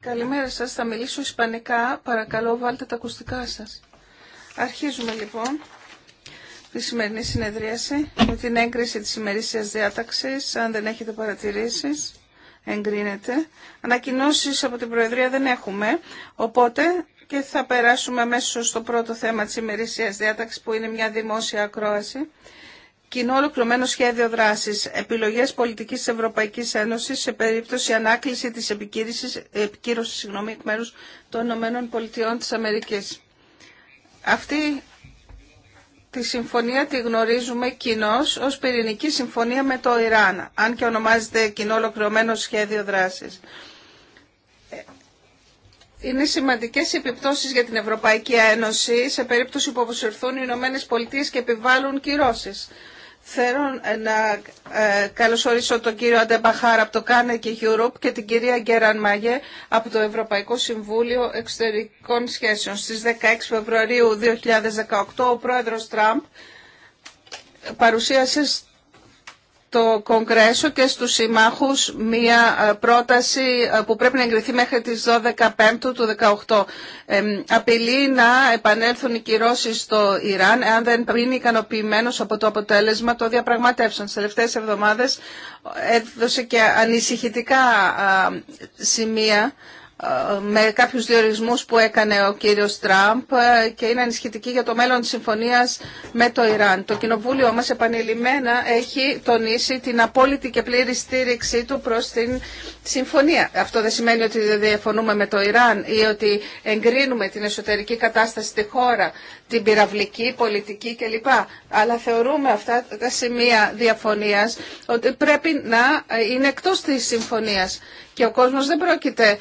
Καλημέρα σας. Θα μιλήσω ισπανικά. Παρακαλώ βάλτε τα ακουστικά σας. Αρχίζουμε λοιπόν τη σημερινή συνεδρίαση με την έγκριση της ημερήσιας διάταξης. Αν δεν έχετε παρατηρήσεις, εγκρίνεται. Ανακοινώσεις από την Προεδρία δεν έχουμε, οπότε και θα περάσουμε αμέσως στο πρώτο θέμα της ημερήσιας διάταξης που είναι μια δημόσια ακρόαση κοινό ολοκληρωμένο σχέδιο δράση, επιλογέ πολιτική τη Ευρωπαϊκή Ένωση σε περίπτωση ανάκληση τη επικύρωση εκ μέρου των Ηνωμένων Πολιτειών τη Αμερική. Αυτή τη συμφωνία τη γνωρίζουμε κοινώ ω πυρηνική συμφωνία με το Ιράν, αν και ονομάζεται κοινό ολοκληρωμένο σχέδιο δράση. Είναι σημαντικέ οι επιπτώσει για την Ευρωπαϊκή Ένωση σε περίπτωση που αποσυρθούν οι Ηνωμένε Πολιτείε και επιβάλλουν κυρώσει. Θέλω ε, να ε, καλωσορίσω τον κύριο Αντεμπαχάρα από το Κάνε και Europe και την κυρία Γκέραν Μάγε από το Ευρωπαϊκό Συμβούλιο Εξωτερικών Σχέσεων. Στις 16 Φεβρουαρίου 2018 ο πρόεδρος Τραμπ παρουσίασε το Κογκρέσο και στους συμμάχους μία ε, πρόταση ε, που πρέπει να εγκριθεί μέχρι τις 12 Πέμπτου του 2018. απειλεί να επανέλθουν οι κυρώσεις στο Ιράν εάν δεν είναι ικανοποιημένος από το αποτέλεσμα το διαπραγματεύσεων. Στις τελευταίες εβδομάδες ε, έδωσε και ανησυχητικά σημεία με κάποιους διορισμούς που έκανε ο κύριος Τραμπ ε, και είναι ανισχυτική για το μέλλον της συμφωνίας με το Ιράν. Το Κοινοβούλιο μας επανειλημμένα έχει τονίσει την απόλυτη και πλήρη στήριξή του προς την συμφωνία. Αυτό δεν σημαίνει ότι δεν διαφωνούμε με το Ιράν ή ότι εγκρίνουμε την εσωτερική κατάσταση στη χώρα, την πυραυλική, πολιτική κλπ. Αλλά θεωρούμε αυτά τα σημεία διαφωνίας ότι πρέπει να είναι εκτός της συμφωνίας και ο κόσμος δεν πρόκειται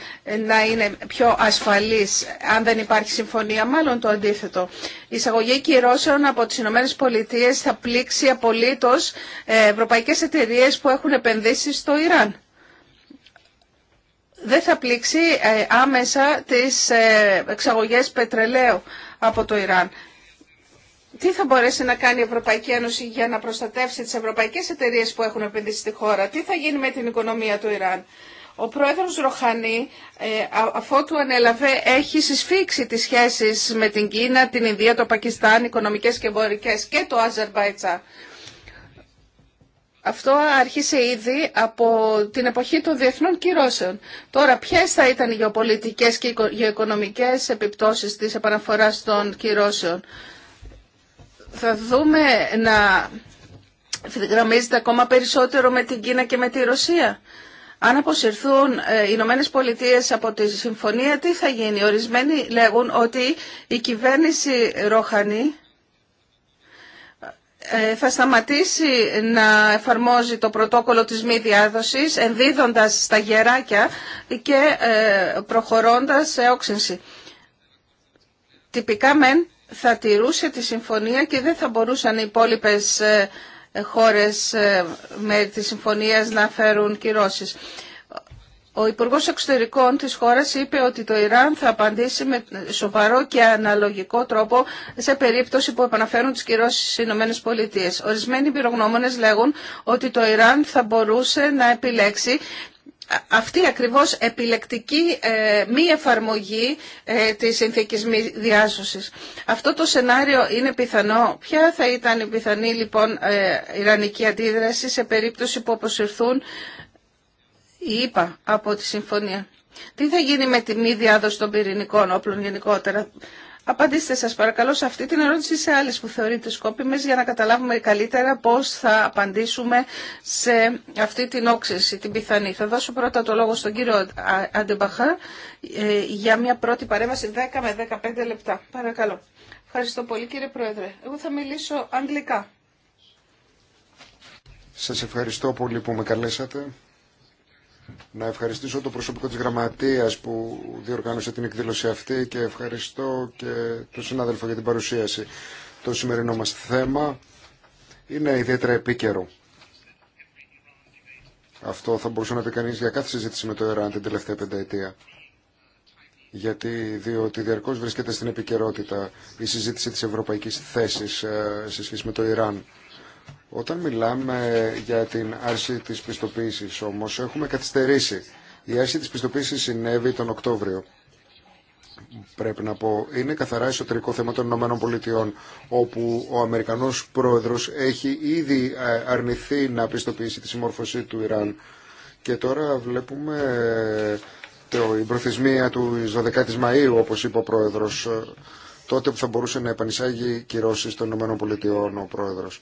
να είναι πιο ασφαλής αν δεν υπάρχει συμφωνία, μάλλον το αντίθετο. Η εισαγωγή κυρώσεων από τις Ηνωμένες Πολιτείες θα πλήξει απολύτως ε, ευρωπαϊκές εταιρείες που έχουν επενδύσει στο Ιράν. Δεν θα πλήξει ε, άμεσα τις ε, εξαγωγές πετρελαίου από το Ιράν. Τι θα μπορέσει να κάνει η Ευρωπαϊκή Ένωση για να προστατεύσει τις ευρωπαϊκές εταιρείες που έχουν επενδύσει στη χώρα. Τι θα γίνει με την οικονομία του Ιράν. Ο πρόεδρος Ροχανή, ε, αφού του ανέλαβε, έχει συσφίξει τις σχέσεις με την Κίνα, την Ινδία, το Πακιστάν, οικονομικές και εμπορικές και το Αζερβαϊτσα. Αυτό άρχισε ήδη από την εποχή των διεθνών κυρώσεων. Τώρα, ποιες θα ήταν οι γεωπολιτικές και οι γεωοικονομικές επιπτώσεις της επαναφοράς των κυρώσεων. Θα δούμε να γραμμίζεται ακόμα περισσότερο με την Κίνα και με τη Ρωσία. Αν αποσυρθούν ε, οι Ηνωμένε Πολιτείε από τη συμφωνία, τι θα γίνει. Ορισμένοι λέγουν ότι η κυβέρνηση Ρόχανη ε, θα σταματήσει να εφαρμόζει το πρωτόκολλο της μη διάδοσης, ενδίδοντας στα γεράκια και ε, προχωρώντας σε όξυνση. Τυπικά μεν θα τηρούσε τη συμφωνία και δεν θα μπορούσαν οι υπόλοιπες ε, χώρες ε, με τη συμφωνία να φέρουν κυρώσεις. Ο Υπουργός Εξωτερικών της χώρας είπε ότι το Ιράν θα απαντήσει με σοβαρό και αναλογικό τρόπο σε περίπτωση που επαναφέρουν τις κυρώσεις στις Ηνωμένες Ορισμένοι πυρογνώμονες λέγουν ότι το Ιράν θα μπορούσε να επιλέξει αυτή ακριβώς επιλεκτική ε, μη εφαρμογή ε, της συνθήκης μη διάσωσης. Αυτό το σενάριο είναι πιθανό. Ποια θα ήταν η πιθανή λοιπόν ε, ιρανική αντίδραση σε περίπτωση που αποσυρθούν οι ΥΠΑ από τη συμφωνία. Τι θα γίνει με τη μη διάδοση των πυρηνικών όπλων γενικότερα. Απαντήστε σας παρακαλώ σε αυτή την ερώτηση σε άλλες που θεωρείτε σκόπιμες για να καταλάβουμε καλύτερα πώς θα απαντήσουμε σε αυτή την όξυνση, την πιθανή. Θα δώσω πρώτα το λόγο στον κύριο Αντεμπαχά ε, για μια πρώτη παρέμβαση 10 με 15 λεπτά. Παρακαλώ. Ευχαριστώ πολύ κύριε Πρόεδρε. Εγώ θα μιλήσω αγγλικά. Σας ευχαριστώ πολύ που με καλέσατε. Να ευχαριστήσω το προσωπικό της γραμματείας που διοργάνωσε την εκδήλωση αυτή και ευχαριστώ και τον συνάδελφο για την παρουσίαση. Το σημερινό μας θέμα είναι ιδιαίτερα επίκαιρο. Αυτό θα μπορούσε να πει κανεί για κάθε συζήτηση με το Ιράν την τελευταία πενταετία. Γιατί διότι διαρκώς βρίσκεται στην επικαιρότητα η συζήτηση της ευρωπαϊκής θέσης ε, σε σχέση με το Ιράν. Όταν μιλάμε για την άρση της πιστοποίησης όμως έχουμε καθυστερήσει. Η άρση της πιστοποίησης συνέβη τον Οκτώβριο. Πρέπει να πω, είναι καθαρά εσωτερικό θέμα των Ηνωμένων Πολιτειών, όπου ο Αμερικανός πρόεδρος έχει ήδη ε, αρνηθεί να πιστοποιήσει τη συμμόρφωση του Ιράν. Και τώρα βλέπουμε ε, την η προθεσμία του 12η Μαΐου, όπως είπε ο πρόεδρος, ε, τότε που θα μπορούσε να επανεισάγει κυρώσεις των Ηνωμένων Πολιτειών ο πρόεδρος.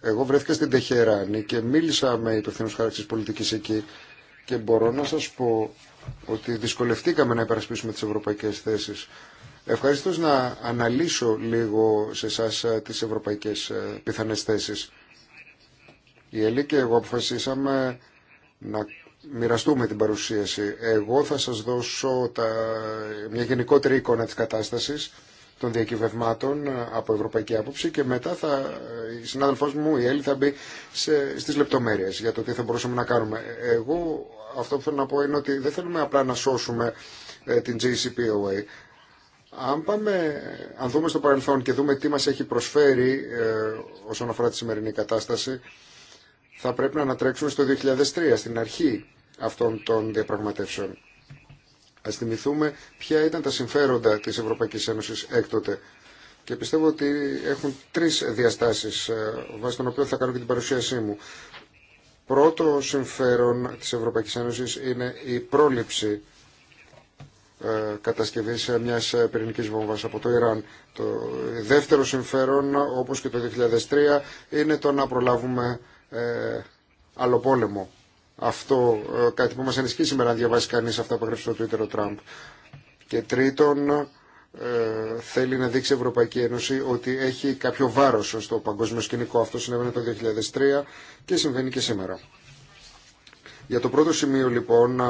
Εγώ βρέθηκα στην Τεχεράνη και μίλησα με υπευθύνου χάραξη πολιτική εκεί και μπορώ να σα πω ότι δυσκολευτήκαμε να υπερασπίσουμε τι ευρωπαϊκέ θέσει. Ευχαριστώ να αναλύσω λίγο σε εσά ε, τι ευρωπαϊκέ ε, πιθανέ θέσει. Η Ελή και εγώ αποφασίσαμε να μοιραστούμε την παρουσίαση. Εγώ θα σας δώσω τα... μια γενικότερη εικόνα της κατάστασης των διακυβευμάτων ε, από ευρωπαϊκή άποψη και μετά θα, η συνάδελφός μου η Έλλη θα μπει σε, στις λεπτομέρειες για το τι θα μπορούσαμε να κάνουμε. Εγώ αυτό που θέλω να πω είναι ότι δεν θέλουμε απλά να σώσουμε ε, την JCPOA. Αν, πάμε, αν δούμε στο παρελθόν και δούμε τι μας έχει προσφέρει ε, όσον αφορά τη σημερινή κατάσταση, θα πρέπει να ανατρέξουμε στο 2003, στην αρχή αυτών των διαπραγματεύσεων. Ας θυμηθούμε ποια ήταν τα συμφέροντα της Ευρωπαϊκής Ένωσης έκτοτε. Και πιστεύω ότι έχουν τρεις διαστάσεις, ε, βάσει των οποίων θα κάνω και την παρουσίασή μου. Πρώτο συμφέρον της Ευρωπαϊκής Ένωσης είναι η πρόληψη ε, κατασκευής μιας πυρηνικής βόμβας από το Ιράν. Το δεύτερο συμφέρον, όπως και το 2003, είναι το να προλάβουμε άλλο ε, αυτό ε, κάτι που μας ανησυχεί σήμερα, να διαβάσει κανείς αυτά που έγραψε στο Twitter ο Τραμπ. Και τρίτον, ε, θέλει να δείξει η Ευρωπαϊκή Ένωση ότι έχει κάποιο βάρος στο παγκόσμιο σκηνικό. Αυτό συνέβαινε το 2003 και συμβαίνει και σήμερα. Για το πρώτο σημείο λοιπόν,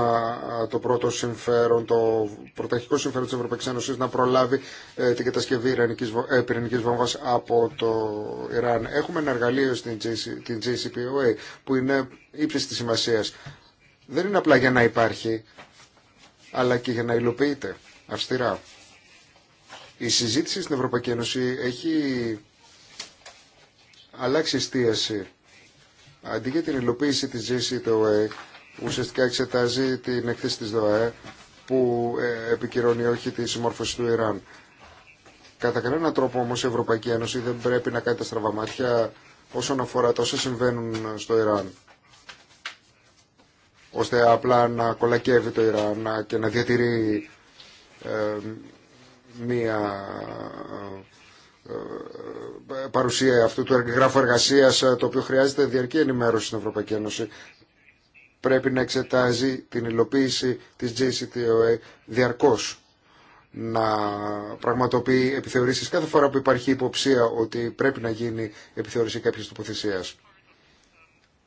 το πρώτο συμφέρον, το πρωταρχικό συμφέρον της Ευρωπαϊκής Ένωσης να προλάβει ε, την κατασκευή ε, πυρηνικής βόμβας από το Ιράν. Έχουμε ένα εργαλείο στην JCPOA που είναι ύψης της σημασίας. Δεν είναι απλά για να υπάρχει, αλλά και για να υλοποιείται αυστηρά. Η συζήτηση στην Ευρωπαϊκή Ένωση έχει αλλάξει εστίαση. Αντί για την υλοποίηση της JCPOA ουσιαστικά εξετάζει την εκθέση της ΔΟΕ που ε, επικυρώνει όχι τη συμμόρφωση του Ιράν. Κατά κανέναν τρόπο όμως η Ευρωπαϊκή Ένωση δεν πρέπει να κάνει τα στραβαμάτια όσον αφορά τα συμβαίνουν στο Ιράν ώστε απλά να κολακεύει το Ιράν και να διατηρεί ε, μία ε, παρουσία αυτού του γράφου εργασία το οποίο χρειάζεται διαρκή ενημέρωση στην Ευρωπαϊκή Ένωση πρέπει να εξετάζει την υλοποίηση της JCTOA διαρκώς να πραγματοποιεί επιθεωρήσεις κάθε φορά που υπάρχει υποψία ότι πρέπει να γίνει επιθεωρήση κάποιες τοποθεσίας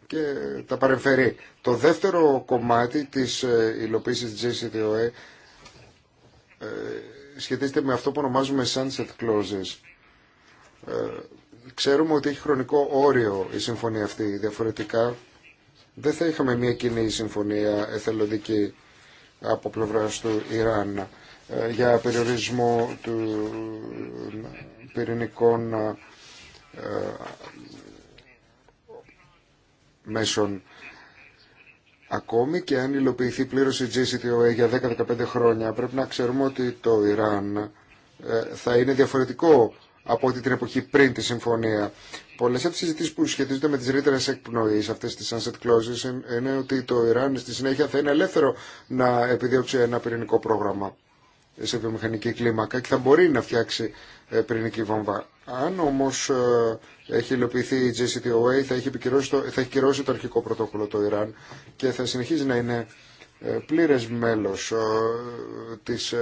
και τα παρεμφερεί. Το δεύτερο κομμάτι της ε, υλοποίησης της JCTOA ε, σχετίζεται με αυτό που ονομάζουμε sunset clauses. Ε, ξέρουμε ότι έχει χρονικό όριο η συμφωνία αυτή διαφορετικά δεν θα είχαμε μια κοινή συμφωνία εθελοντική από πλευρά του Ιράν ε, για περιορισμό του ε, πυρηνικών ε, μέσων ακόμη και αν υλοποιηθεί πλήρως η GCTOA για 10-15 χρόνια πρέπει να ξέρουμε ότι το Ιράν θα είναι διαφορετικό από την εποχή πριν τη συμφωνία. Πολλέ από τι συζητήσει που σχετίζονται με τι ρήτρε εκπνοή, αυτέ τι sunset clauses, είναι ότι το Ιράν στη συνέχεια θα είναι ελεύθερο να επιδιώξει ένα πυρηνικό πρόγραμμα σε βιομηχανική κλίμακα και θα μπορεί να φτιάξει ε, πυρηνική βόμβα. Αν όμω ε, έχει υλοποιηθεί η JCTOA θα έχει, το, θα έχει κυρώσει το αρχικό πρωτόκολλο το Ιράν και θα συνεχίζει να είναι ε, πλήρες μέλος της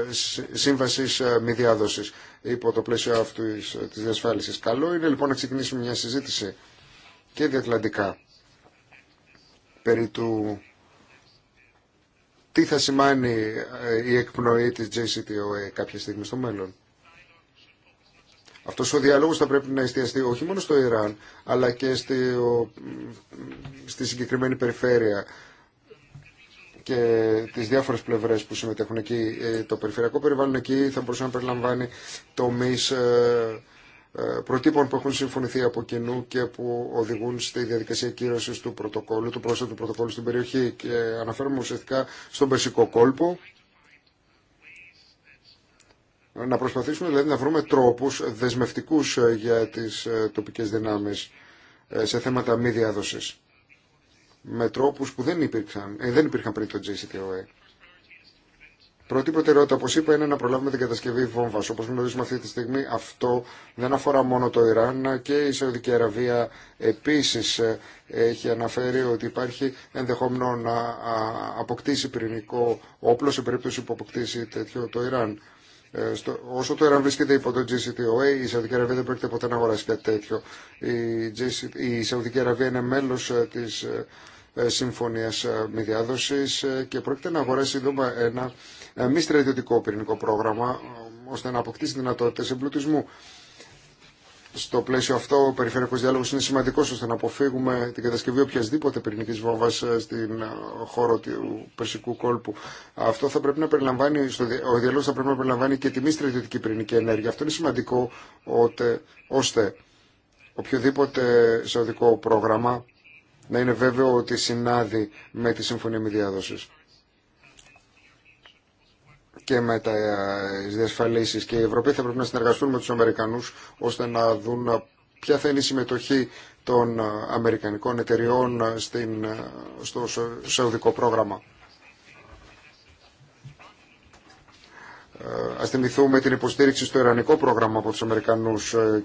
σύμβασης μη διάδοσης υπό το πλαίσιο αυτού ε, της διασφάλισης. Καλό είναι λοιπόν να ξεκινήσουμε μια συζήτηση και διατλαντικά περί του τι θα σημάνει ε, η εκπνοή της JCTO κάποια στιγμή στο μέλλον. Αυτός ο διαλόγος θα πρέπει να εστιαστεί όχι μόνο στο Ιράν, αλλά και στη, στη συγκεκριμένη περιφέρεια και τις διάφορες πλευρές που συμμετέχουν εκεί. Ε, το περιφερειακό περιβάλλον εκεί θα μπορούσε να περιλαμβάνει τομεί ε, ε, προτύπων που έχουν συμφωνηθεί από κοινού και που οδηγούν στη διαδικασία κύρωση του πρωτοκόλλου, του πρόσθετου πρωτοκόλλου στην περιοχή. Και αναφέρομαι ουσιαστικά στον Περσικό κόλπο. Να προσπαθήσουμε δηλαδή να βρούμε τρόπους δεσμευτικούς για τις τοπικές δυνάμεις σε θέματα μη διάδοσης με τρόπου που δεν υπήρχαν, ε, δεν υπήρχαν πριν το JCPOA. Πρώτη προτεραιότητα, όπω είπα, είναι να προλάβουμε την κατασκευή βόμβα. Όπω γνωρίζουμε αυτή τη στιγμή, αυτό δεν αφορά μόνο το Ιράν και η Σαουδική Αραβία επίση ε, έχει αναφέρει ότι υπάρχει ενδεχόμενο να αποκτήσει πυρηνικό όπλο σε περίπτωση που αποκτήσει τέτοιο το Ιράν. Ε, όσο το βρίσκεται υπό το GCTOA, η Σαουδική Αραβία δεν πρόκειται ποτέ να αγοράσει κάτι τέτοιο. Η, η Σαουδική Αραβία είναι μέλος ε, της ε, συμφωνίας μη διάδοση και πρόκειται να αγοράσει δούμε, ένα μη στρατιωτικό πυρηνικό πρόγραμμα ώστε να αποκτήσει δυνατότητε εμπλουτισμού. Στο πλαίσιο αυτό, ο περιφερειακό διάλογο είναι σημαντικό ώστε να αποφύγουμε την κατασκευή οποιασδήποτε πυρηνική βόμβα ε, στην ε, χώρο του Περσικού κόλπου. Αυτό θα πρέπει να περιλαμβάνει, ο διάλογο θα πρέπει να περιλαμβάνει και τη μη στρατιωτική πυρηνική ενέργεια. Αυτό είναι σημαντικό ώστε οποιοδήποτε σαουδικό πρόγραμμα να είναι βέβαιο ότι συνάδει με τη Συμφωνία Μη Διάδοσης και με τα ε, διασφαλίσεις και οι Ευρωπαίοι θα πρέπει να συνεργαστούν με τους Αμερικανούς ώστε να δουν ε, ποια θα είναι η συμμετοχή των ε, Αμερικανικών εταιριών στην, στο Σαουδικό πρόγραμμα. Α θυμηθούμε την υποστήριξη στο Ιρανικό πρόγραμμα από του Αμερικανού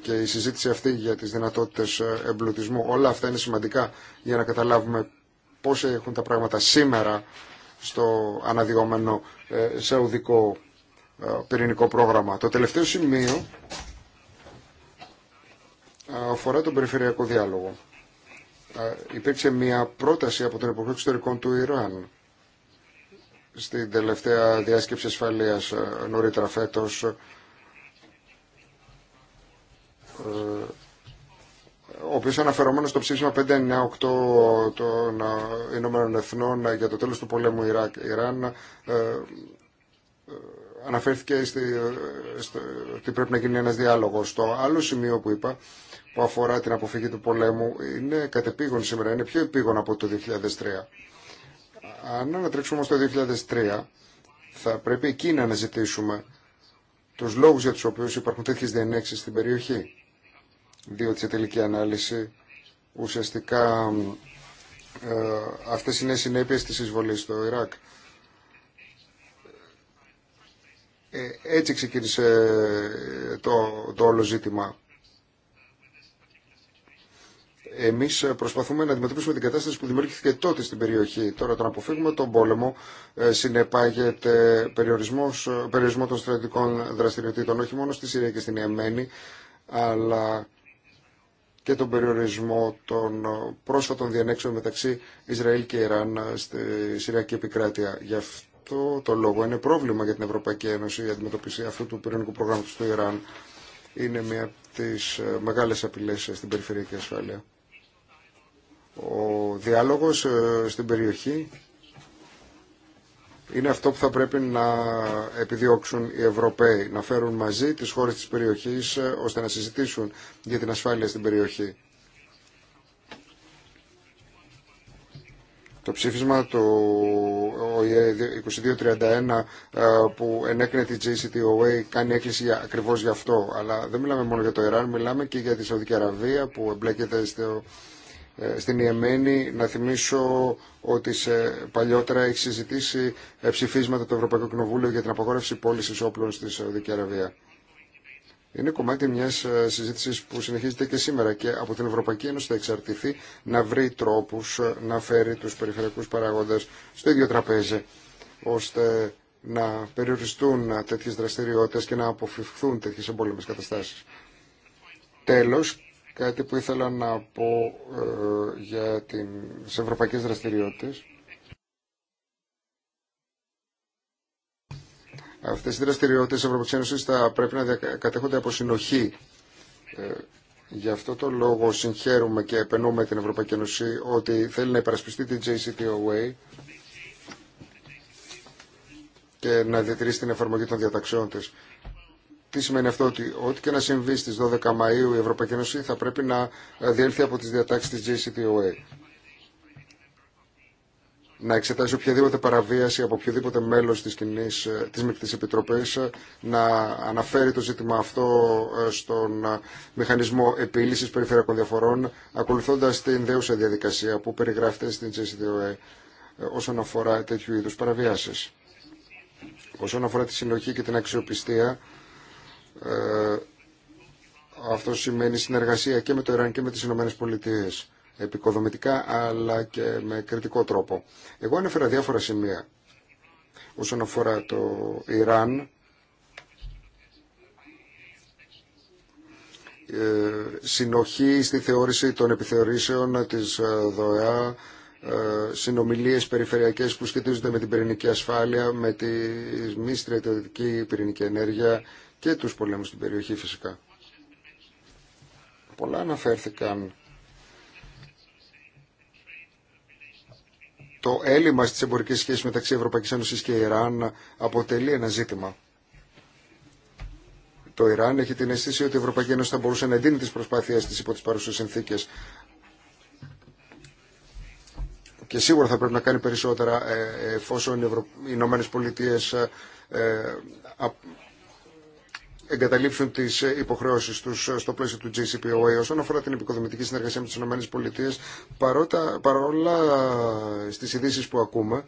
και η συζήτηση αυτή για τι δυνατότητε εμπλουτισμού. Όλα αυτά είναι σημαντικά για να καταλάβουμε πώ έχουν τα πράγματα σήμερα στο αναδυόμενο ε, σαουδικό ε, πυρηνικό πρόγραμμα. Το τελευταίο σημείο ε, αφορά τον περιφερειακό διάλογο. Υπήρξε μια πρόταση από τον Υπουργό Εξωτερικών του Ιράν στην τελευταία διάσκεψη ασφαλείας νωρίτερα φέτος ο οποίο αναφερόμένο στο ψήφισμα 598 των ε, Ηνωμένων Εθνών για το τέλος του πολέμου Ιράκ-Ιράν ε, ε, αναφέρθηκε στη, ότι πρέπει να γίνει ένα διάλογο Το άλλο σημείο που είπα που αφορά την αποφυγή του πολέμου είναι κατεπήγον σήμερα, είναι πιο επίγον από το 2003. Αν ανατρέξουμε στο 2003 θα πρέπει εκεί να αναζητήσουμε τους λόγους για τους οποίους υπάρχουν τέτοιες διενέξεις στην περιοχή διότι σε τελική ανάλυση ουσιαστικά ε, αυτές είναι οι συνέπειες της εισβολής στο Ιράκ. Ε, έτσι ξεκίνησε ε, το, το όλο ζήτημα. Εμεί προσπαθούμε να αντιμετωπίσουμε την κατάσταση που δημιουργήθηκε τότε στην περιοχή. Τώρα, το αποφύγουμε τον πόλεμο ε, συνεπάγεται περιορισμός, περιορισμό των στρατιωτικών δραστηριοτήτων όχι μόνο στη Συρία και στην Ιεμένη, αλλά και τον περιορισμό των πρόσφατων διανέξεων μεταξύ Ισραήλ και Ιράν στη Συριακή επικράτεια. Γι' αυτό το λόγο είναι πρόβλημα για την Ευρωπαϊκή Ένωση η αντιμετωπίση αυτού του πυρηνικού προγράμματος του Ιράν. Είναι μια από τι μεγάλες απειλέ στην περιφερειακή ασφάλεια. Ο διάλογος ε, στην περιοχή είναι αυτό που θα πρέπει να επιδιώξουν οι Ευρωπαίοι, να φέρουν μαζί τις χώρες της περιοχής ε, ώστε να συζητήσουν για την ασφάλεια στην περιοχή. Το ψήφισμα του ΟΗΕ 2231 ε, που ενέκρινε τη JCTOA κάνει έκκληση για, ακριβώς γι' αυτό. Αλλά δεν μιλάμε μόνο για το Ιράν, μιλάμε και για τη Σαουδική Αραβία που εμπλέκεται στο ε, στην Ιεμένη. Να θυμίσω ότι σε παλιότερα έχει συζητήσει ε, ψηφίσματα το Ευρωπαϊκό Κοινοβούλιο για την απαγόρευση πώληση όπλων στη Σαουδική Αραβία. Είναι κομμάτι μια ε, συζήτηση που συνεχίζεται και σήμερα και από την Ευρωπαϊκή Ένωση θα εξαρτηθεί να βρει τρόπου να φέρει του περιφερειακού παραγόντε στο ίδιο τραπέζι ώστε να περιοριστούν τέτοιε δραστηριότητε και να αποφευχθούν τέτοιε εμπόλεμε καταστάσει. Τέλο, Κάτι που ήθελα να πω ε, για τις ευρωπαϊκές δραστηριότητες. Αυτές οι δραστηριότητες της Ευρωπαϊκής Ένωσης θα πρέπει να κατέχονται από συνοχή. Ε, γι' αυτό το λόγο συγχαίρουμε και επενούμε την Ευρωπαϊκή Ένωση ότι θέλει να υπερασπιστεί την JCTOA και να διατηρήσει την εφαρμογή των διαταξιών της. Τι σημαίνει αυτό ότι ό,τι και να συμβεί στις 12 Μαΐου η Ευρωπαϊκή Ένωση θα πρέπει να ε, διέλθει από τις διατάξεις της JCTOA. Να εξετάσει οποιαδήποτε παραβίαση από οποιοδήποτε μέλος της, κοινής, ε, της Επιτροπής, ε, να αναφέρει το ζήτημα αυτό στον μηχανισμό επίλυσης περιφερειακών διαφορών, ακολουθώντας την δέουσα διαδικασία που περιγράφεται στην JCPOA όσον αφορά τέτοιου είδους παραβιάσεις. Όσον αφορά τη συνοχή και την αξιοπιστία, ε, αυτό σημαίνει συνεργασία και με το Ιράν και με τις Ηνωμένες Πολιτείες επικοδομητικά αλλά και με κριτικό τρόπο. Εγώ ανέφερα διάφορα σημεία όσον αφορά το Ιράν. Ε, συνοχή στη θεώρηση των επιθεωρήσεων της ε, ΔΟΕΑ, συνομιλίες περιφερειακές που σχετίζονται με την πυρηνική ασφάλεια, με τη μη στρατιωτική πυρηνική ενέργεια και τους πολέμους στην περιοχή φυσικά. Πολλά αναφέρθηκαν το έλλειμμα στις εμπορικές σχέσεις μεταξύ Ευρωπαϊκής Ένωσης και Ιράν αποτελεί ένα ζήτημα. Το Ιράν έχει την αίσθηση ότι η Ευρωπαϊκή Ένωση θα μπορούσε να εντείνει τις προσπάθειές της υπό τις παρουσίες συνθήκες και σίγουρα θα πρέπει να κάνει περισσότερα ε, εφόσον οι Ηνωμένε Πολιτείε ε, ε, εγκαταλείψουν τι ε, υποχρεώσει του ε, στο πλαίσιο του JCPOA. Όσον αφορά την επικοδομητική συνεργασία με τι ΗΠΑ, παρόλα ε, στι ειδήσει που ακούμε,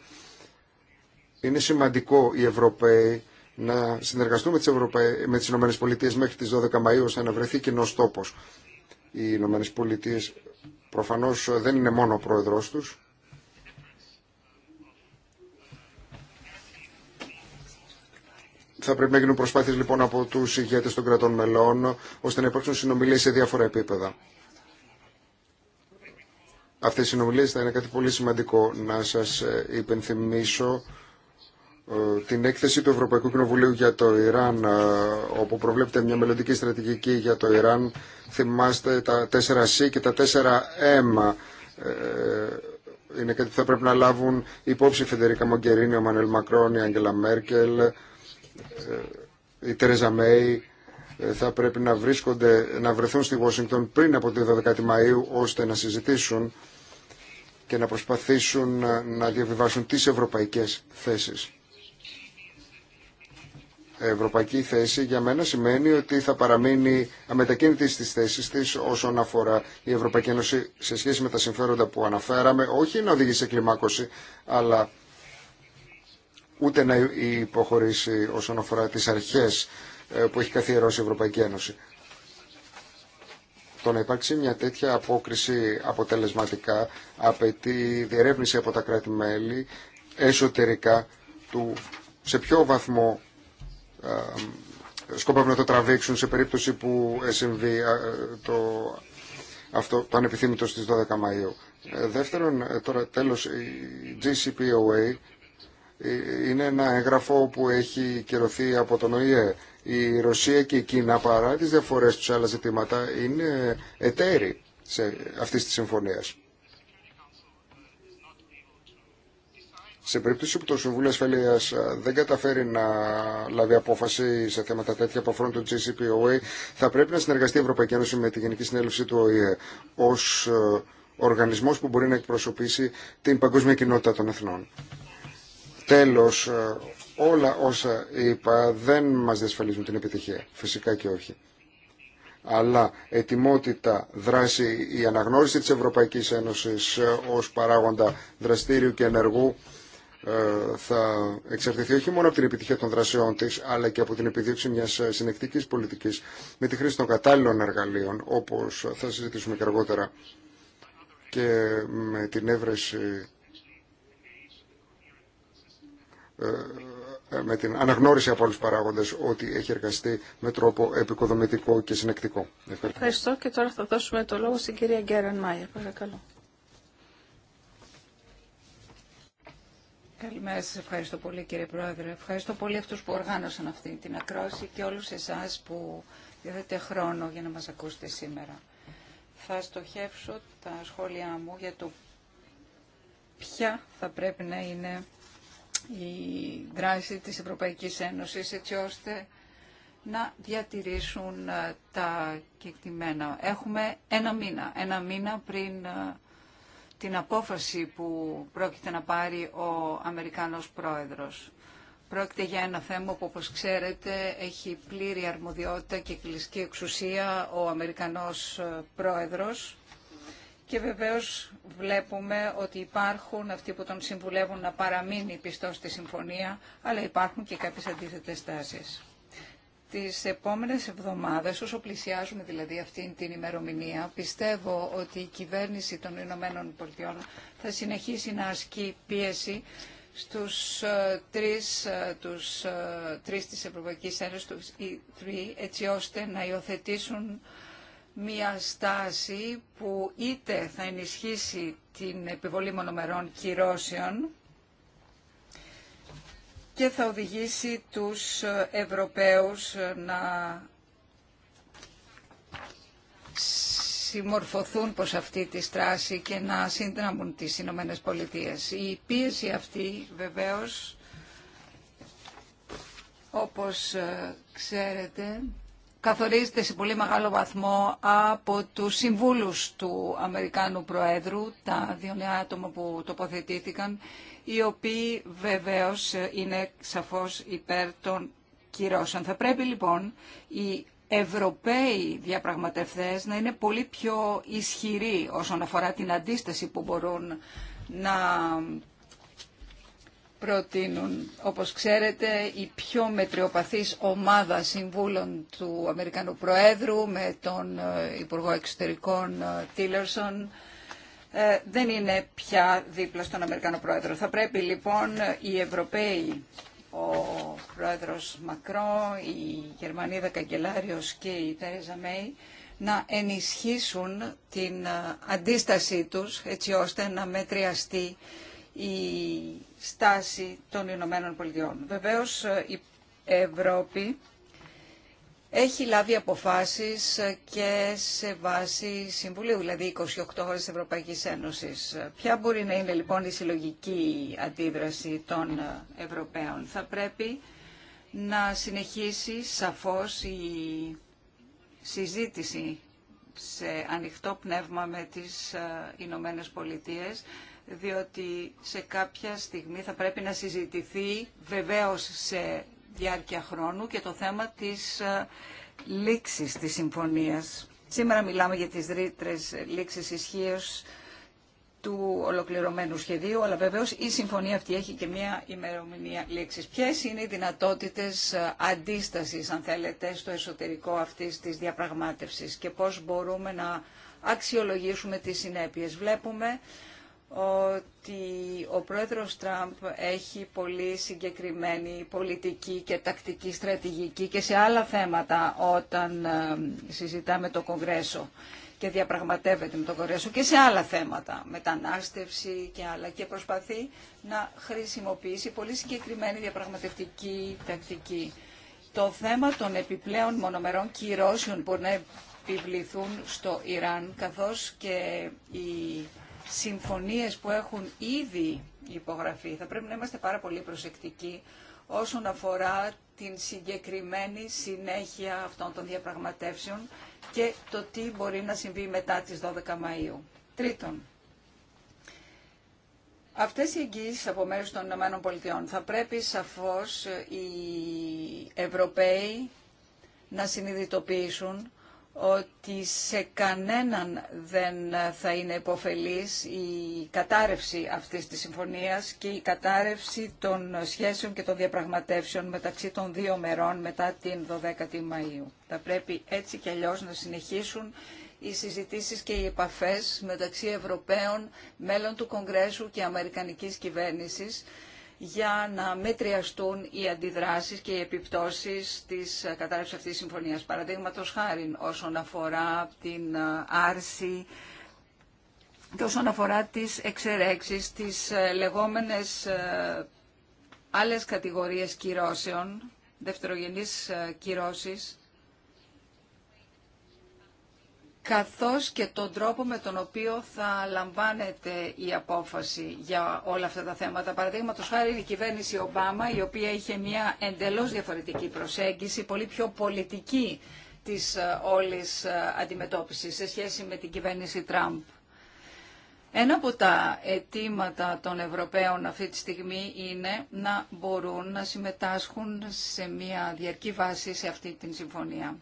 είναι σημαντικό οι Ευρωπαίοι να συνεργαστούν με τι Ευρωπαϊ... ΗΠΑ μέχρι τι 12 Μαΐου ώστε να βρεθεί κοινό τόπο, Οι ΗΠΑ προφανώ προφανώς δεν είναι μόνο ο προεδρό του. Θα πρέπει να γίνουν προσπάθειε λοιπόν από του ηγέτε των κρατών μελών ώστε να υπάρξουν συνομιλίε σε διάφορα επίπεδα. Αυτέ οι συνομιλίε θα είναι κάτι πολύ σημαντικό να σα ε, υπενθυμίσω ε, την έκθεση του Ευρωπαϊκού Κοινοβουλίου για το Ιράν, ε, όπου προβλέπεται μια μελλοντική στρατηγική για το Ιράν. Θυμάστε τα 4C και τα 4M. Είναι κάτι που θα πρέπει να λάβουν υπόψη η Φεντερίκα Μογκερίνη, ο Μανέλ Μακρόν, η Άγγελα Μέρκελ, ε, η Τερέζα Μέη ε, θα πρέπει να βρίσκονται, να βρεθούν στη Washington πριν από την 12η Μαΐου ώστε να συζητήσουν και να προσπαθήσουν ε, να διαβιβάσουν τις ευρωπαϊκές θέσεις. Ευρωπαϊκή θέση για μένα σημαίνει ότι θα παραμείνει αμετακίνητη στις θέσεις της όσον αφορά η Ευρωπαϊκή Ένωση σε σχέση με τα συμφέροντα που αναφέραμε, όχι να οδηγήσει σε κλιμάκωση, αλλά ούτε να υποχωρήσει όσον αφορά τις αρχές ε, που έχει καθιερώσει η Ευρωπαϊκή Ένωση. Το να υπάρξει μια τέτοια απόκριση αποτελεσματικά απαιτεί διερεύνηση από τα κράτη-μέλη εσωτερικά του σε ποιο βαθμό ε, σκοπεύουν να το τραβήξουν σε περίπτωση που ε, συμβεί το, αυτό, το ανεπιθύμητο στις 12 Μαΐου. Δεύτερον, τώρα τέλος, η GCPOA είναι ένα έγγραφο που έχει κυρωθεί από τον ΟΗΕ. Η Ρωσία και η Κίνα παρά τις διαφορές τους άλλα ζητήματα είναι εταίροι σε αυτής της συμφωνίας. Σε περίπτωση που το Συμβούλιο Ασφαλεία δεν καταφέρει να λάβει απόφαση σε θέματα τέτοια που αφορούν τον GCPOA, θα πρέπει να συνεργαστεί η Ευρωπαϊκή Ένωση με τη Γενική Συνέλευση του ΟΗΕ ω οργανισμό που μπορεί να εκπροσωπήσει την παγκόσμια κοινότητα των εθνών. Τέλος, ε, όλα όσα είπα δεν μας διασφαλίζουν την επιτυχία. Φυσικά και όχι. Αλλά ετοιμότητα, δράση, η αναγνώριση της Ευρωπαϊκής Ένωσης ε, ως παράγοντα δραστήριου και ενεργού ε, θα εξαρτηθεί όχι μόνο από την επιτυχία των δρασεών της, αλλά και από την επιδίωξη μιας συνεκτικής πολιτικής με τη χρήση των κατάλληλων εργαλείων, όπως θα συζητήσουμε και αργότερα και με την έβρεση ε, ε, με την αναγνώριση από όλους παράγοντες ότι έχει εργαστεί με τρόπο επικοδομητικό και συνεκτικό. Ευχαριστώ. και τώρα θα δώσουμε το λόγο στην κυρία Γκέραν Μάιερ. Παρακαλώ. Καλημέρα σας. Ευχαριστώ πολύ κύριε Πρόεδρε. Ευχαριστώ πολύ αυτούς που οργάνωσαν αυτή την ακρόση και όλους εσάς που δίδετε χρόνο για να μας ακούσετε σήμερα. Θα στοχεύσω τα σχόλιά μου για το ποια θα πρέπει να είναι η δράση της Ευρωπαϊκής Ένωσης έτσι ώστε να διατηρήσουν ε, τα κεκτημένα. Έχουμε ένα μήνα, ένα μήνα πριν ε, την απόφαση που πρόκειται να πάρει ο Αμερικανός Πρόεδρος. Πρόκειται για ένα θέμα που όπως ξέρετε έχει πλήρη αρμοδιότητα και κλησική εξουσία ο Αμερικανός ε, Πρόεδρος και βεβαίως βλέπουμε ότι υπάρχουν αυτοί που τον συμβουλεύουν να παραμείνει πιστό στη συμφωνία, αλλά υπάρχουν και κάποιες αντίθετες τάσεις. Τις επόμενες εβδομάδες, όσο πλησιάζουμε δηλαδή αυτήν την ημερομηνία, πιστεύω ότι η κυβέρνηση των Ηνωμένων Πολιτειών θα συνεχίσει να ασκεί πίεση στους ε, τρεις, ε, τους, ε, τρεις της Ευρωπαϊκής Ένωσης, 3 έτσι ώστε να υιοθετήσουν μια στάση που είτε θα ενισχύσει την επιβολή μονομερών κυρώσεων και θα οδηγήσει τους Ευρωπαίους να συμμορφωθούν προς αυτή τη στράση και να συνδράμουν τις Ηνωμένε Πολιτείε. Η πίεση αυτή βεβαίως, όπως ε, ξέρετε, καθορίζεται σε πολύ μεγάλο βαθμό από τους συμβούλους του Αμερικάνου Προέδρου, τα δύο νέα άτομα που τοποθετήθηκαν, οι οποίοι βεβαίως είναι σαφώς υπέρ των κυρώσεων. Θα πρέπει λοιπόν οι Ευρωπαίοι διαπραγματευτές να είναι πολύ πιο ισχυροί όσον αφορά την αντίσταση που μπορούν να προτείνουν. Όπως ξέρετε, η πιο μετριοπαθής ομάδα συμβούλων του Αμερικανού Προέδρου με τον ε, Υπουργό Εξωτερικών Τίλερσον ε, δεν είναι πια δίπλα στον Αμερικανό Πρόεδρο. Θα πρέπει λοιπόν οι Ευρωπαίοι, ο Πρόεδρος Μακρό, η Γερμανίδα Καγκελάριος και η Τερέζα Μέη, να ενισχύσουν την ε, αντίστασή τους έτσι ώστε να μετριαστεί η στάση των Ηνωμένων Πολιτειών. Βεβαίως η Ευρώπη έχει λάβει αποφάσεις και σε βάση Συμβουλίου, δηλαδή 28 χώρες της Ευρωπαϊκής Ένωσης. Ποια μπορεί να είναι λοιπόν η συλλογική αντίδραση των Ευρωπαίων. Θα πρέπει να συνεχίσει σαφώς η συζήτηση σε ανοιχτό πνεύμα με τις Ηνωμένε Πολιτείες διότι σε κάποια στιγμή θα πρέπει να συζητηθεί βεβαίως σε διάρκεια χρόνου και το θέμα της ε, λήξης της συμφωνίας. Σήμερα μιλάμε για τις ρήτρε λήξης ισχύω του ολοκληρωμένου σχεδίου, αλλά βεβαίως η συμφωνία αυτή έχει και μία ημερομηνία λήξης. Ποιες είναι οι δυνατότητες ε, αντίστασης, αν θέλετε, στο εσωτερικό αυτής της διαπραγμάτευσης και πώς μπορούμε να αξιολογήσουμε τις συνέπειες. Βλέπουμε ότι ο πρόεδρος Τραμπ έχει πολύ συγκεκριμένη πολιτική και τακτική στρατηγική και σε άλλα θέματα όταν ε, συζητάμε το Κογκρέσο και διαπραγματεύεται με το Κογκρέσο και σε άλλα θέματα, μετανάστευση και άλλα και προσπαθεί να χρησιμοποιήσει πολύ συγκεκριμένη διαπραγματευτική τακτική. Το θέμα των επιπλέον μονομερών κυρώσεων που να επιβληθούν στο Ιράν καθώς και η συμφωνίες που έχουν ήδη υπογραφεί. Θα πρέπει να είμαστε πάρα πολύ προσεκτικοί όσον αφορά την συγκεκριμένη συνέχεια αυτών των διαπραγματεύσεων και το τι μπορεί να συμβεί μετά τις 12 Μαΐου. Τρίτον, αυτές οι εγγύησεις από μέρους των ΗΠΑ θα πρέπει σαφώς οι Ευρωπαίοι να συνειδητοποιήσουν ότι σε κανέναν δεν θα είναι υποφελής η κατάρρευση αυτής της συμφωνίας και η κατάρρευση των σχέσεων και των διαπραγματεύσεων μεταξύ των δύο μερών μετά την 12η Μαΐου. Θα πρέπει έτσι και αλλιώς να συνεχίσουν οι συζητήσεις και οι επαφές μεταξύ Ευρωπαίων, μέλων του Κογκρέσου και Αμερικανικής κυβέρνησης για να μετριαστούν οι αντιδράσεις και οι επιπτώσεις της κατάρρευσης αυτής της συμφωνίας. Παραδείγματος χάρη όσον αφορά την άρση και όσον αφορά τις εξαιρέξεις, τις ε, λεγόμενες ε, άλλες κατηγορίες κυρώσεων, δευτερογενείς ε, κυρώσεις, καθώς και τον τρόπο με τον οποίο θα λαμβάνεται η απόφαση για όλα αυτά τα θέματα. Παραδείγματο χάρη η κυβέρνηση Ομπάμα, η οποία είχε μια εντελώς διαφορετική προσέγγιση, πολύ πιο πολιτική της ε, όλης ε, αντιμετώπισης σε σχέση με την κυβέρνηση Τραμπ. Ένα από τα αιτήματα των Ευρωπαίων αυτή τη στιγμή είναι να μπορούν να συμμετάσχουν σε μια διαρκή βάση σε αυτή την συμφωνία.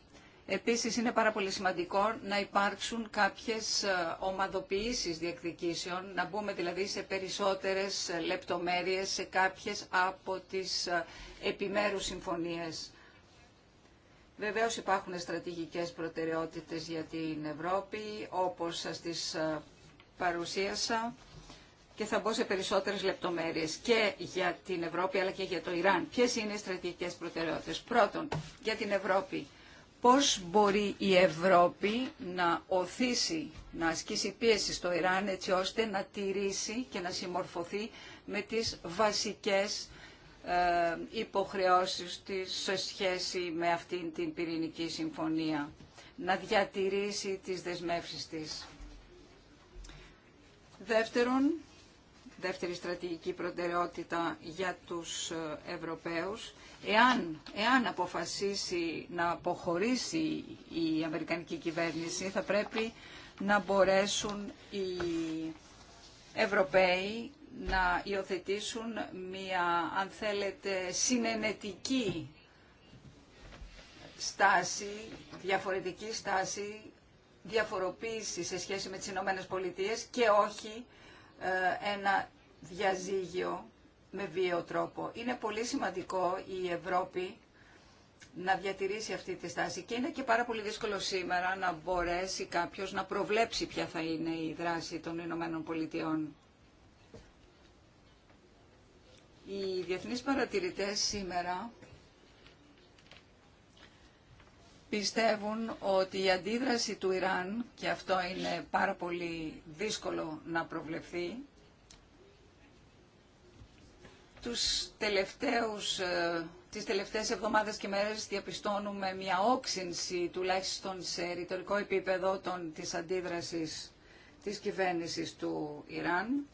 Επίσης είναι πάρα πολύ σημαντικό να υπάρξουν κάποιες ε, ομαδοποιήσεις διεκδικήσεων, να μπούμε δηλαδή σε περισσότερες ε, λεπτομέρειες σε κάποιες από τις ε, επιμέρους συμφωνίες. Βεβαίως υπάρχουν στρατηγικές προτεραιότητες για την Ευρώπη, όπως σας τις παρουσίασα και θα μπω σε περισσότερες λεπτομέρειες και για την Ευρώπη αλλά και για το Ιράν. Ποιες είναι οι στρατηγικές προτεραιότητες. Πρώτον, για την Ευρώπη πώς μπορεί η Ευρώπη να οθήσει, να ασκήσει πίεση στο Ιράν έτσι ώστε να τηρήσει και να συμμορφωθεί με τις βασικές ε, υποχρεώσεις της σε σχέση με αυτήν την πυρηνική συμφωνία, να διατηρήσει τις δεσμεύσεις της. Δεύτερον, δεύτερη στρατηγική προτεραιότητα για τους ε, Ευρωπαίους. Εάν, εάν αποφασίσει να αποχωρήσει η Αμερικανική κυβέρνηση, θα πρέπει να μπορέσουν οι Ευρωπαίοι να υιοθετήσουν μία, αν θέλετε, συνενετική στάση, διαφορετική στάση διαφοροποίηση σε σχέση με τις Ηνωμένε Πολιτείες και όχι ε, ένα διαζύγιο με βίαιο τρόπο. Είναι πολύ σημαντικό η Ευρώπη να διατηρήσει αυτή τη στάση και είναι και πάρα πολύ δύσκολο σήμερα να μπορέσει κάποιος να προβλέψει ποια θα είναι η δράση των Ηνωμένων Πολιτειών. Οι διεθνείς παρατηρητές σήμερα πιστεύουν ότι η αντίδραση του Ιράν, και αυτό είναι πάρα πολύ δύσκολο να προβλεφθεί, τους τελευταίους, ε, τις τελευταίες εβδομάδες και μέρες διαπιστώνουμε μια όξυνση, τουλάχιστον σε ρητορικό επίπεδο των, της αντίδρασης της κυβέρνησης του Ιράν.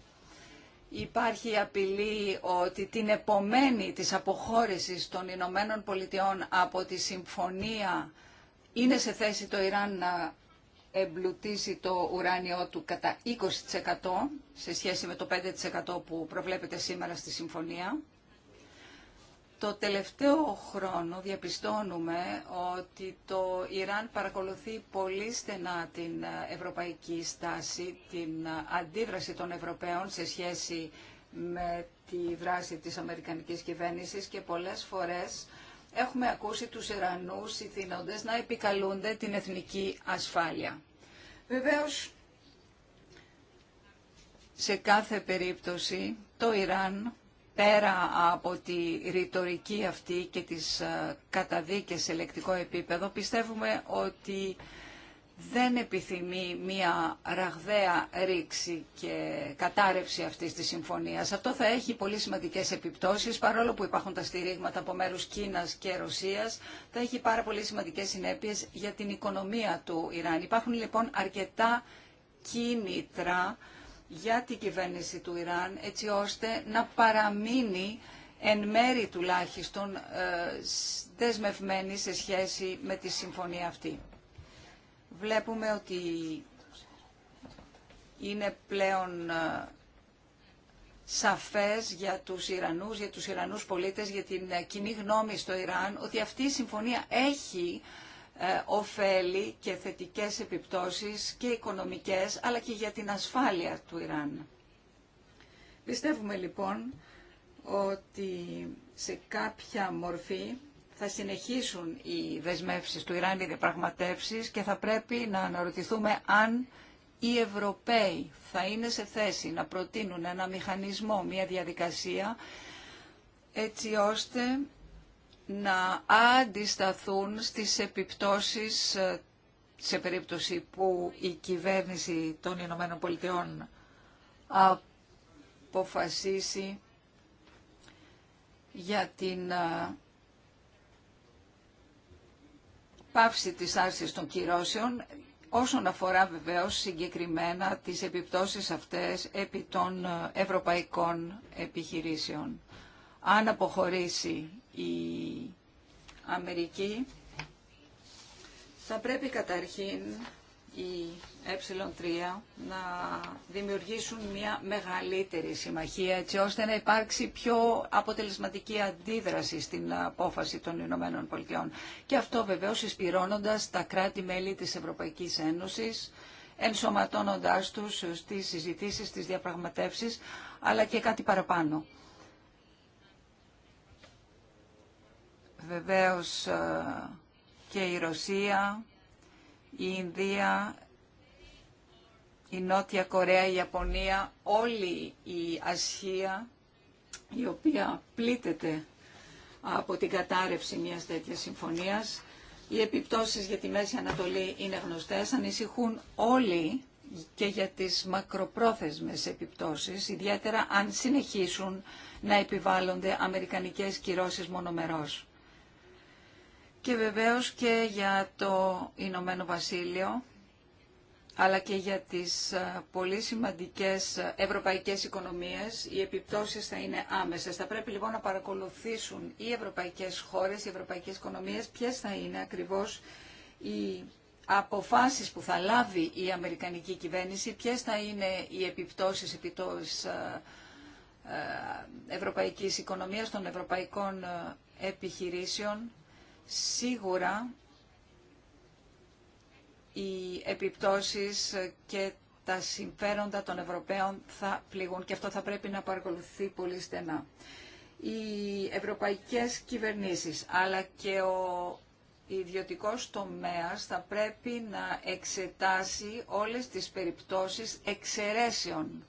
Υπάρχει απειλή ότι την επομένη της αποχώρησης των Ηνωμένων Πολιτειών από τη Συμφωνία είναι σε θέση το Ιράν να εμπλουτίσει το ουράνιό του κατά 20% σε σχέση με το 5% που προβλέπεται σήμερα στη συμφωνία. Το τελευταίο χρόνο διαπιστώνουμε ότι το Ιράν παρακολουθεί πολύ στενά την ευρωπαϊκή στάση, την αντίδραση των Ευρωπαίων σε σχέση με τη δράση της Αμερικανικής κυβέρνησης και πολλές φορές έχουμε ακούσει τους Ιρανούς ηθήνοντες να επικαλούνται την εθνική ασφάλεια. Βεβαίως, σε κάθε περίπτωση το Ιράν πέρα από τη ρητορική αυτή και τις ε, καταδίκες σε λεκτικό επίπεδο πιστεύουμε ότι δεν επιθυμεί μία ραγδαία ρήξη και κατάρρευση αυτής της συμφωνίας. Αυτό θα έχει πολύ σημαντικές επιπτώσεις, παρόλο που υπάρχουν τα στηρίγματα από μέρους Κίνας και Ρωσίας, θα έχει πάρα πολύ σημαντικές συνέπειες για την οικονομία του Ιράν. Υπάρχουν λοιπόν αρκετά κίνητρα για την κυβέρνηση του Ιράν, έτσι ώστε να παραμείνει εν μέρη τουλάχιστον ε, δεσμευμένη σε σχέση με τη συμφωνία αυτή βλέπουμε ότι είναι πλέον ε, σαφές για τους Ιρανούς, για τους Ιρανούς πολίτες, για την ε, κοινή γνώμη στο Ιράν, ότι αυτή η συμφωνία έχει ε, ωφέλη και θετικές επιπτώσεις και οικονομικές, αλλά και για την ασφάλεια του Ιράν. Πιστεύουμε λοιπόν ότι σε κάποια μορφή θα συνεχίσουν οι δεσμεύσεις του Ιράν, οι διαπραγματεύσεις και θα πρέπει να αναρωτηθούμε αν οι Ευρωπαίοι θα είναι σε θέση να προτείνουν ένα μηχανισμό, μια διαδικασία έτσι ώστε να αντισταθούν στις επιπτώσεις ε, σε περίπτωση που η κυβέρνηση των Ηνωμένων Πολιτειών αποφασίσει για την ε, πάυση της άρσης των κυρώσεων όσον αφορά βεβαίως συγκεκριμένα τις επιπτώσεις αυτές επί των ε, ευρωπαϊκών επιχειρήσεων. Αν αποχωρήσει η Αμερική, θα πρέπει καταρχήν η ε3 να δημιουργήσουν μια μεγαλύτερη συμμαχία έτσι ώστε να υπάρξει πιο αποτελεσματική αντίδραση στην απόφαση των Ηνωμένων Πολιτειών. Και αυτό βεβαίως εισπυρώνοντας τα κράτη-μέλη της Ευρωπαϊκής Ένωσης, ενσωματώνοντάς τους στις συζητήσεις, στις διαπραγματεύσεις, αλλά και κάτι παραπάνω. Βεβαίως ε, και η Ρωσία, η Ινδία η Νότια Κορέα, η Ιαπωνία, όλη η Ασία η οποία πλήττεται από την κατάρρευση μιας τέτοιας συμφωνίας. Οι επιπτώσεις για τη Μέση Ανατολή είναι γνωστές, ανησυχούν όλοι και για τις μακροπρόθεσμες επιπτώσεις, ιδιαίτερα αν συνεχίσουν να επιβάλλονται αμερικανικές κυρώσεις μονομερός. Και βεβαίως και για το Ηνωμένο Βασίλειο, αλλά και για τις ε, πολύ σημαντικές ε, ευρωπαϊκές οικονομίες οι επιπτώσεις θα είναι άμεσες. Θα πρέπει λοιπόν να παρακολουθήσουν οι ευρωπαϊκές χώρες, οι ευρωπαϊκές οικονομίες, ποιες θα είναι ακριβώς οι αποφάσεις που θα λάβει η Αμερικανική κυβέρνηση, ποιες θα είναι οι επιπτώσεις επί ε, ευρωπαϊκής οικονομίας, των ευρωπαϊκών επιχειρήσεων. Σίγουρα οι επιπτώσεις και τα συμφέροντα των Ευρωπαίων θα πληγούν και αυτό θα πρέπει να παρακολουθεί πολύ στενά. Οι ευρωπαϊκές κυβερνήσεις αλλά και ο ιδιωτικός τομέας θα πρέπει να εξετάσει όλες τις περιπτώσεις εξαιρέσεων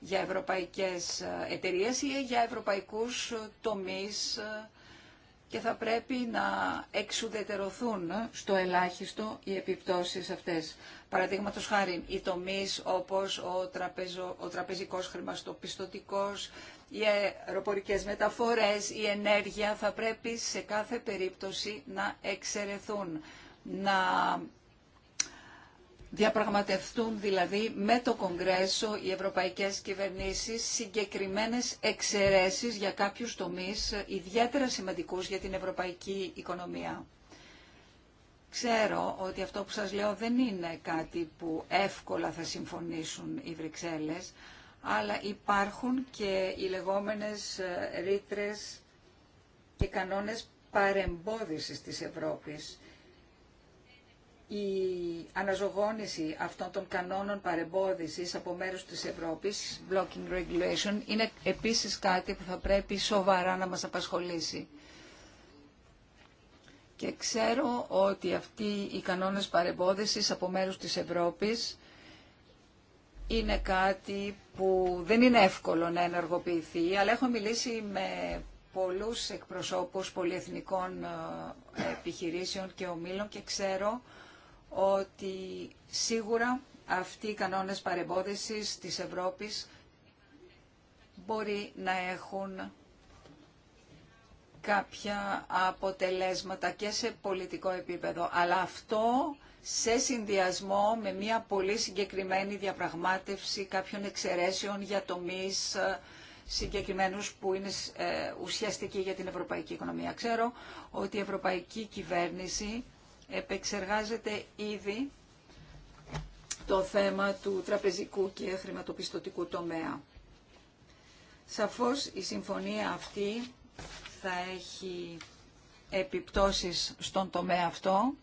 για ευρωπαϊκές εταιρείες ή για ευρωπαϊκούς τομείς και θα πρέπει να εξουδετερωθούν στο ελάχιστο οι επιπτώσεις αυτές. Παραδείγματο χάρη, οι τομεί, όπως ο, τραπεζο, ο τραπεζικός χρηματοπιστωτικός, οι αεροπορικές μεταφορές, η ενέργεια θα πρέπει σε κάθε περίπτωση να εξαιρεθούν, να διαπραγματευτούν δηλαδή με το Κογκρέσο οι ευρωπαϊκές κυβερνήσεις συγκεκριμένες εξαιρέσεις για κάποιους τομείς ιδιαίτερα σημαντικούς για την ευρωπαϊκή οικονομία. Ξέρω ότι αυτό που σας λέω δεν είναι κάτι που εύκολα θα συμφωνήσουν οι Βρυξέλλες, αλλά υπάρχουν και οι λεγόμενες ε, ρήτρες και κανόνες παρεμπόδισης της Ευρώπης η αναζωγόνηση αυτών των κανόνων παρεμπόδισης από μέρους της Ευρώπης, blocking regulation, είναι επίσης κάτι που θα πρέπει σοβαρά να μας απασχολήσει. Και ξέρω ότι αυτοί οι κανόνες παρεμπόδισης από μέρους της Ευρώπης είναι κάτι που δεν είναι εύκολο να ενεργοποιηθεί, αλλά έχω μιλήσει με πολλούς εκπροσώπους πολυεθνικών ε, επιχειρήσεων και ομίλων και ξέρω ότι σίγουρα αυτοί οι κανόνες παρεμπόδισης της Ευρώπης μπορεί να έχουν κάποια αποτελέσματα και σε πολιτικό επίπεδο. Αλλά αυτό σε συνδυασμό με μια πολύ συγκεκριμένη διαπραγμάτευση κάποιων εξαιρέσεων για τομείς ε, συγκεκριμένους που είναι ε, ουσιαστικοί για την ευρωπαϊκή οικονομία. Ξέρω ότι η ευρωπαϊκή κυβέρνηση επεξεργάζεται ήδη το θέμα του τραπεζικού και χρηματοπιστωτικού τομέα. Σαφώς η συμφωνία αυτή θα έχει επιπτώσεις στον τομέα αυτό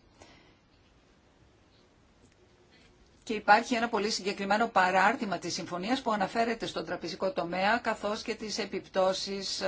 και υπάρχει ένα πολύ συγκεκριμένο παράρτημα της συμφωνίας που αναφέρεται στον τραπεζικό τομέα καθώς και τις επιπτώσεις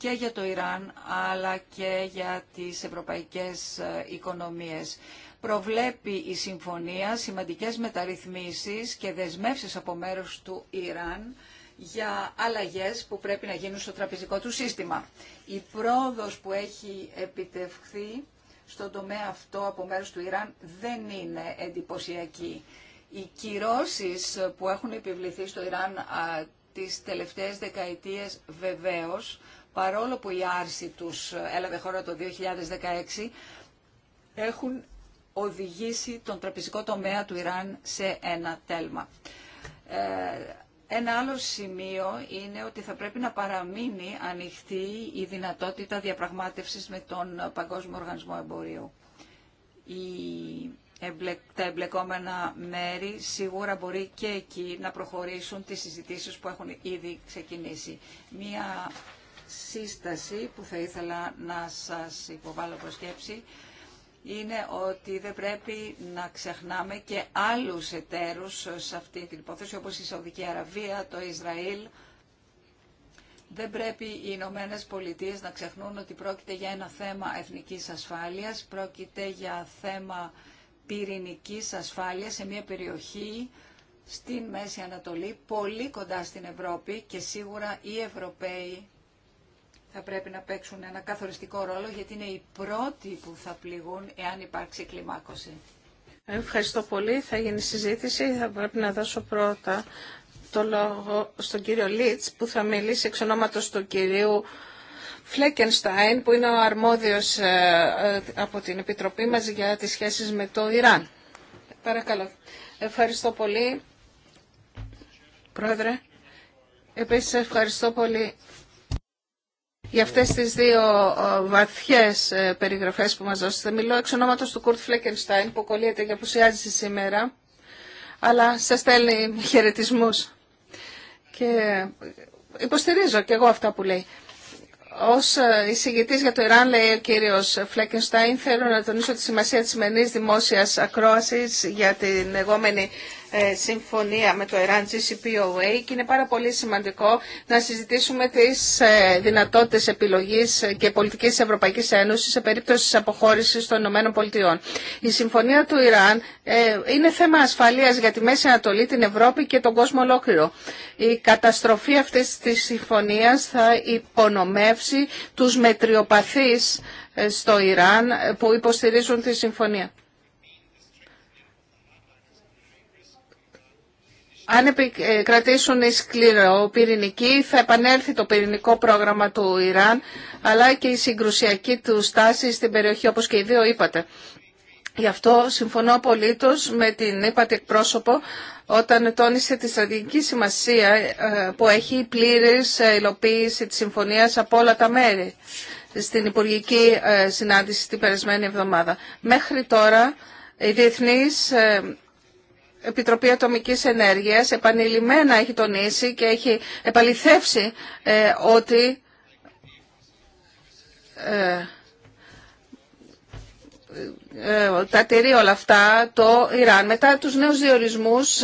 και για το Ιράν αλλά και για τις ευρωπαϊκές ε, οικονομίες. Προβλέπει η συμφωνία σημαντικές μεταρρυθμίσεις και δεσμεύσεις από μέρος του Ιράν για αλλαγές που πρέπει να γίνουν στο τραπεζικό του σύστημα. Η πρόοδος που έχει επιτευχθεί στον τομέα αυτό από μέρος του Ιράν δεν είναι εντυπωσιακή. Οι κυρώσεις που έχουν επιβληθεί στο Ιράν τις τελευταίες δεκαετίες βεβαίως παρόλο που η άρση τους έλαβε χώρα το 2016, έχουν οδηγήσει τον τραπεζικό τομέα του Ιράν σε ένα τέλμα. Ε, ένα άλλο σημείο είναι ότι θα πρέπει να παραμείνει ανοιχτή η δυνατότητα διαπραγμάτευσης με τον Παγκόσμιο Οργανισμό Εμπορίου. Η... Τα εμπλεκόμενα μέρη σίγουρα μπορεί και εκεί να προχωρήσουν τις συζητήσεις που έχουν ήδη ξεκινήσει σύσταση που θα ήθελα να σας υποβάλω προς είναι ότι δεν πρέπει να ξεχνάμε και άλλους εταίρους σε αυτή την υπόθεση όπως η Σαουδική Αραβία, το Ισραήλ. Δεν πρέπει οι Ηνωμένε Πολιτείε να ξεχνούν ότι πρόκειται για ένα θέμα εθνικής ασφάλειας, πρόκειται για θέμα πυρηνικής ασφάλειας σε μια περιοχή στην Μέση Ανατολή, πολύ κοντά στην Ευρώπη και σίγουρα οι Ευρωπαίοι θα πρέπει να παίξουν ένα καθοριστικό ρόλο γιατί είναι οι πρώτοι που θα πληγούν εάν υπάρξει κλιμάκωση. Ευχαριστώ πολύ. Θα γίνει συζήτηση. Θα πρέπει να δώσω πρώτα το λόγο στον κύριο Λίτς που θα μιλήσει εξ ονόματος του κυρίου Φλέκενστάιν που είναι ο αρμόδιος ε, ε, από την Επιτροπή μας για τις σχέσεις με το Ιράν. Παρακαλώ. Ευχαριστώ πολύ. Πρόεδρε, επίσης ευχαριστώ πολύ για αυτές τις δύο ε, βαθιές ε, περιγραφές που μας δώσετε. Μιλώ εξ ονόματος του Κουρτ Φλέκενστάιν που κολλείται και απουσιάζει σήμερα, αλλά σας στέλνει χαιρετισμού. Και υποστηρίζω και εγώ αυτά που λέει. Ως ε, εισηγητής για το Ιράν, λέει ο κύριος Φλέκενστάιν, θέλω να τονίσω τη σημασία της σημερινής δημόσιας ακρόασης για την εγώμενη ε, συμφωνία με το Iran GCPOA και είναι πάρα πολύ σημαντικό να συζητήσουμε τις ε, δυνατότητες επιλογής και πολιτικής Ευρωπαϊκής Ένωσης σε περίπτωση της αποχώρησης των Πολιτειών. Η συμφωνία του Ιράν ε, είναι θέμα ασφαλείας για τη Μέση Ανατολή, την Ευρώπη και τον κόσμο ολόκληρο. Η καταστροφή αυτής της συμφωνίας θα υπονομεύσει τους μετριοπαθείς στο Ιράν που υποστηρίζουν τη συμφωνία. Αν ε, κρατήσουν οι σκληροπυρηνικοί θα επανέλθει το πυρηνικό πρόγραμμα του Ιράν αλλά και η συγκρουσιακή του στάση στην περιοχή όπως και οι δύο είπατε. Γι' αυτό συμφωνώ απολύτως με την είπατε εκπρόσωπο όταν τόνισε τη στρατηγική σημασία ε, που έχει η πλήρης ε, υλοποίηση της συμφωνίας από όλα τα μέρη στην Υπουργική Συνάντηση την περασμένη εβδομάδα. Μέχρι τώρα οι διεθνείς... Επιτροπή Ατομικής Ενέργειας επανειλημμένα έχει τονίσει και έχει επαληθεύσει ε, ότι ε, ε, τα τηρεί όλα αυτά το Ιράν. Μετά τους νέους διορισμούς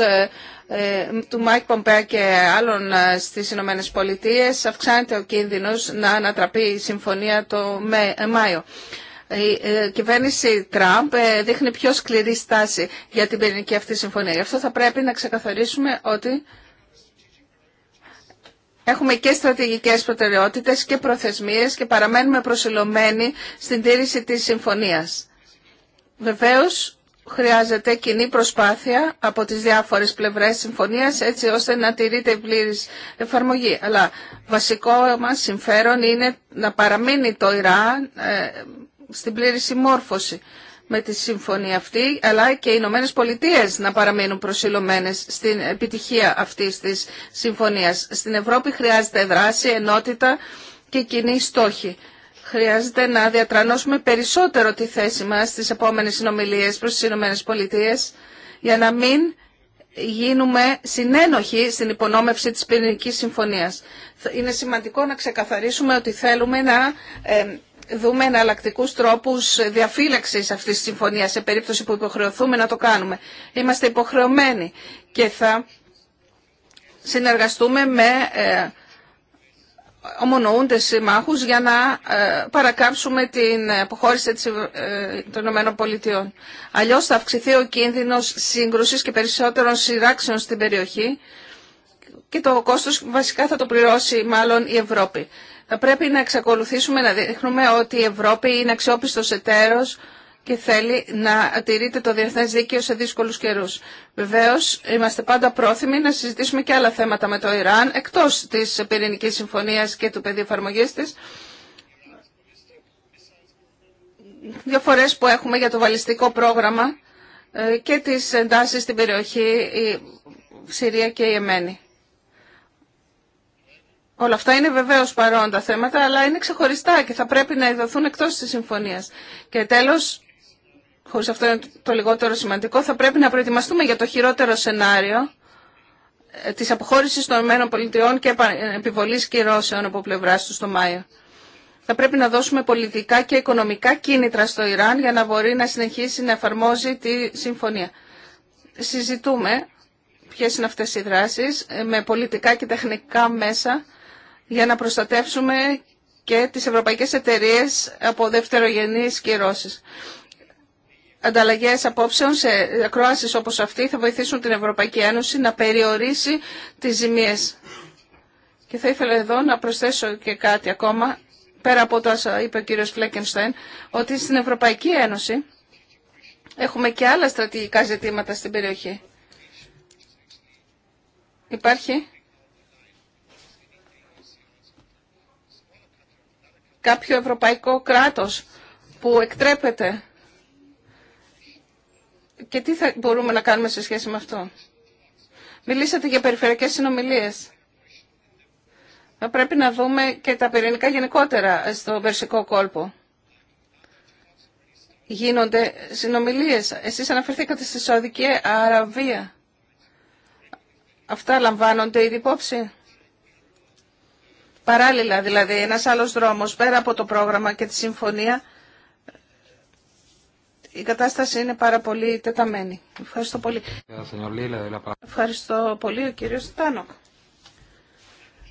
του Μάικ Πομπέα και άλλων στις Ηνωμένε Πολιτείε αυξάνεται ο κίνδυνος να ανατραπεί η συμφωνία το Μάιο η ε, κυβέρνηση Τραμπ ε, δείχνει πιο σκληρή στάση για την πυρηνική αυτή συμφωνία. Γι' αυτό θα πρέπει να ξεκαθαρίσουμε ότι έχουμε και στρατηγικές προτεραιότητες και προθεσμίες και παραμένουμε προσιλωμένοι στην τήρηση της συμφωνίας. Βεβαίως, χρειάζεται κοινή προσπάθεια από τις διάφορες πλευρές συμφωνίας έτσι ώστε να τηρείται η πλήρης εφαρμογή. Αλλά βασικό μας συμφέρον είναι να παραμείνει το Ιράν ε, στην πλήρη συμμόρφωση με τη συμφωνία αυτή, αλλά και οι Ηνωμένε Πολιτείε να παραμείνουν προσιλωμένε στην επιτυχία αυτή τη συμφωνία. Στην Ευρώπη χρειάζεται δράση, ενότητα και κοινή στόχη. Χρειάζεται να διατρανώσουμε περισσότερο τη θέση μα στι επόμενε συνομιλίε προ τι Ηνωμένε Πολιτείε, για να μην γίνουμε συνένοχοι στην υπονόμευση της πυρηνικής συμφωνίας. Είναι σημαντικό να ξεκαθαρίσουμε ότι θέλουμε να ε, δούμε εναλλακτικού τρόπους διαφύλαξης αυτής της συμφωνία σε περίπτωση που υποχρεωθούμε να το κάνουμε. Είμαστε υποχρεωμένοι και θα συνεργαστούμε με ε, ομονοούντες συμμάχους για να ε, παρακάψουμε την αποχώρηση ε, των ΗΠΑ. Αλλιώς θα αυξηθεί ο κίνδυνος σύγκρουσης και περισσότερων σειράξεων στην περιοχή και το κόστος βασικά θα το πληρώσει μάλλον η Ευρώπη. Θα πρέπει να εξακολουθήσουμε να δείχνουμε ότι η Ευρώπη είναι αξιόπιστος εταίρος και θέλει να τηρείται το διεθνές δίκαιο σε δύσκολους καιρού. Βεβαίω είμαστε πάντα πρόθυμοι να συζητήσουμε και άλλα θέματα με το Ιράν, εκτός της πυρηνική συμφωνίας και του πεδίου εφαρμογή δύο διαφορές που έχουμε για το βαλιστικό πρόγραμμα ε, και τις εντάσεις στην περιοχή η Συρία και η Εμένη. Όλα αυτά είναι βεβαίως παρόντα θέματα, αλλά είναι ξεχωριστά και θα πρέπει να ειδωθούν εκτό τη συμφωνία. Και τέλο, χωρί αυτό είναι το λιγότερο σημαντικό, θα πρέπει να προετοιμαστούμε για το χειρότερο σενάριο ε, τη αποχώρηση των ΗΠΑ και επιβολή κυρώσεων από πλευρά του στο Μάιο. Θα πρέπει να δώσουμε πολιτικά και οικονομικά κίνητρα στο Ιράν για να μπορεί να συνεχίσει να εφαρμόζει τη συμφωνία. Συζητούμε ποιες είναι αυτές οι δράσεις ε, με πολιτικά και τεχνικά μέσα για να προστατεύσουμε και τις ευρωπαϊκές εταιρείες από δευτερογενείς κυρώσεις. Ανταλλαγές απόψεων σε ακροάσεις όπως αυτή θα βοηθήσουν την Ευρωπαϊκή Ένωση να περιορίσει τις ζημίες. Και θα ήθελα εδώ να προσθέσω και κάτι ακόμα, πέρα από το όσα είπε ο κύριος Φλέκενστάιν, ότι στην Ευρωπαϊκή Ένωση έχουμε και άλλα στρατηγικά ζητήματα στην περιοχή. Υπάρχει κάποιο ευρωπαϊκό κράτος που εκτρέπεται. Και τι θα μπορούμε να κάνουμε σε σχέση με αυτό. Μιλήσατε για περιφερειακές συνομιλίες. Θα πρέπει να δούμε και τα πυρηνικά γενικότερα στο Περσικό κόλπο. Γίνονται συνομιλίες. Εσείς αναφερθήκατε στη Σαουδική Αραβία. Αυτά λαμβάνονται ήδη υπόψη. Παράλληλα δηλαδή ένας άλλος δρόμος πέρα από το πρόγραμμα και τη συμφωνία η κατάσταση είναι πάρα πολύ τεταμένη. Ευχαριστώ πολύ. Ευχαριστώ πολύ ο κύριος Τάνοκ.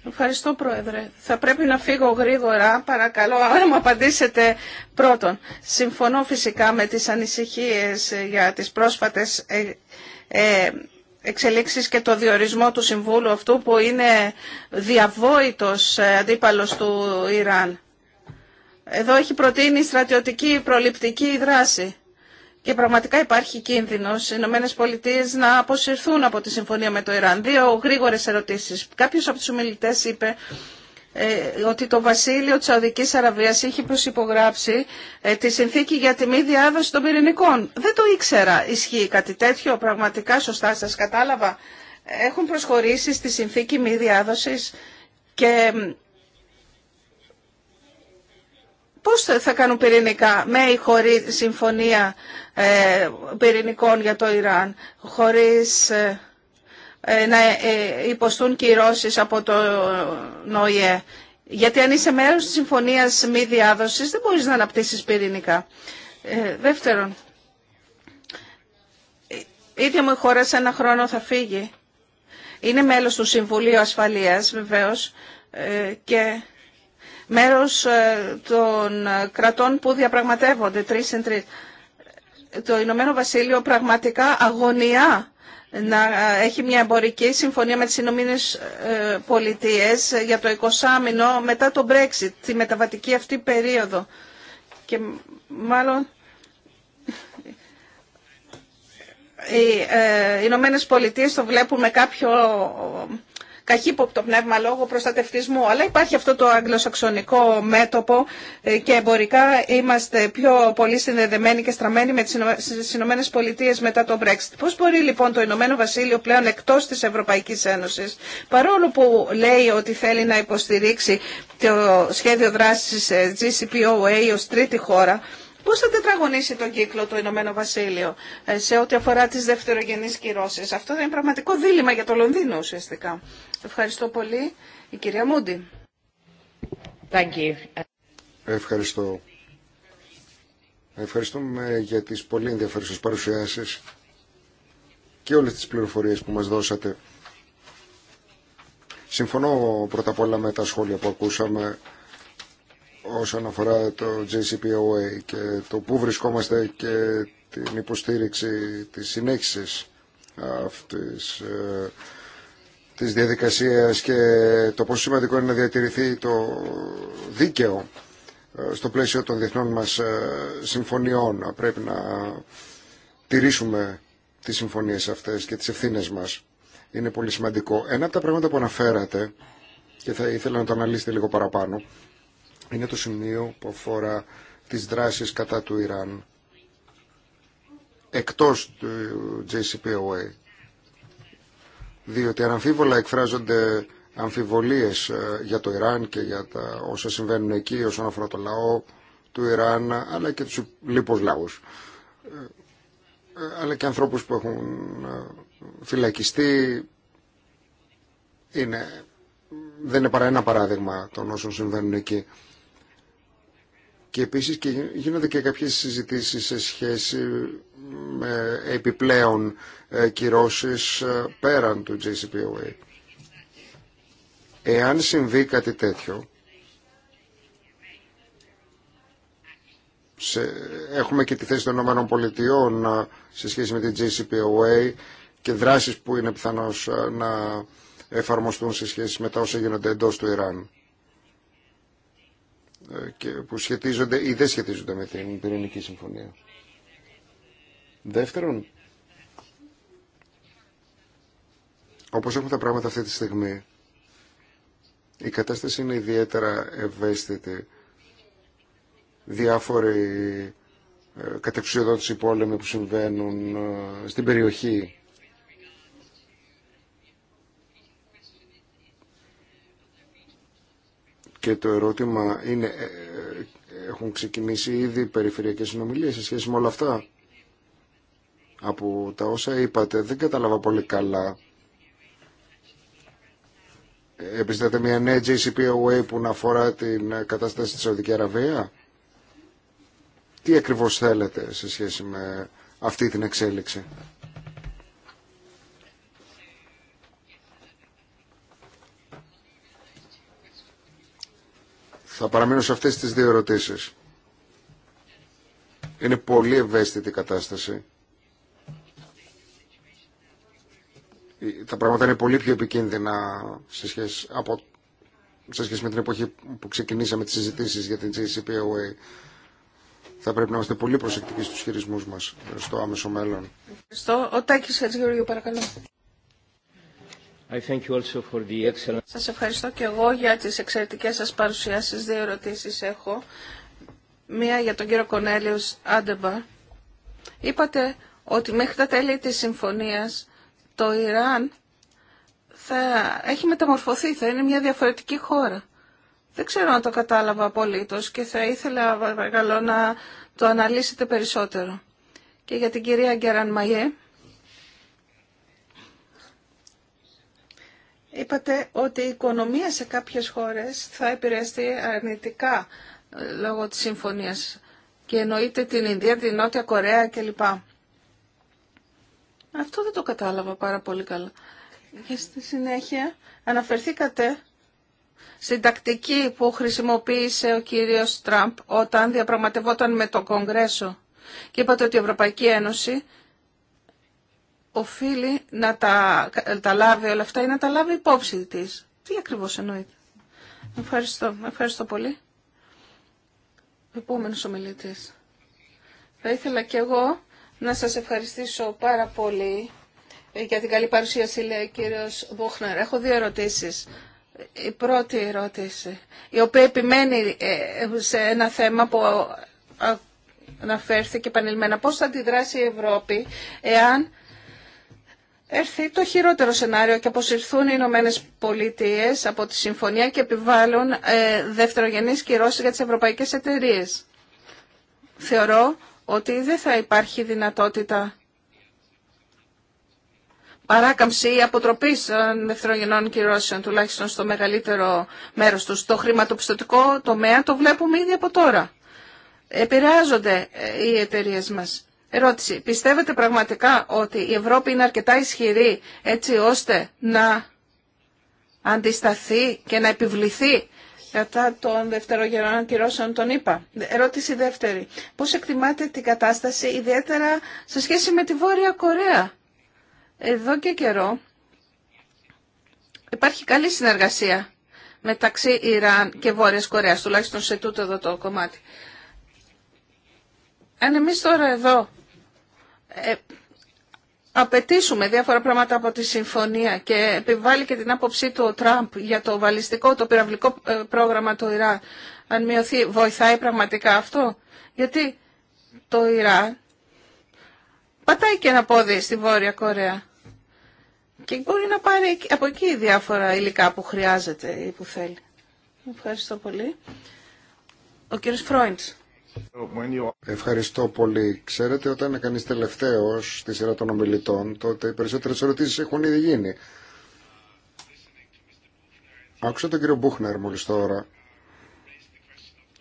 Ευχαριστώ Πρόεδρε. Θα πρέπει να φύγω γρήγορα, παρακαλώ, αν μου απαντήσετε πρώτον. Συμφωνώ φυσικά με τις ανησυχίες για τις πρόσφατες ε, ε, εξελίξεις και το διορισμό του Συμβούλου αυτού που είναι διαβόητος ε, αντίπαλος του Ιράν. Εδώ έχει προτείνει στρατιωτική προληπτική δράση. Και πραγματικά υπάρχει κίνδυνο οι Ηνωμένε Πολιτείε να αποσυρθούν από τη συμφωνία με το Ιράν. Δύο γρήγορε ερωτήσει. Κάποιο από του ομιλητέ είπε ε, ότι το βασίλειο της Σαουδικής Αραβίας είχε προσυπογράψει ε, τη συνθήκη για τη μη διάδοση των πυρηνικών. Δεν το ήξερα. Ισχύει κάτι τέτοιο. Πραγματικά σωστά σας κατάλαβα. Έχουν προσχωρήσει στη συνθήκη μη διάδοσης και πώς θα κάνουν πυρηνικά με ή χωρίς συμφωνία ε, πυρηνικών για το Ιράν, χωρίς ε, να ε, υποστούν κυρώσει από το ΝΟΙΕ. Γιατί αν είσαι μέρο της συμφωνίας μη διάδοση δεν μπορείς να αναπτύσσει πυρηνικά. Ε, δεύτερον, η ίδια μου η χώρα σε ένα χρόνο θα φύγει. Είναι μέλο του Συμβουλίου Ασφαλείας βεβαίως και μέρος των κρατών που διαπραγματεύονται Τρει. Το Ηνωμένο Βασίλειο πραγματικά αγωνιά να ε, έχει μια εμπορική συμφωνία με τις Ηνωμένε Πολιτείε ε, για το 20 μήνο μετά το Brexit, τη μεταβατική αυτή περίοδο. Και μάλλον οι ε, Ηνωμένε Πολιτείε το βλέπουν με κάποιο καχύποπτο πνεύμα λόγω προστατευτισμού. Αλλά υπάρχει αυτό το αγγλοσαξονικό μέτωπο ε, και εμπορικά είμαστε πιο πολύ συνδεδεμένοι και στραμμένοι με τις Ηνωμένε Πολιτείε μετά το Brexit. Πώς μπορεί λοιπόν το Ηνωμένο Βασίλειο πλέον εκτός της Ευρωπαϊκής Ένωσης, παρόλο που λέει ότι θέλει να υποστηρίξει το σχέδιο δράσης ε, GCPOA ως τρίτη χώρα, Πώ θα τετραγωνίσει τον κύκλο το Ηνωμένο Βασίλειο ε, σε ό,τι αφορά τι δευτερογενεί κυρώσει. Αυτό είναι πραγματικό δίλημα για το Λονδίνο ουσιαστικά. Ευχαριστώ πολύ. Η κυρία Μούντι. Thank Ευχαριστώ. Ευχαριστούμε για τις πολύ ενδιαφέρουσες παρουσιάσεις και όλες τις πληροφορίες που μας δώσατε. Συμφωνώ πρώτα απ' όλα με τα σχόλια που ακούσαμε όσον αφορά το JCPOA και το πού βρισκόμαστε και την υποστήριξη της συνέχισης αυτής ε, της διαδικασίας και το πόσο σημαντικό είναι να διατηρηθεί το δίκαιο ε, στο πλαίσιο των διεθνών μας ε, συμφωνιών. Πρέπει να τηρήσουμε τις συμφωνίες αυτές και τις ευθύνες μας. Είναι πολύ σημαντικό. Ένα από τα πράγματα που αναφέρατε και θα ήθελα να το αναλύσετε λίγο παραπάνω είναι το σημείο που αφορά τις δράσεις κατά του Ιράν εκτός του JCPOA διότι αναμφίβολα εκφράζονται αμφιβολίες ε, για το Ιράν και για τα όσα συμβαίνουν εκεί όσον αφορά το λαό του Ιράν αλλά και τους λίπους λαούς ε, ε, αλλά και ανθρώπους που έχουν φυλακιστεί είναι, δεν είναι παρά ένα παράδειγμα των όσων συμβαίνουν εκεί και επίσης και γίνονται και κάποιες συζητήσεις σε σχέση επιπλέον ε, κυρώσεις ε, πέραν του JCPOA. Εάν συμβεί κάτι τέτοιο, σε, έχουμε και τη θέση των Ηνωμένων Πολιτειών ε, σε σχέση με την JCPOA και δράσεις που είναι πιθανώς να εφαρμοστούν σε σχέση με τα όσα γίνονται εντός του Ιράν και που σχετίζονται ή δεν σχετίζονται με την πυρηνική συμφωνία. Δεύτερον, όπως έχουν τα πράγματα αυτή τη στιγμή, η κατάσταση είναι ιδιαίτερα ευαίσθητη. Διάφοροι ε, κατεξουσιοδότηση πόλεμοι που συμβαίνουν ε, στην περιοχή. Και το ερώτημα είναι, ε, έχουν ξεκινήσει ήδη περιφερειακές συνομιλίες σε σχέση με όλα αυτά. Από τα όσα είπατε δεν κατάλαβα πολύ καλά. Επιστέτε μια νέα JCPOA που να αφορά την κατάσταση της Σαουδική Αραβία. Τι ακριβώς θέλετε σε σχέση με αυτή την εξέλιξη. Θα παραμείνω σε αυτές τις δύο ερωτήσεις. Είναι πολύ ευαίσθητη η κατάσταση Ε, τα πράγματα είναι πολύ πιο επικίνδυνα σε σχέση, από, σε με την εποχή που ξεκινήσαμε τις συζητήσεις για την JCPOA. Θα πρέπει να είμαστε πολύ προσεκτικοί στους χειρισμούς μας στο άμεσο μέλλον. Ευχαριστώ. Ο Τάκης παρακαλώ. Σας ευχαριστώ και εγώ για τις εξαιρετικές σας παρουσιάσεις. Δύο ερωτήσεις έχω. Μία για τον κύριο Κονέλιος Άντεμπα. Είπατε ότι μέχρι τα τέλη της συμφωνίας το Ιράν θα έχει μεταμορφωθεί, θα είναι μια διαφορετική χώρα. Δεν ξέρω αν το κατάλαβα απολύτω και θα ήθελα παρακαλώ να το αναλύσετε περισσότερο. Και για την κυρία Γκέραν Μαγέ. Είπατε ότι η οικονομία σε κάποιες χώρες θα επηρεαστεί αρνητικά ε, λόγω της συμφωνίας και εννοείται την Ινδία, την Νότια Κορέα κλπ. Αυτό δεν το κατάλαβα πάρα πολύ καλά. Και στη συνέχεια αναφερθήκατε στην τακτική που χρησιμοποίησε ο κύριος Τραμπ όταν διαπραγματευόταν με το Κογκρέσο. Και είπατε ότι η Ευρωπαϊκή Ένωση οφείλει να τα, λάβει όλα αυτά ή να τα λάβει υπόψη της. Τι ακριβώς εννοείται. Ευχαριστώ. Ευχαριστώ πολύ. Επόμενος ομιλητής. Θα ήθελα κι εγώ να σας ευχαριστήσω πάρα πολύ ε, για την καλή παρουσίαση, λέει ο κύριος Βούχνερ. Έχω δύο ερωτήσεις. Η πρώτη ερώτηση, η οποία επιμένει ε, σε ένα θέμα που αναφέρθηκε επανειλημμένα. Πώς θα αντιδράσει η Ευρώπη εάν έρθει το χειρότερο σενάριο και αποσυρθούν οι Ηνωμένε Πολιτείε από τη συμφωνία και επιβάλλουν ε, δευτερογενείς κυρώσεις για τις ευρωπαϊκές εταιρείες. Θεωρώ ότι δεν θα υπάρχει δυνατότητα παράκαμψη ή αποτροπή των δευτερογενών κυρώσεων, τουλάχιστον στο μεγαλύτερο μέρο του. Το χρηματοπιστωτικό τομέα το βλέπουμε ήδη από τώρα. Επηρεάζονται ε, οι εταιρείε μα. Ερώτηση. Πιστεύετε πραγματικά ότι η Ευρώπη είναι αρκετά ισχυρή έτσι ώστε να αντισταθεί και να επιβληθεί κατά των δευτερογερών ακυρώσεων τον είπα. Ερώτηση δεύτερη. Πώς εκτιμάτε την κατάσταση ιδιαίτερα σε σχέση με τη Βόρεια Κορέα. Εδώ και καιρό υπάρχει καλή συνεργασία μεταξύ Ιράν και Βόρειας Κορέας, τουλάχιστον σε τούτο εδώ το κομμάτι. Αν εμείς τώρα εδώ ε, απαιτήσουμε διάφορα πράγματα από τη συμφωνία και επιβάλλει και την άποψή του ο Τραμπ για το βαλιστικό, το πυραυλικό ε, πρόγραμμα του Ιράν, αν μειωθεί, βοηθάει πραγματικά αυτό. Γιατί το Ιράν πατάει και ένα πόδι στη Βόρεια Κορέα και μπορεί να πάρει από εκεί διάφορα υλικά που χρειάζεται ή που θέλει. Ευχαριστώ πολύ. Ο κύριος Φρόιντς. Ευχαριστώ πολύ. Ξέρετε, όταν είναι κανεί τελευταίο στη σειρά των ομιλητών, τότε οι περισσότερε ερωτήσει έχουν ήδη γίνει. Άκουσα τον κύριο Μπούχνερ μόλι τώρα,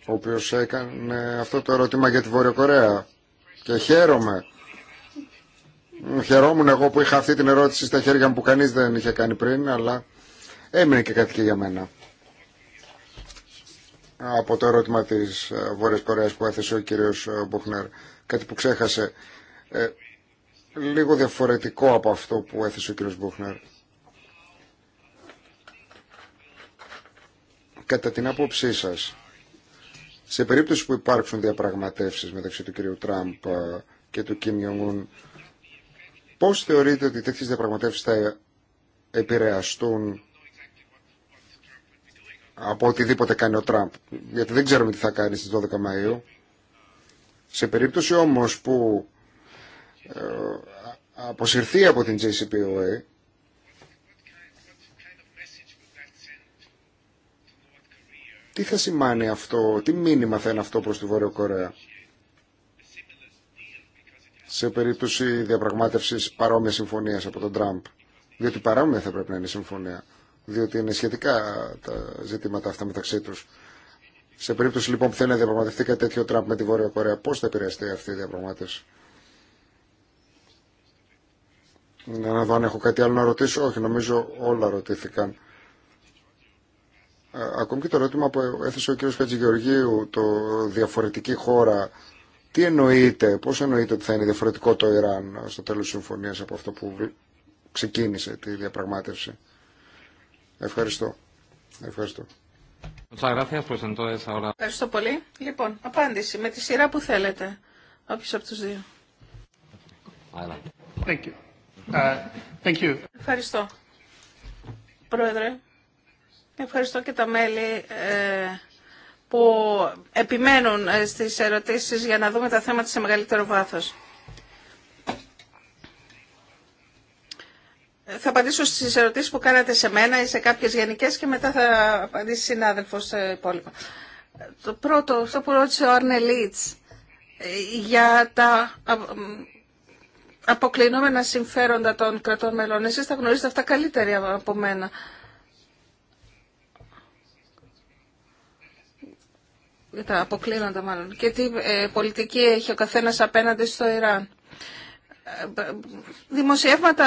ο οποίο έκανε αυτό το ερώτημα για τη Βόρεια Κορέα. Και χαίρομαι. Χαιρόμουν εγώ που είχα αυτή την ερώτηση στα χέρια μου που κανεί δεν είχε κάνει πριν, αλλά έμεινε και κάτι και για μένα από το ερώτημα της ε, Βόρειας Κορέα που έθεσε ο κύριος ε, Μπουχνέρ. Κάτι που ξέχασε. Ε, λίγο διαφορετικό από αυτό που έθεσε ο κύριος Μπουχνέρ. Κατά την άποψή σας, σε περίπτωση που υπάρξουν διαπραγματεύσεις μεταξύ του κυρίου Τραμπ ε, και του Κιμ Ιωμούν, πώς θεωρείτε ότι τέτοιες διαπραγματεύσεις θα επηρεαστούν από οτιδήποτε κάνει ο Τραμπ, γιατί δεν ξέρουμε τι θα κάνει στις 12 Μαΐου. Σε περίπτωση όμως που ε, αποσυρθεί από την JCPOA, τι θα σημάνει αυτό, τι μήνυμα θα είναι αυτό προς τη Βόρεια Κορέα σε περίπτωση διαπραγμάτευσης παρόμοια συμφωνίας από τον Τραμπ. Διότι παρόμοια θα πρέπει να είναι η συμφωνία διότι είναι σχετικά τα ζητήματα αυτά μεταξύ του. Σε περίπτωση λοιπόν που θέλει να διαπραγματευτεί κάτι τέτοιο Τραμπ με τη Βόρεια Κορέα, Πώ θα επηρεαστεί αυτή η διαπραγμάτευση. Να δω αν έχω κάτι άλλο να ρωτήσω. Όχι, νομίζω όλα ρωτήθηκαν. Ακόμη και το ερώτημα που έθεσε ο κ. Χατζηγεωργίου, το διαφορετική χώρα, τι εννοείται, πώ εννοείται ότι θα είναι διαφορετικό το Ιράν στο τέλο τη συμφωνία από αυτό που ξεκίνησε τη διαπραγμάτευση. Ευχαριστώ. Ευχαριστώ. Ευχαριστώ πολύ. Λοιπόν, απάντηση με τη σειρά που θέλετε. Όποιος από τους δύο. Thank you. Uh, thank you. Ευχαριστώ. Πρόεδρε, ευχαριστώ και τα μέλη ε, που επιμένουν ε, στις ερωτήσεις για να δούμε τα θέματα σε μεγαλύτερο βάθος. Θα απαντήσω στις ερωτήσεις που κάνατε σε μένα ή σε κάποιες γενικές και μετά θα απαντήσει συνάδελφος σε υπολοιπα Το πρώτο, αυτό που ρώτησε ο Άρνε ε, για τα αποκλεινόμενα συμφέροντα των κρατών μελών. Εσείς θα γνωρίζετε αυτά καλύτερα από μένα. τα αποκλίνοντα μάλλον, και τι ε, πολιτική έχει ο καθένας απέναντι στο Ιράν. Δημοσιεύματα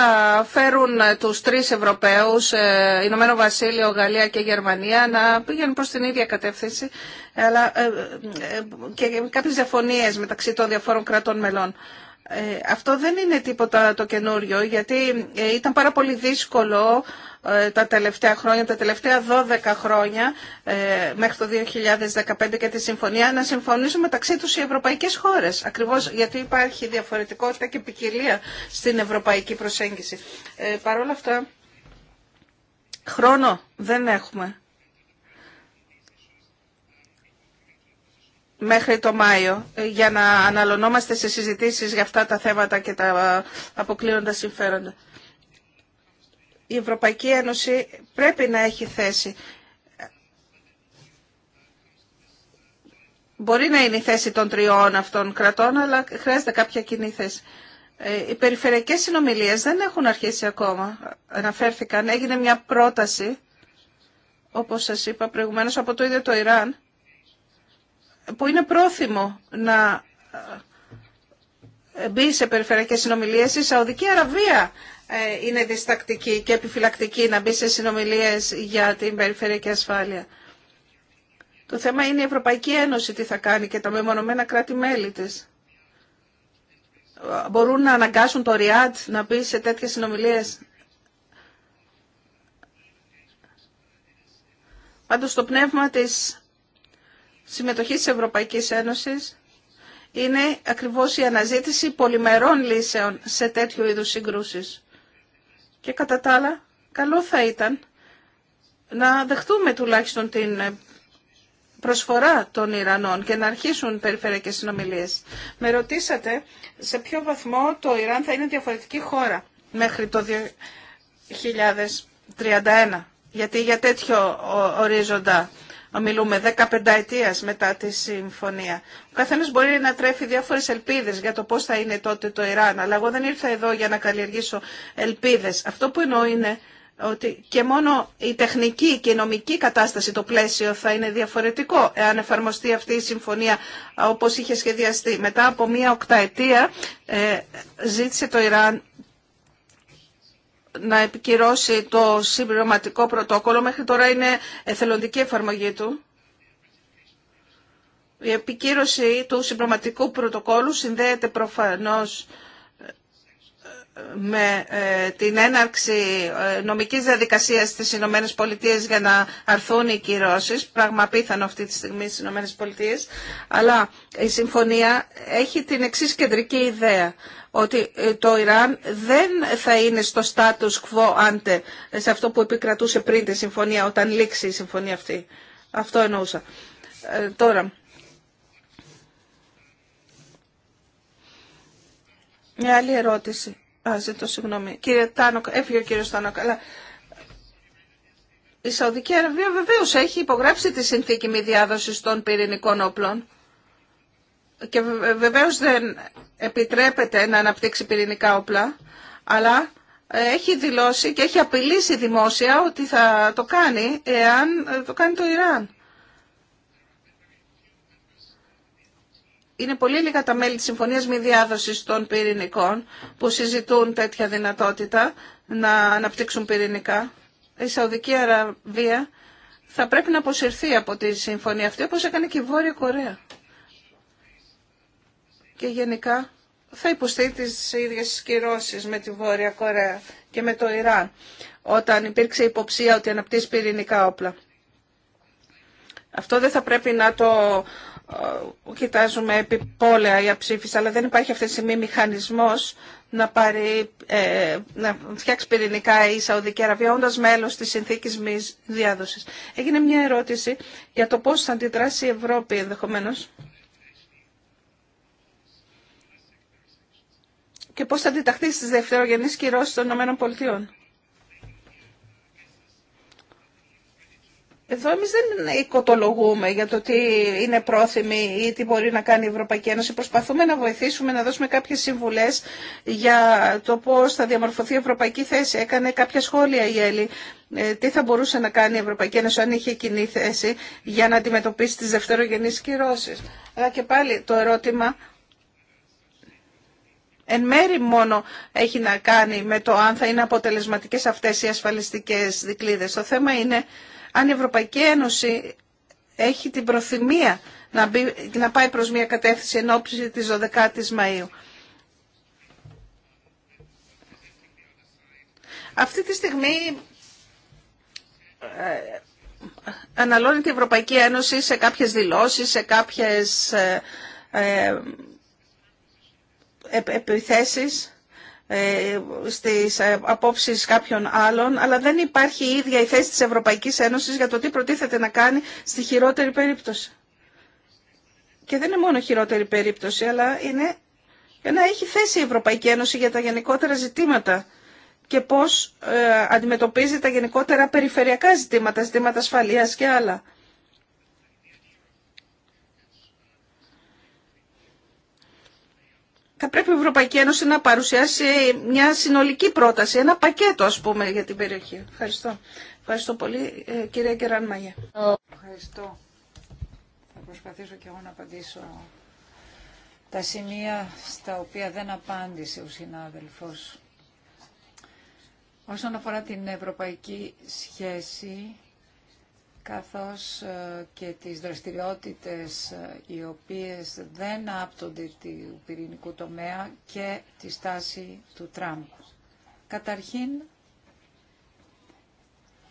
φέρουν τους τρεις Ευρωπαίους, ε, Ηνωμένο Βασίλειο, Γαλλία και Γερμανία, να πήγαινε προς την ίδια κατεύθυνση αλλά ε, ε, και κάποιες διαφωνίες μεταξύ των διαφόρων κρατών μελών. Ε, αυτό δεν είναι τίποτα το καινούριο, γιατί ε, ήταν πάρα πολύ δύσκολο ε, τα τελευταία χρόνια, τα τελευταία 12 χρόνια μέχρι το 2015 και τη συμφωνία να συμφωνήσουν μεταξύ τους οι ευρωπαϊκές χώρες ακριβώς γιατί υπάρχει διαφορετικότητα και ποικιλία στην ευρωπαϊκή προσέγγιση. Ε, Παρ' όλα αυτά χρόνο δεν έχουμε μέχρι το Μάιο ε, για να αναλωνόμαστε σε συζητήσεις για αυτά τα θέματα και τα ε, αποκλείοντα συμφέροντα. Η Ευρωπαϊκή Ένωση πρέπει να έχει θέση. Μπορεί να είναι η θέση των τριών αυτών κρατών, αλλά χρειάζεται κάποια κοινή θέση. Ε, οι περιφερειακές συνομιλίες δεν έχουν αρχίσει ακόμα. Αναφέρθηκαν, έγινε μια πρόταση, όπως σας είπα προηγουμένως, από το ίδιο το Ιράν, που είναι πρόθυμο να ε, μπει σε περιφερειακές συνομιλίες. Η Σαουδική Αραβία ε, είναι διστακτική και επιφυλακτική να μπει σε συνομιλίες για την περιφερειακή ασφάλεια. Το θέμα είναι η Ευρωπαϊκή Ένωση τι θα κάνει και τα μεμονωμένα κράτη-μέλη της. Μπορούν να αναγκάσουν το ΡΙΑΤ να μπει σε τέτοιες συνομιλίες. Πάντως το πνεύμα της συμμετοχή της Ευρωπαϊκής Ένωσης είναι ακριβώς η αναζήτηση πολυμερών λύσεων σε τέτοιου είδους συγκρούσεις. Και κατά τα άλλα, καλό θα ήταν να δεχτούμε τουλάχιστον την προσφορά των Ιρανών και να αρχίσουν περιφερειακές συνομιλίες. Με ρωτήσατε σε ποιο βαθμό το Ιράν θα είναι διαφορετική χώρα μέχρι το 2031. Γιατί για τέτοιο ορίζοντα μιλούμε 15 ετίας μετά τη συμφωνία. Ο καθένα μπορεί να τρέφει διάφορες ελπίδες για το πώς θα είναι τότε το Ιράν, αλλά εγώ δεν ήρθα εδώ για να καλλιεργήσω ελπίδες. Αυτό που εννοώ είναι ότι και μόνο η τεχνική και η νομική κατάσταση, το πλαίσιο θα είναι διαφορετικό εάν εφαρμοστεί αυτή η συμφωνία όπως είχε σχεδιαστεί. Μετά από μία οκταετία ε, ζήτησε το Ιράν να επικυρώσει το συμπληρωματικό πρωτόκολλο. Μέχρι τώρα είναι εθελοντική εφαρμογή του. Η επικύρωση του συμπληρωματικού πρωτοκόλλου συνδέεται προφανώς με ε, την έναρξη ε, νομικής διαδικασίας στις Ηνωμένες Πολιτείες για να αρθούν οι κυρώσεις, πράγμα πίθανο αυτή τη στιγμή στις Ηνωμένες Πολιτείες, αλλά η συμφωνία έχει την εξή κεντρική ιδέα, ότι ε, το Ιράν δεν θα είναι στο status quo ante σε αυτό που επικρατούσε πριν τη συμφωνία, όταν λήξει η συμφωνία αυτή. Αυτό εννοούσα. τώρα, μια άλλη ερώτηση. Α, ζητώ συγγνώμη. Κύριε Τάνοκ, έφυγε ο κύριο Τάνοκ, αλλά η Σαουδική Αραβία βεβαίω έχει υπογράψει τη συνθήκη μη διάδοση των πυρηνικών όπλων. Και βεβαίω δεν επιτρέπεται να αναπτύξει πυρηνικά όπλα, αλλά ε, έχει δηλώσει και έχει απειλήσει δημόσια ότι θα το κάνει εάν ε, το κάνει το Ιράν. είναι πολύ λίγα τα μέλη της Συμφωνίας Μη Διάδοσης των Πυρηνικών που συζητούν τέτοια δυνατότητα να αναπτύξουν πυρηνικά. Η Σαουδική Αραβία θα πρέπει να αποσυρθεί από τη συμφωνία αυτή, όπως έκανε και η Βόρεια Κορέα. Και γενικά θα υποστεί τις ίδιες κυρώσεις με τη Βόρεια Κορέα και με το Ιράν, όταν υπήρξε υποψία ότι αναπτύσσει πυρηνικά όπλα. Αυτό δεν θα πρέπει να το ε, κοιτάζουμε επιπόλαια για ψήφιση, αλλά δεν υπάρχει αυτή τη στιγμή μηχανισμός να, ε, να φτιάξει πυρηνικά η Σαουδική Αραβία, όντας μέλος της συνθήκης μη διάδοσης. Έγινε μια ερώτηση για το πώς θα αντιδράσει η Ευρώπη ενδεχομένω. και πώς θα αντιταχθεί στις δευτερογενείς κυρώσεις των ΗΠΑ. Εδώ εμεί δεν οικοτολογούμε για το τι είναι πρόθυμη ή τι μπορεί να κάνει η Ευρωπαϊκή Ένωση. Προσπαθούμε να βοηθήσουμε, να δώσουμε δωσουμε καποιε συμβουλέ για το πώ θα διαμορφωθεί η Ευρωπαϊκή θέση. Έκανε κάποια σχόλια η Έλλη. Ε, τι θα μπορούσε να κάνει η Ευρωπαϊκή Ένωση αν είχε κοινή θέση για να αντιμετωπίσει τι δευτερογενείς κυρώσει. Αλλά και πάλι το ερώτημα εν μέρη μόνο έχει να κάνει με το αν θα είναι αποτελεσματικές αυτές οι ασφαλιστικές δικλείδες. Το θέμα είναι αν η Ευρωπαϊκή Ένωση έχει την προθυμία να, να πάει προς μια κατεύθυνση ενόψει της 12ης Μαΐου. Αυτή τη στιγμή ε, την η Ευρωπαϊκή Ένωση σε κάποιες δηλώσεις, σε κάποιες ε, ε, επιθέσεις ε, στις ε, απόψεις κάποιων άλλων, αλλά δεν υπάρχει η ίδια η θέση της Ευρωπαϊκής Ένωσης για το τι προτίθεται να κάνει στη χειρότερη περίπτωση. Και δεν είναι μόνο χειρότερη περίπτωση, αλλά είναι για να έχει θέση η Ευρωπαϊκή Ένωση για τα γενικότερα ζητήματα και πώς ε, αντιμετωπίζει τα γενικότερα περιφερειακά ζητήματα, ζητήματα ασφαλείας και άλλα. θα πρέπει η Ευρωπαϊκή Ένωση να παρουσιάσει μια συνολική πρόταση, ένα πακέτο ας πούμε για την περιοχή. Ευχαριστώ. Ευχαριστώ πολύ ε, κυρία Κεράν μαγιά. Ευχαριστώ. Θα προσπαθήσω και εγώ να απαντήσω τα σημεία στα οποία δεν απάντησε ο συνάδελφος. Όσον αφορά την ευρωπαϊκή σχέση, καθώς ε, και τις δραστηριότητες ε, οι οποίες δεν άπτονται του πυρηνικού τομέα και τη στάση του Τραμπ. Καταρχήν,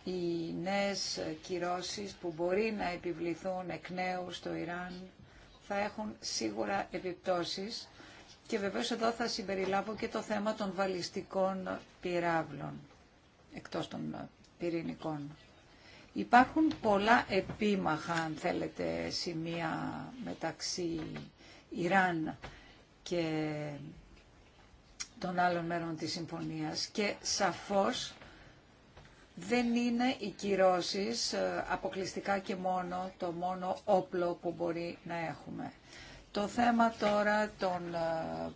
οι νέες κυρώσεις που μπορεί να επιβληθούν εκ νέου στο Ιράν θα έχουν σίγουρα επιπτώσεις και βεβαίως εδώ θα συμπεριλάβω και το θέμα των βαλιστικών πυράβλων, εκτός των πυρηνικών. Υπάρχουν πολλά επίμαχα, αν θέλετε, σημεία μεταξύ Ιράν και των άλλων μέρων της συμφωνίας και σαφώς δεν είναι οι κυρώσεις ε, αποκλειστικά και μόνο το μόνο όπλο που μπορεί να έχουμε. Το θέμα τώρα των ε,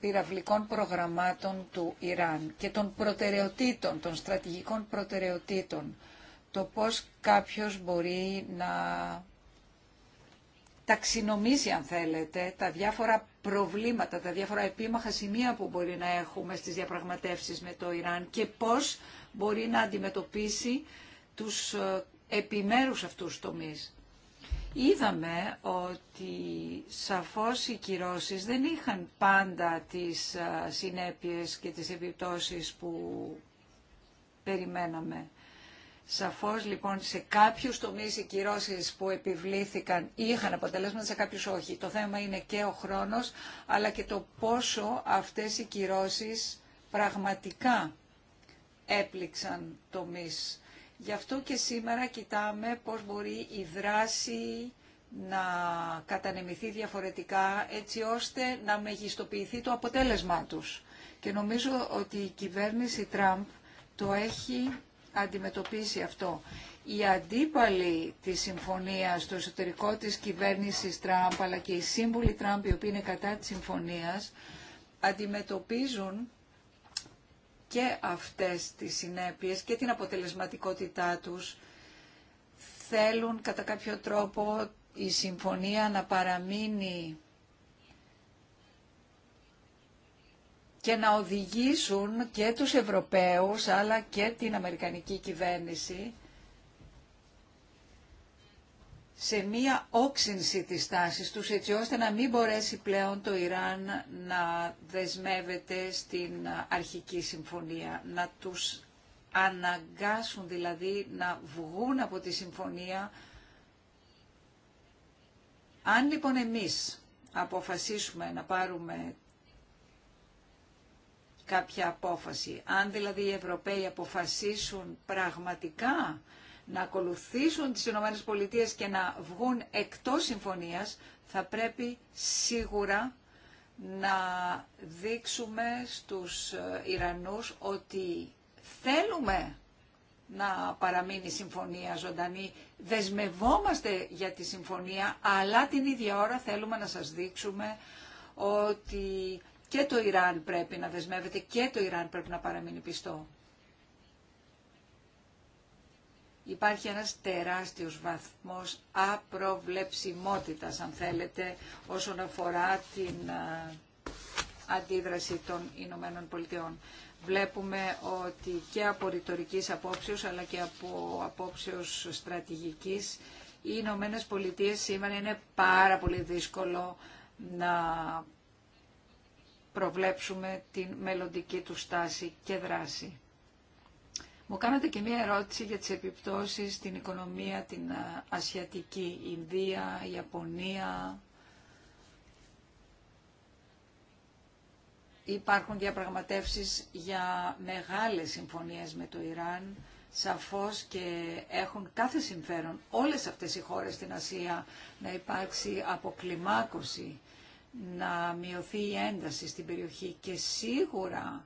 πυραυλικών προγραμμάτων του Ιράν και των προτεραιοτήτων, των στρατηγικών προτεραιοτήτων το πώς κάποιος μπορεί να ταξινομήσει, αν θέλετε, τα διάφορα προβλήματα, τα διάφορα επίμαχα σημεία που μπορεί να έχουμε στις διαπραγματεύσεις με το Ιράν και πώς μπορεί να αντιμετωπίσει τους ε, επιμέρους αυτούς τομείς. Είδαμε ότι σαφώς οι κυρώσεις δεν είχαν πάντα τις ε, συνέπειες και τις επιπτώσεις που περιμέναμε. Σαφώς λοιπόν σε κάποιους τομείς οι κυρώσεις που επιβλήθηκαν είχαν αποτελέσματα, σε κάποιους όχι. Το θέμα είναι και ο χρόνος, αλλά και το πόσο αυτές οι κυρώσεις πραγματικά έπληξαν τομείς. Γι' αυτό και σήμερα κοιτάμε πώς μπορεί η δράση να κατανεμηθεί διαφορετικά έτσι ώστε να μεγιστοποιηθεί το αποτέλεσμά τους. Και νομίζω ότι η κυβέρνηση Τραμπ το έχει αντιμετωπίσει αυτό. Οι αντίπαλοι της συμφωνίας στο εσωτερικό της κυβέρνησης Τραμπ αλλά και οι σύμβουλοι Τραμπ οι οποίοι είναι κατά της συμφωνίας αντιμετωπίζουν και αυτές τις συνέπειες και την αποτελεσματικότητά τους θέλουν κατά κάποιο τρόπο η συμφωνία να παραμείνει και να οδηγήσουν και τους Ευρωπαίους αλλά και την Αμερικανική κυβέρνηση σε μία όξυνση της τάσης τους έτσι ώστε να μην μπορέσει πλέον το Ιράν να δεσμεύεται στην αρχική συμφωνία, να τους αναγκάσουν δηλαδή να βγουν από τη συμφωνία. Αν λοιπόν εμείς αποφασίσουμε να πάρουμε κάποια απόφαση. Αν δηλαδή οι Ευρωπαίοι αποφασίσουν πραγματικά να ακολουθήσουν τις ΗΠΑ και να βγουν εκτός συμφωνίας, θα πρέπει σίγουρα να δείξουμε στους ε, Ιρανούς ότι θέλουμε να παραμείνει η συμφωνία ζωντανή. Δεσμευόμαστε για τη συμφωνία, αλλά την ίδια ώρα θέλουμε να σας δείξουμε ότι και το Ιράν πρέπει να δεσμεύεται και το Ιράν πρέπει να παραμείνει πιστό. Υπάρχει ένας τεράστιος βαθμός απροβλεψιμότητας, αν θέλετε, όσον αφορά την αντίδραση των Ηνωμένων Πολιτειών. Βλέπουμε ότι και από ρητορική απόψεως, αλλά και από απόψεως στρατηγικής, οι Ηνωμένε Πολιτείε σήμερα είναι πάρα πολύ δύσκολο να προβλέψουμε την μελλοντική του στάση και δράση. Μου κάνατε και μία ερώτηση για τις επιπτώσεις στην οικονομία, την Ασιατική, Ινδία, Ιαπωνία. Υπάρχουν διαπραγματεύσεις για μεγάλες συμφωνίες με το Ιράν. Σαφώς και έχουν κάθε συμφέρον όλες αυτές οι χώρες στην Ασία να υπάρξει αποκλιμάκωση να μειωθεί η ένταση στην περιοχή και σίγουρα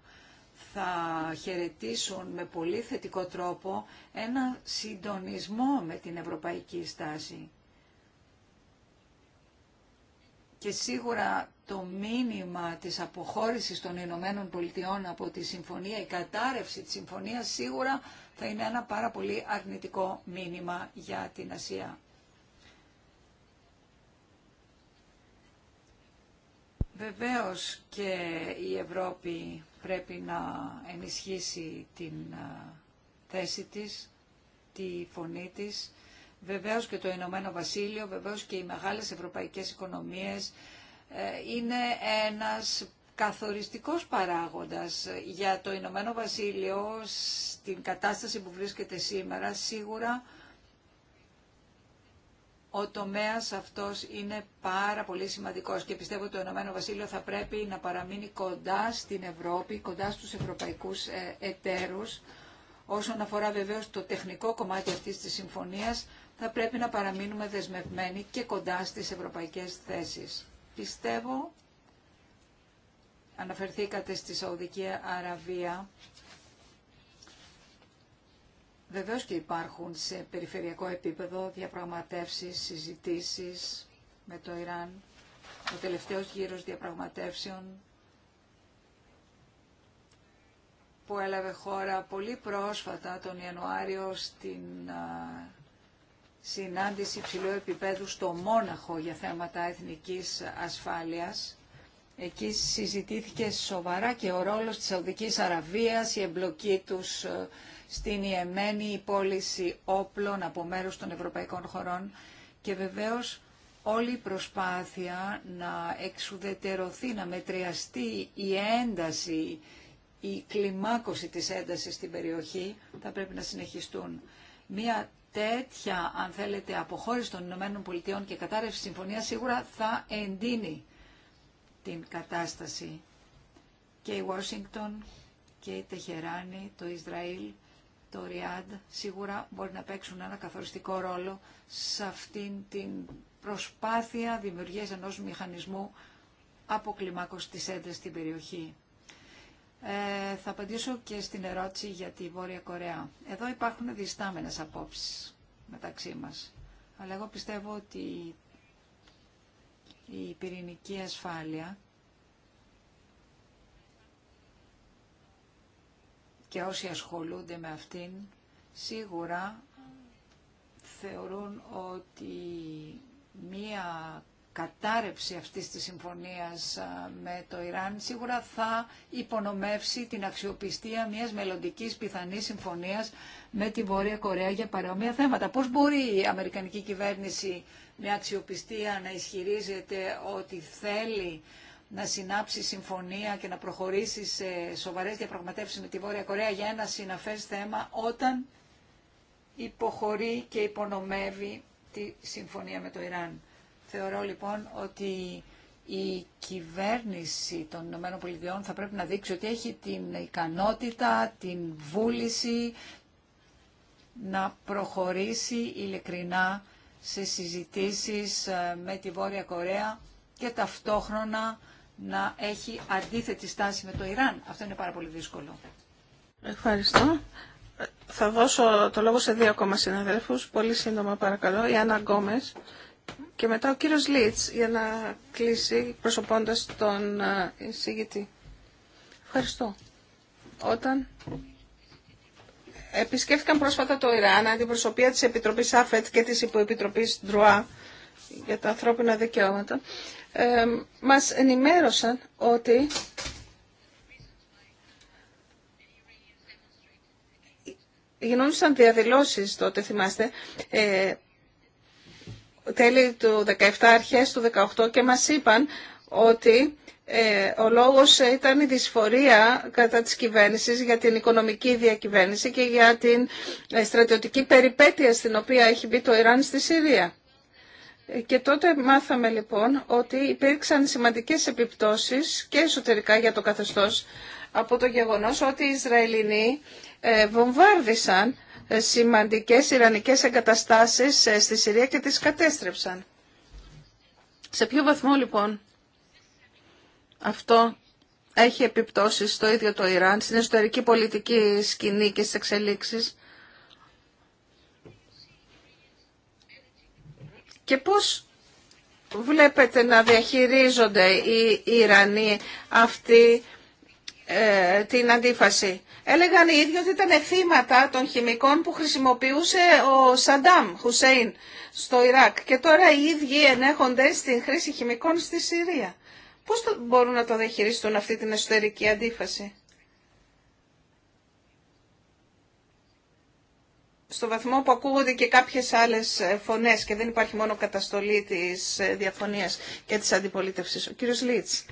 θα χαιρετήσουν με πολύ θετικό τρόπο ένα συντονισμό με την ευρωπαϊκή στάση. Και σίγουρα το μήνυμα της αποχώρησης των Ηνωμένων Πολιτειών από τη συμφωνία, η κατάρρευση της συμφωνίας σίγουρα θα είναι ένα πάρα πολύ αρνητικό μήνυμα για την Ασία. Βεβαίως και η Ευρώπη πρέπει να ενισχύσει την θέση της, τη φωνή της. Βεβαίως και το Ηνωμένο Βασίλειο, βεβαίως και οι μεγάλες ευρωπαϊκές οικονομίες ε, είναι ένας καθοριστικός παράγοντας για το Ηνωμένο Βασίλειο στην κατάσταση που βρίσκεται σήμερα σίγουρα ο τομέας αυτός είναι πάρα πολύ σημαντικός και πιστεύω ότι το Ηνωμένο Βασίλειο θα πρέπει να παραμείνει κοντά στην Ευρώπη, κοντά στους ευρωπαϊκούς ε, εταίρους. Όσον αφορά βεβαίως το τεχνικό κομμάτι αυτής της συμφωνίας, θα πρέπει να παραμείνουμε δεσμευμένοι και κοντά στις ευρωπαϊκές θέσεις. Πιστεύω, αναφερθήκατε στη Σαουδική Αραβία, Βεβαίως και υπάρχουν σε περιφερειακό επίπεδο διαπραγματεύσεις, συζητήσεις με το Ιράν. Ο τελευταίος γύρος διαπραγματεύσεων που έλαβε χώρα πολύ πρόσφατα τον Ιανουάριο στην συνάντηση υψηλού επίπεδου στο Μόναχο για θέματα εθνικής ασφάλειας. Εκεί συζητήθηκε σοβαρά και ο ρόλος της Σαουδικής Αραβίας, η εμπλοκή τους ε, στην Ιεμένη η όπλων από μέρους των ευρωπαϊκών χωρών και βεβαίως όλη η προσπάθεια να εξουδετερωθεί, να μετριαστεί η ένταση, η κλιμάκωση της έντασης στην περιοχή θα πρέπει να συνεχιστούν. Μία τέτοια, αν θέλετε, αποχώρηση των Ηνωμένων Πολιτειών και κατάρρευση συμφωνία σίγουρα θα εντείνει την κατάσταση. Και η Ουάσιγκτον και η Τεχεράνη, το Ισραήλ το ΡΙΑΝΤ σίγουρα μπορεί να παίξουν ένα καθοριστικό ρόλο σε αυτήν την προσπάθεια δημιουργίας ενός μηχανισμού αποκλιμάκωσης της έντας στην περιοχή. Ε, θα απαντήσω και στην ερώτηση για τη Βόρεια Κορέα. Εδώ υπάρχουν διστάμενες απόψεις μεταξύ μας. Αλλά εγώ πιστεύω ότι η πυρηνική ασφάλεια και όσοι ασχολούνται με αυτήν σίγουρα θεωρούν ότι μία κατάρρευση αυτής της συμφωνίας με το Ιράν σίγουρα θα υπονομεύσει την αξιοπιστία μιας μελλοντικής πιθανής συμφωνίας με τη Βόρεια Κορέα για παρόμοια θέματα. Πώς μπορεί η Αμερικανική κυβέρνηση με αξιοπιστία να ισχυρίζεται ότι θέλει να συνάψει συμφωνία και να προχωρήσει σε σοβαρές διαπραγματεύσεις με τη Βόρεια Κορέα για ένα συναφές θέμα όταν υποχωρεί και υπονομεύει τη συμφωνία με το Ιράν. Θεωρώ λοιπόν ότι η κυβέρνηση των Ηνωμένων Πολιτειών θα πρέπει να δείξει ότι έχει την ικανότητα, την βούληση να προχωρήσει ειλικρινά σε συζητήσεις ε, με τη Βόρεια Κορέα και ταυτόχρονα να έχει αντίθετη στάση με το Ιράν. Αυτό είναι πάρα πολύ δύσκολο. Ευχαριστώ. Θα δώσω το λόγο σε δύο ακόμα συναδέλφους. Πολύ σύντομα παρακαλώ. Η Άννα Γκόμες και μετά ο κύριος Λίτς για να κλείσει προσωπώντας τον ε, εισηγητή. Ευχαριστώ. Όταν επισκέφθηκαν πρόσφατα το Ιράν, αντιπροσωπεία της Επιτροπής ΑΦΕΤ και της Υποεπιτροπής ΔΡΟΑ για τα ανθρώπινα δικαιώματα, μας ενημέρωσαν ότι γινόντουσαν διαδηλώσεις τότε, θυμάστε, ε, τέλη του 17, αρχές του 18 και μας είπαν ότι ε, ο λόγος ήταν η δυσφορία κατά της κυβέρνησης για την οικονομική διακυβέρνηση και για την ε, στρατιωτική περιπέτεια στην οποία έχει μπει το Ιράν στη Συρία. Και τότε μάθαμε λοιπόν ότι υπήρξαν σημαντικές επιπτώσεις και εσωτερικά για το καθεστώς από το γεγονός ότι οι Ισραηλινοί ε, βομβάρδισαν ε, σημαντικές Ιρανικές εγκαταστάσεις ε, στη Συρία και τις κατέστρεψαν. Σε ποιο βαθμό λοιπόν αυτό έχει επιπτώσεις στο ίδιο το Ιράν, στην εσωτερική πολιτική σκηνή και στις εξελίξεις Και πώς βλέπετε να διαχειρίζονται οι Ιρανοί αυτή ε, την αντίφαση. Έλεγαν οι ίδιοι ότι ήταν θύματα των χημικών που χρησιμοποιούσε ο Σαντάμ Χουσέιν στο Ιράκ και τώρα οι ίδιοι ενέχονται στην χρήση χημικών στη Συρία. Πώς μπορούν να το διαχειριστούν αυτή την εσωτερική αντίφαση. στο βαθμό που ακούγονται και κάποιες άλλες ε, φωνές και δεν υπάρχει μόνο καταστολή της ε, διαφωνίας και της αντιπολίτευσης. Ο κύριος Λίτς.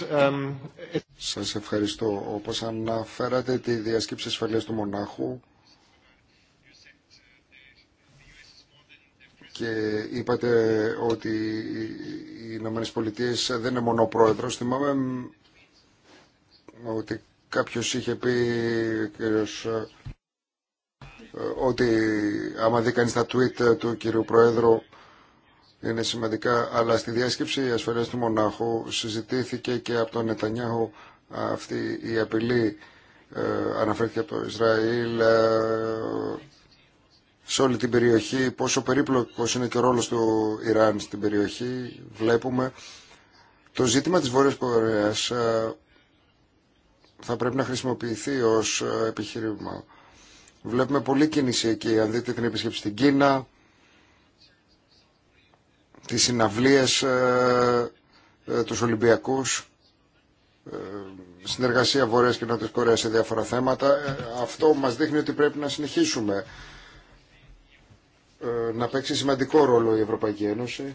Ε- Σας ευχαριστώ. Όπως αναφέρατε τη διασκήψη ασφαλείας του Μονάχου και είπατε ότι οι Ηνωμένες Πολιτείες δεν είναι μόνο ο πρόεδρος. Θυμάμαι ότι κάποιος είχε πει, κύριος ότι άμα δει κανείς τα tweet ε, του κυρίου Προέδρου είναι σημαντικά, αλλά στη διάσκεψη ασφαλείας του Μονάχου συζητήθηκε και από τον Νετανιάχου αυτή η απειλή ε, αναφέρθηκε από το Ισραήλ ε, σε όλη την περιοχή, πόσο περίπλοκος είναι και ο ρόλος του Ιράν στην περιοχή, βλέπουμε. Το ζήτημα της Βόρειας Κορέας θα πρέπει να χρησιμοποιηθεί ως επιχείρημα Βλέπουμε πολλή κίνηση εκεί. Αν δείτε την επίσκεψη στην Κίνα, τις συναυλίες, ε, ε, τους Ολυμπιακούς, ε, συνεργασία Βορειάς και Νότιας Κορέας σε διάφορα θέματα. Ε, αυτό μας δείχνει ότι πρέπει να συνεχίσουμε ε, να παίξει σημαντικό ρόλο η Ευρωπαϊκή Ένωση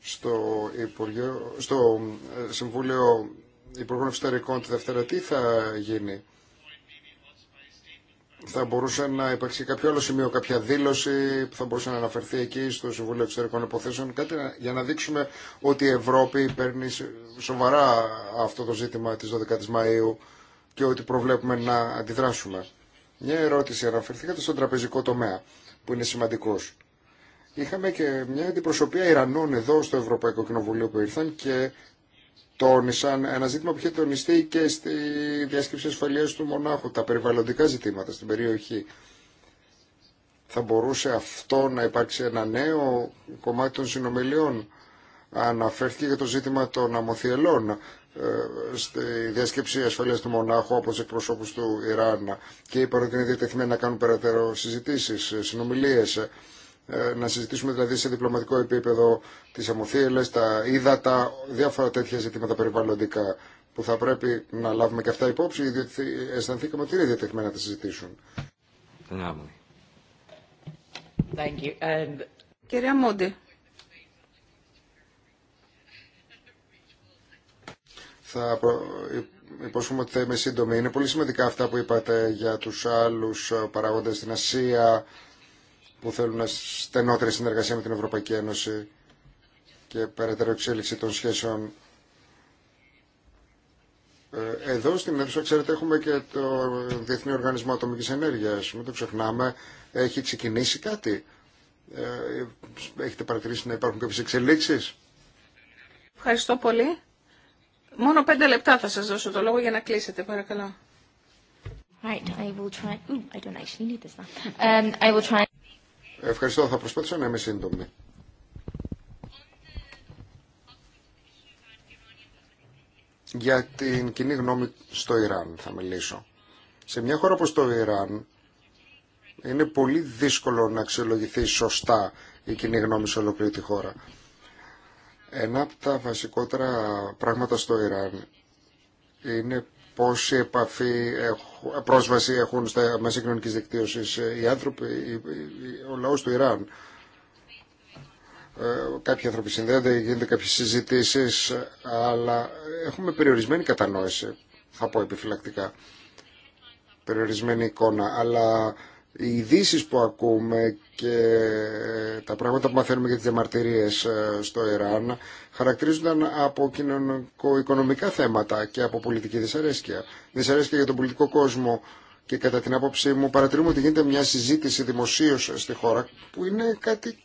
στο, Υπουργείο, στο Συμβούλιο Υπουργών Εξωτερικών τη Δευτέρα. Τι θα γίνει θα μπορούσε να υπάρξει κάποιο άλλο σημείο, κάποια δήλωση που θα μπορούσε να αναφερθεί εκεί στο Συμβούλιο Εξωτερικών Υποθέσεων, κάτι για να δείξουμε ότι η Ευρώπη παίρνει σοβαρά αυτό το ζήτημα τη 12 η Μαου και ότι προβλέπουμε να αντιδράσουμε. Μια ερώτηση αναφερθήκατε στον τραπεζικό τομέα που είναι σημαντικό. Είχαμε και μια αντιπροσωπεία Ιρανών εδώ στο Ευρωπαϊκό Κοινοβουλίο που ήρθαν και τόνισαν ένα ζήτημα που είχε τονιστεί και στη διάσκεψη ασφαλείας του Μονάχου, τα περιβαλλοντικά ζητήματα στην περιοχή. Θα μπορούσε αυτό να υπάρξει ένα νέο κομμάτι των συνομιλιών. Αναφέρθηκε για το ζήτημα των αμοθιελών ε, στη διασκέψη ασφαλείας του Μονάχου από τους εκπροσώπους του Ιράν και είπαν ότι είναι διατεθειμένοι να κάνουν περαιτέρω συζητήσεις, συνομιλίες. Ε, να συζητήσουμε δηλαδή σε διπλωματικό επίπεδο τις αμοθύελε, τα ύδατα, διάφορα τέτοια ζητήματα περιβαλλοντικά που θα πρέπει να λάβουμε και αυτά υπόψη, διότι αισθανθήκαμε ότι είναι διατεθειμένα να τα συζητήσουν. Θα υπόσχομαι ότι θα είμαι σύντομη. Είναι πολύ σημαντικά αυτά που είπατε για τους άλλους ε, παραγόντες στην Ασία, που θέλουν στενότερη συνεργασία με την Ευρωπαϊκή Ένωση και περαιτέρω εξέλιξη των σχέσεων. Ε, εδώ στην αίθουσα, ξέρετε, έχουμε και το Διεθνή Οργανισμό Ατομικής Ενέργειας. Μην το ξεχνάμε, έχει ξεκινήσει κάτι. Ε, έχετε παρατηρήσει να υπάρχουν κάποιες εξελίξεις. Ευχαριστώ πολύ. Μόνο πέντε λεπτά θα σας δώσω το λόγο για να κλείσετε, παρακαλώ. Right, I will try. Mm, I don't actually need this now. Um, I will try. Ευχαριστώ. Θα προσπαθήσω να είμαι σύντομη. Για την κοινή γνώμη στο Ιράν θα μιλήσω. Σε μια χώρα όπως το Ιράν είναι πολύ δύσκολο να αξιολογηθεί σωστά η κοινή γνώμη σε ολοκληρή τη χώρα. Ένα από τα βασικότερα πράγματα στο Ιράν είναι πόση επαφή πρόσβαση έχουν στα μέσα κοινωνική δικτύωση ε, οι άνθρωποι, ο λαό του Ιράν. Ε, κάποιοι άνθρωποι συνδέονται, γίνονται κάποιε συζητήσει, αλλά έχουμε περιορισμένη κατανόηση, θα πω επιφυλακτικά. Περιορισμένη εικόνα, αλλά οι ειδήσει που ακούμε και τα πράγματα που μαθαίνουμε για τις διαμαρτυρίες ε, στο Ιράν χαρακτηρίζονταν από κοινωνικο-οικονομικά θέματα και από πολιτική δυσαρέσκεια. Δυσαρέσκεια για τον πολιτικό κόσμο και κατά την άποψή μου παρατηρούμε ότι γίνεται μια συζήτηση δημοσίω στη χώρα που είναι κάτι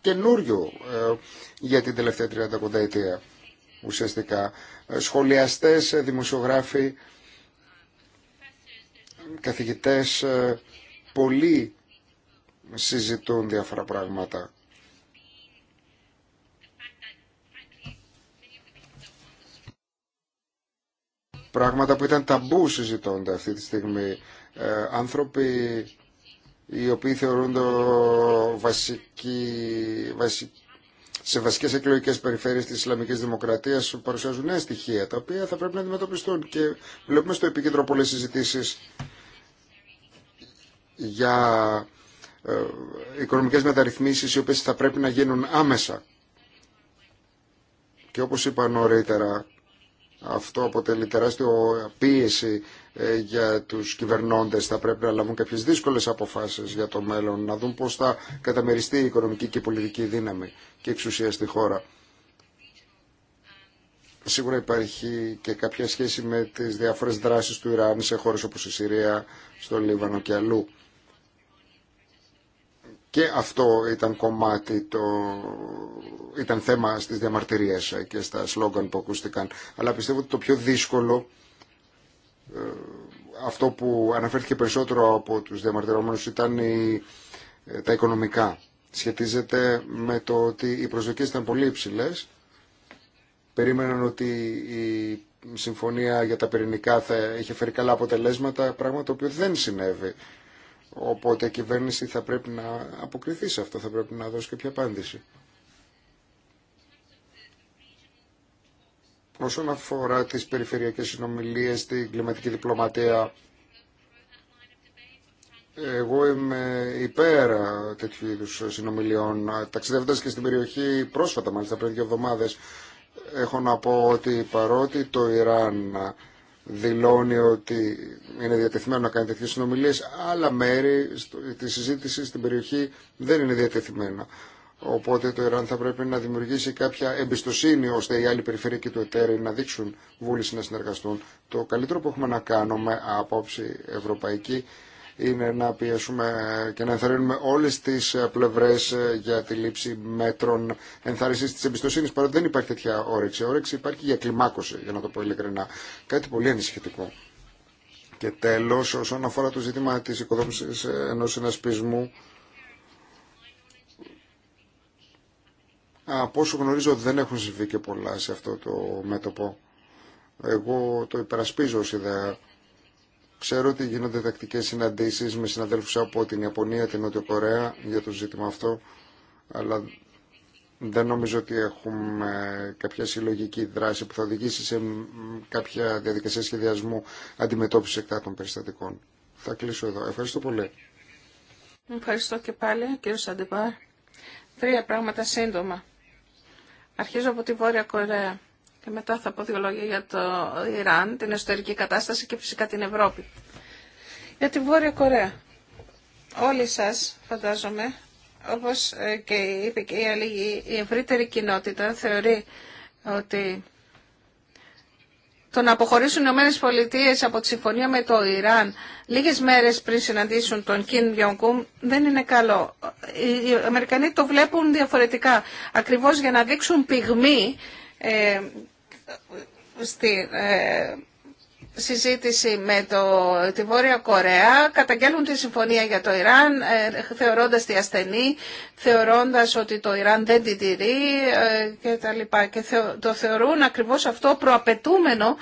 καινούριο ε, για την τελευταία 30 ετία. ουσιαστικά. Ε, σχολιαστές, δημοσιογράφοι, καθηγητές πολλοί συζητούν διάφορα πράγματα. Πράγματα που ήταν ταμπού συζητώνται αυτή τη στιγμή. Ε, άνθρωποι οι οποίοι θεωρούνται βασικοί, σε βασικές εκλογικές περιφέρειες της Ισλαμικής Δημοκρατίας παρουσιάζουν νέα στοιχεία τα οποία θα πρέπει να αντιμετωπιστούν και βλέπουμε στο επίκεντρο πολλές συζητήσεις για ε, οικονομικές μεταρρυθμίσεις οι οποίες θα πρέπει να γίνουν άμεσα. Και όπως είπα νωρίτερα, αυτό αποτελεί τεράστιο πίεση ε, για τους κυβερνώντες. Θα πρέπει να λάβουν κάποιες δύσκολες αποφάσεις για το μέλλον, να δουν πώς θα καταμεριστεί η οικονομική και η πολιτική δύναμη και εξουσία στη χώρα. Σίγουρα υπάρχει και κάποια σχέση με τις διάφορες δράσεις του Ιράν σε χώρες όπως η Συρία, στο Λίβανο και αλλού. Και αυτό ήταν κομμάτι, το... ήταν θέμα στις διαμαρτυρίες και στα σλόγγαν που ακούστηκαν. Αλλά πιστεύω ότι το πιο δύσκολο, ε, αυτό που αναφέρθηκε περισσότερο από τους διαμαρτυρόμενους ήταν η... Ε, τα οικονομικά. Σχετίζεται με το ότι οι προσδοκίες ήταν πολύ υψηλέ. Περίμεναν ότι η συμφωνία για τα πυρηνικά θα είχε φέρει καλά αποτελέσματα, πράγμα το οποίο δεν συνέβη. Οπότε η κυβέρνηση θα πρέπει να αποκριθεί σε αυτό, θα πρέπει να δώσει και κάποια απάντηση. Όσον αφορά τις περιφερειακές συνομιλίες, την κλιματική διπλωματία, εγώ είμαι υπέρ τέτοιου είδου συνομιλιών. Ταξιδεύοντας και στην περιοχή πρόσφατα, μάλιστα πριν δύο εβδομάδες, έχω να πω ότι παρότι το Ιράν δηλώνει ότι είναι διατεθειμένο να κάνει τέτοιες συνομιλίες, άλλα μέρη τη συζήτηση στην περιοχή δεν είναι διατεθειμένα. Οπότε το Ιράν θα πρέπει να δημιουργήσει κάποια εμπιστοσύνη ώστε οι άλλοι περιφερειακοί του ΕΤΕΡΕ να δείξουν βούληση να συνεργαστούν. Το καλύτερο που έχουμε να κάνουμε απόψη ευρωπαϊκή είναι να πιέσουμε και να ενθαρρύνουμε όλες τις ε, πλευρές ε, για τη λήψη μέτρων ενθάρρυνσης της εμπιστοσύνης, παρότι δεν υπάρχει τέτοια όρεξη. Όρεξη υπάρχει για κλιμάκωση, για να το πω ειλικρινά. Κάτι πολύ ανησυχητικό. Και τέλος, όσον αφορά το ζήτημα της οικοδόμησης ε, ενός συνασπισμού, από όσο γνωρίζω δεν έχουν συμβεί και πολλά σε αυτό το μέτωπο. Εγώ το υπερασπίζω ως ιδέα. Ξέρω ότι γίνονται τακτικές συναντήσεις με συναδέλφους από την Ιαπωνία, την Νότιο Κορέα για το ζήτημα αυτό, αλλά δεν νομίζω ότι έχουμε κάποια συλλογική δράση που θα οδηγήσει σε κάποια διαδικασία σχεδιασμού αντιμετώπισης εκτάτων περιστατικών. Θα κλείσω εδώ. Ευχαριστώ πολύ. Ευχαριστώ και πάλι, κύριο Σαντιμπάρ. Τρία πράγματα σύντομα. Αρχίζω από τη Βόρεια Κορέα. Και μετά θα πω δύο λόγια για το Ιράν, την εσωτερική κατάσταση και φυσικά την Ευρώπη. Για τη Βόρεια Κορέα. Όλοι σας, φαντάζομαι, όπως ε, και είπε και η ευρύτερη κοινότητα θεωρεί ότι το να αποχωρήσουν οι Ηνωμένε Πολιτείες από τη συμφωνία με το Ιράν λίγες μέρες πριν συναντήσουν τον Κιν Βιονκούμ δεν είναι καλό. Οι Αμερικανοί το βλέπουν διαφορετικά. Ακριβώς για να δείξουν πυγμή ε, στη ε, συζήτηση με το, τη Βόρεια Κορέα, καταγγέλνουν τη συμφωνία για το Ιράν, ε, θεωρώντας τη ασθενή, θεωρώντας ότι το Ιράν δεν την τηρεί ε, και τα λοιπά. Και το θεωρούν ακριβώς αυτό προαπαιτούμενο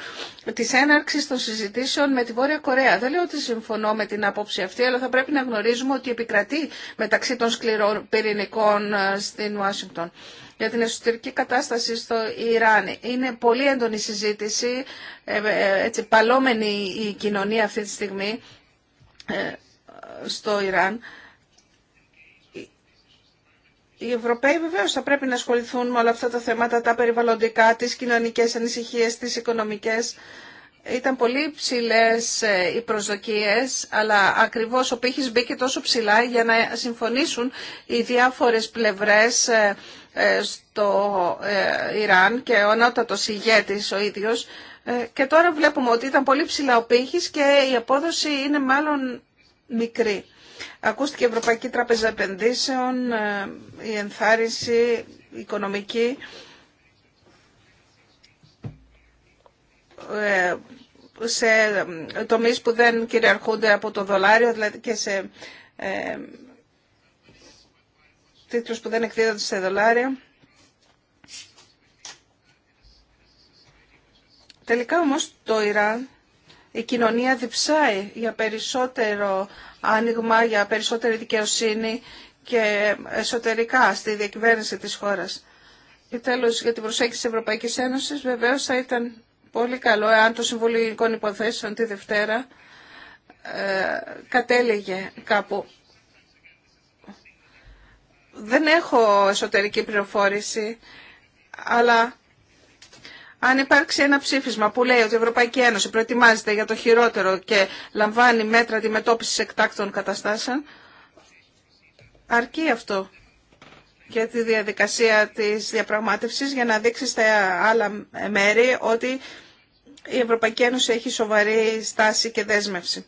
της έναρξης των συζητήσεων με τη Βόρεια Κορέα. Δεν λέω ότι συμφωνώ με την άποψη αυτή, αλλά θα πρέπει να γνωρίζουμε ότι επικρατεί μεταξύ των σκληρών πυρηνικών ε, στην Ουάσιγκτον για την εσωτερική κατάσταση στο Ιράν. Είναι πολύ έντονη συζήτηση, ε, ε, έτσι, παλόμενη η κοινωνία αυτή τη στιγμή ε, στο Ιράν. Οι Ευρωπαίοι βεβαίως θα πρέπει να ασχοληθούν με όλα αυτά τα θέματα, τα περιβαλλοντικά, τις κοινωνικές ανησυχίες, τις οικονομικές. Ήταν πολύ ψηλέ οι προσδοκίες, αλλά ακριβώς ο πύχης μπήκε τόσο ψηλά για να συμφωνήσουν οι διάφορες πλευρές ε, στο ε, Ιράν και ο ανώτατος ηγέτης ο ίδιος ε, και τώρα βλέπουμε ότι ήταν πολύ ψηλά ο πύχης και η απόδοση είναι μάλλον μικρή. Ακούστηκε η Ευρωπαϊκή Τράπεζα Επενδύσεων, η ενθάρρυνση η οικονομική σε τομείς που δεν κυριαρχούνται από το δολάριο, δηλαδή και σε τίτλους που δεν εκδίδονται σε δολάρια. Τελικά όμως το Ιράν, η κοινωνία διψάει για περισσότερο άνοιγμα, για περισσότερη δικαιοσύνη και εσωτερικά στη διακυβέρνηση της χώρας. Και τέλος για την προσέγγιση της Ευρωπαϊκής Ένωσης βεβαίως θα ήταν πολύ καλό εάν το Συμβούλιο Γενικών Υποθέσεων τη Δευτέρα ε, κατέληγε κάπου δεν έχω εσωτερική πληροφόρηση, αλλά αν υπάρξει ένα ψήφισμα που λέει ότι η Ευρωπαϊκή Ένωση προετοιμάζεται για το χειρότερο και λαμβάνει μέτρα αντιμετώπιση εκτάκτων καταστάσεων, αρκεί αυτό για τη διαδικασία της διαπραγμάτευσης για να δείξει στα άλλα μέρη ότι η Ευρωπαϊκή Ένωση έχει σοβαρή στάση και δέσμευση.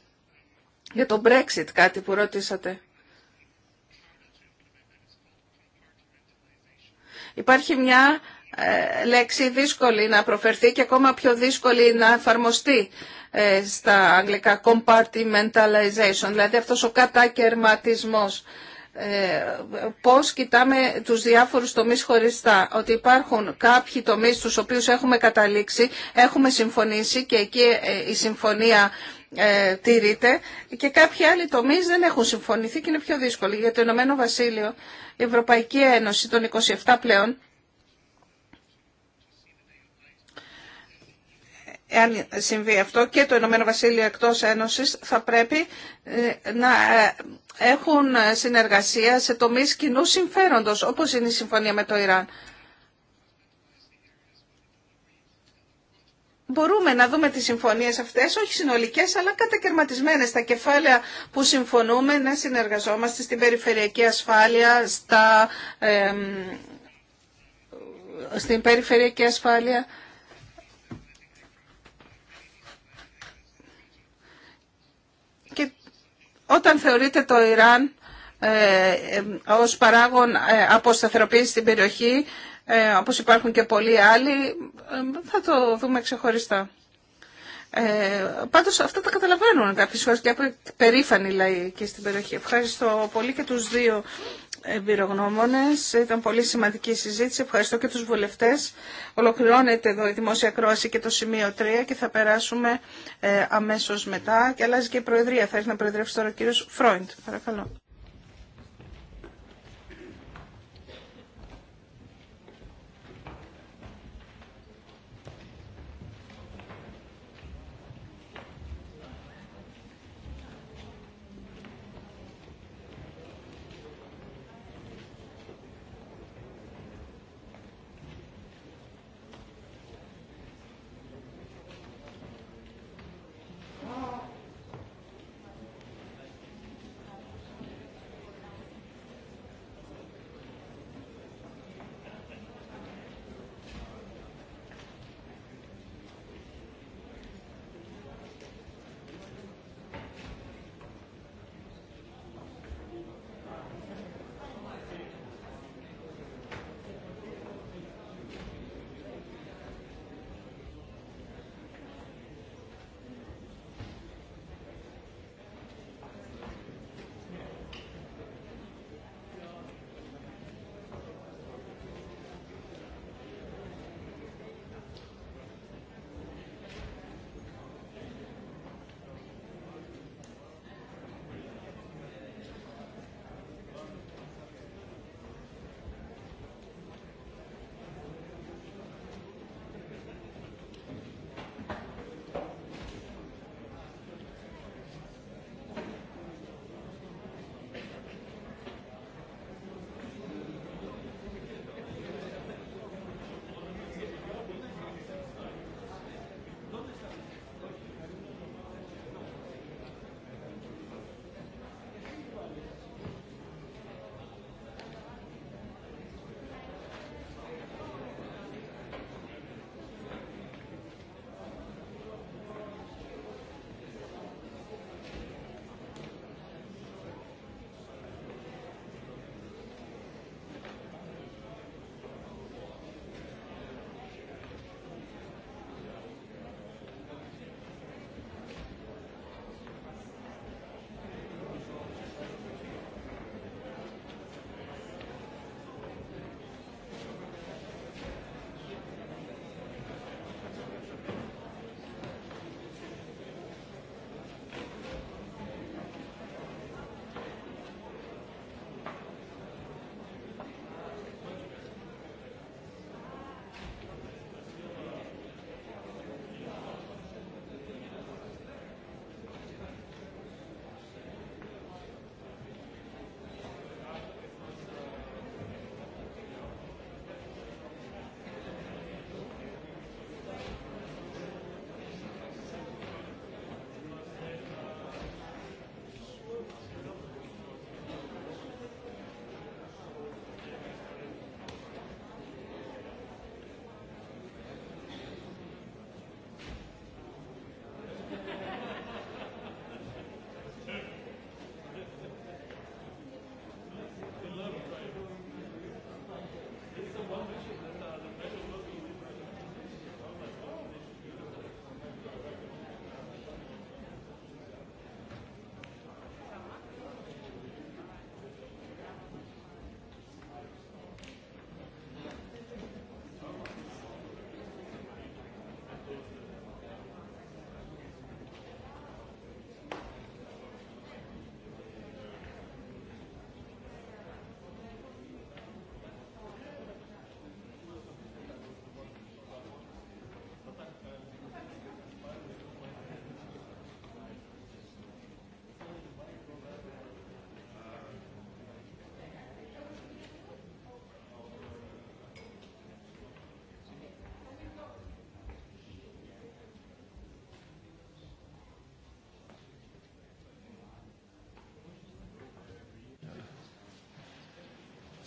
Για το Brexit κάτι που ρώτησατε. Υπάρχει μια ε, λέξη δύσκολη να προφερθεί και ακόμα πιο δύσκολη να εφαρμοστεί ε, στα αγγλικά compartmentalization, δηλαδή αυτός ο κατακαιρματισμός. Ε, πώς κοιτάμε τους διάφορους τομείς χωριστά, ότι υπάρχουν κάποιοι τομείς στους οποίους έχουμε καταλήξει, έχουμε συμφωνήσει και εκεί η συμφωνία ε, τηρείται και κάποιοι άλλοι τομείς δεν έχουν συμφωνηθεί και είναι πιο δύσκολοι. Για το Ηνωμένο Βασίλειο, η Ευρωπαϊκή Ένωση των 27 πλέον, εάν συμβεί αυτό και το Ηνωμένο Βασίλειο εκτός Ένωσης θα πρέπει ε, να ε, έχουν συνεργασία σε τομείς κοινού συμφέροντος όπως είναι η συμφωνία με το Ιράν. μπορούμε να δούμε τις συμφωνίες αυτές, όχι συνολικές, αλλά κατακαιρματισμένες στα κεφάλαια που συμφωνούμε να συνεργαζόμαστε στην περιφερειακή ασφάλεια, στα, ε, στην περιφερειακή ασφάλεια. Και όταν θεωρείται το Ιράν ε, ως παράγον ε, αποσταθεροποίηση στην περιοχή, ε, όπως υπάρχουν και πολλοί άλλοι, ε, θα το δούμε ξεχωριστά. Ε, πάντως αυτά τα καταλαβαίνουν κάποιες φορές και από περήφανοι λαοί και στην περιοχή. Ευχαριστώ πολύ και τους δύο εμπειρογνώμονες. Ήταν πολύ σημαντική συζήτηση. Ευχαριστώ και τους βουλευτές. Ολοκληρώνεται εδώ η δημόσια κρόαση και το σημείο 3 και θα περάσουμε ε, αμέσως μετά. Και αλλάζει και η Προεδρία. Θα έρθει να προεδρεύσει τώρα ο κύριος Φρόιντ. Παρακαλώ.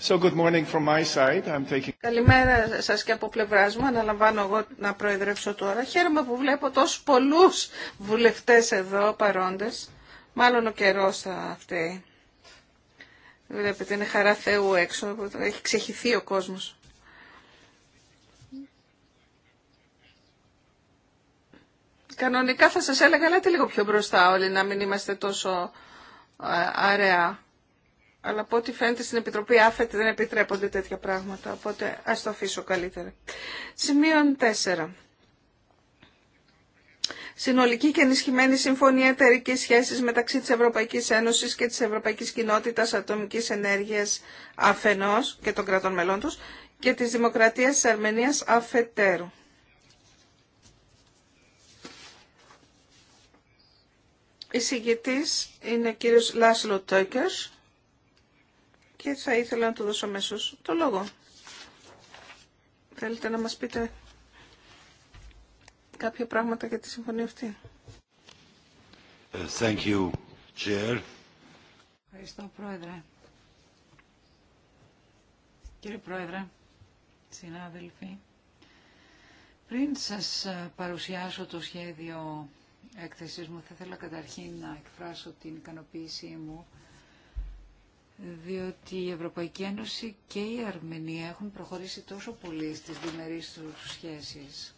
So good morning from my side. I'm taking... Καλημέρα σας και από πλευρά μου. Αναλαμβάνω εγώ να προεδρεύσω τώρα. Χαίρομαι που βλέπω τόσου πολλούς βουλευτές εδώ παρόντες. Μάλλον ο καιρός θα φταίει. Βλέπετε είναι χαρά Θεού έξω. Έχει ξεχυθεί ο κόσμος. Κανονικά θα σας έλεγα, λέτε λίγο πιο μπροστά όλοι, να μην είμαστε τόσο ε, αραιά. Αλλά από ό,τι φαίνεται στην Επιτροπή Άφετ δεν επιτρέπονται τέτοια πράγματα, οπότε ας το αφήσω καλύτερα. Σημείο 4. Συνολική και ενισχυμένη συμφωνία εταιρική σχέση μεταξύ τη Ευρωπαϊκή Ένωση και τη Ευρωπαϊκή Κοινότητα Ατομική Ενέργεια αφενό και των κρατών μελών του και τη Δημοκρατία τη Αρμενία αφετέρου. Η είναι ο κύριος Λάσλο Τόικερς και θα ήθελα να του δώσω αμέσω το λόγο. Θέλετε να μας πείτε κάποια πράγματα για τη συμφωνία αυτή. Thank you, Chair. Ευχαριστώ, Πρόεδρε. Κύριε Πρόεδρε, συνάδελφοι, πριν σας παρουσιάσω το σχέδιο έκθεσής μου, θα ήθελα καταρχήν να εκφράσω την ικανοποίησή μου διότι η Ευρωπαϊκή Ένωση και η Αρμενία έχουν προχωρήσει τόσο πολύ στις διμερείς τους σχέσεις,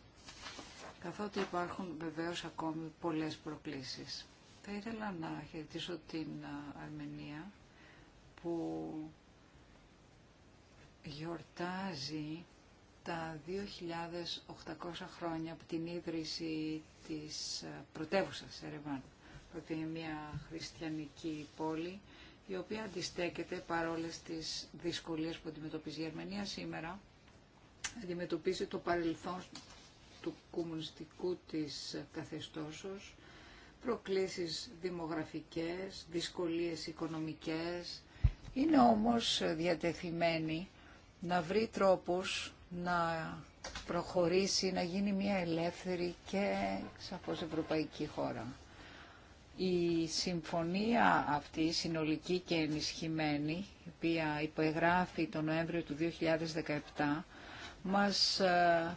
καθότι υπάρχουν βεβαίως ακόμη πολλές προκλήσεις. Θα ήθελα να χαιρετήσω την Αρμενία που γιορτάζει τα 2.800 χρόνια από την ίδρυση της πρωτεύουσας Ερεβάν, που είναι μια χριστιανική πόλη η οποία αντιστέκεται παρόλες τις δυσκολίες που αντιμετωπίζει η Γερμανία σήμερα, αντιμετωπίζει το παρελθόν του κομμουνιστικού της καθεστώσος, προκλήσεις δημογραφικές, δυσκολίες οικονομικές. Είναι όμως διατεθειμένη να βρει τρόπους να προχωρήσει, να γίνει μια ελεύθερη και σαφώς ευρωπαϊκή χώρα. Η συμφωνία αυτή, συνολική και ενισχυμένη, η οποία υπογράφει τον Νοέμβριο του 2017, μας ε,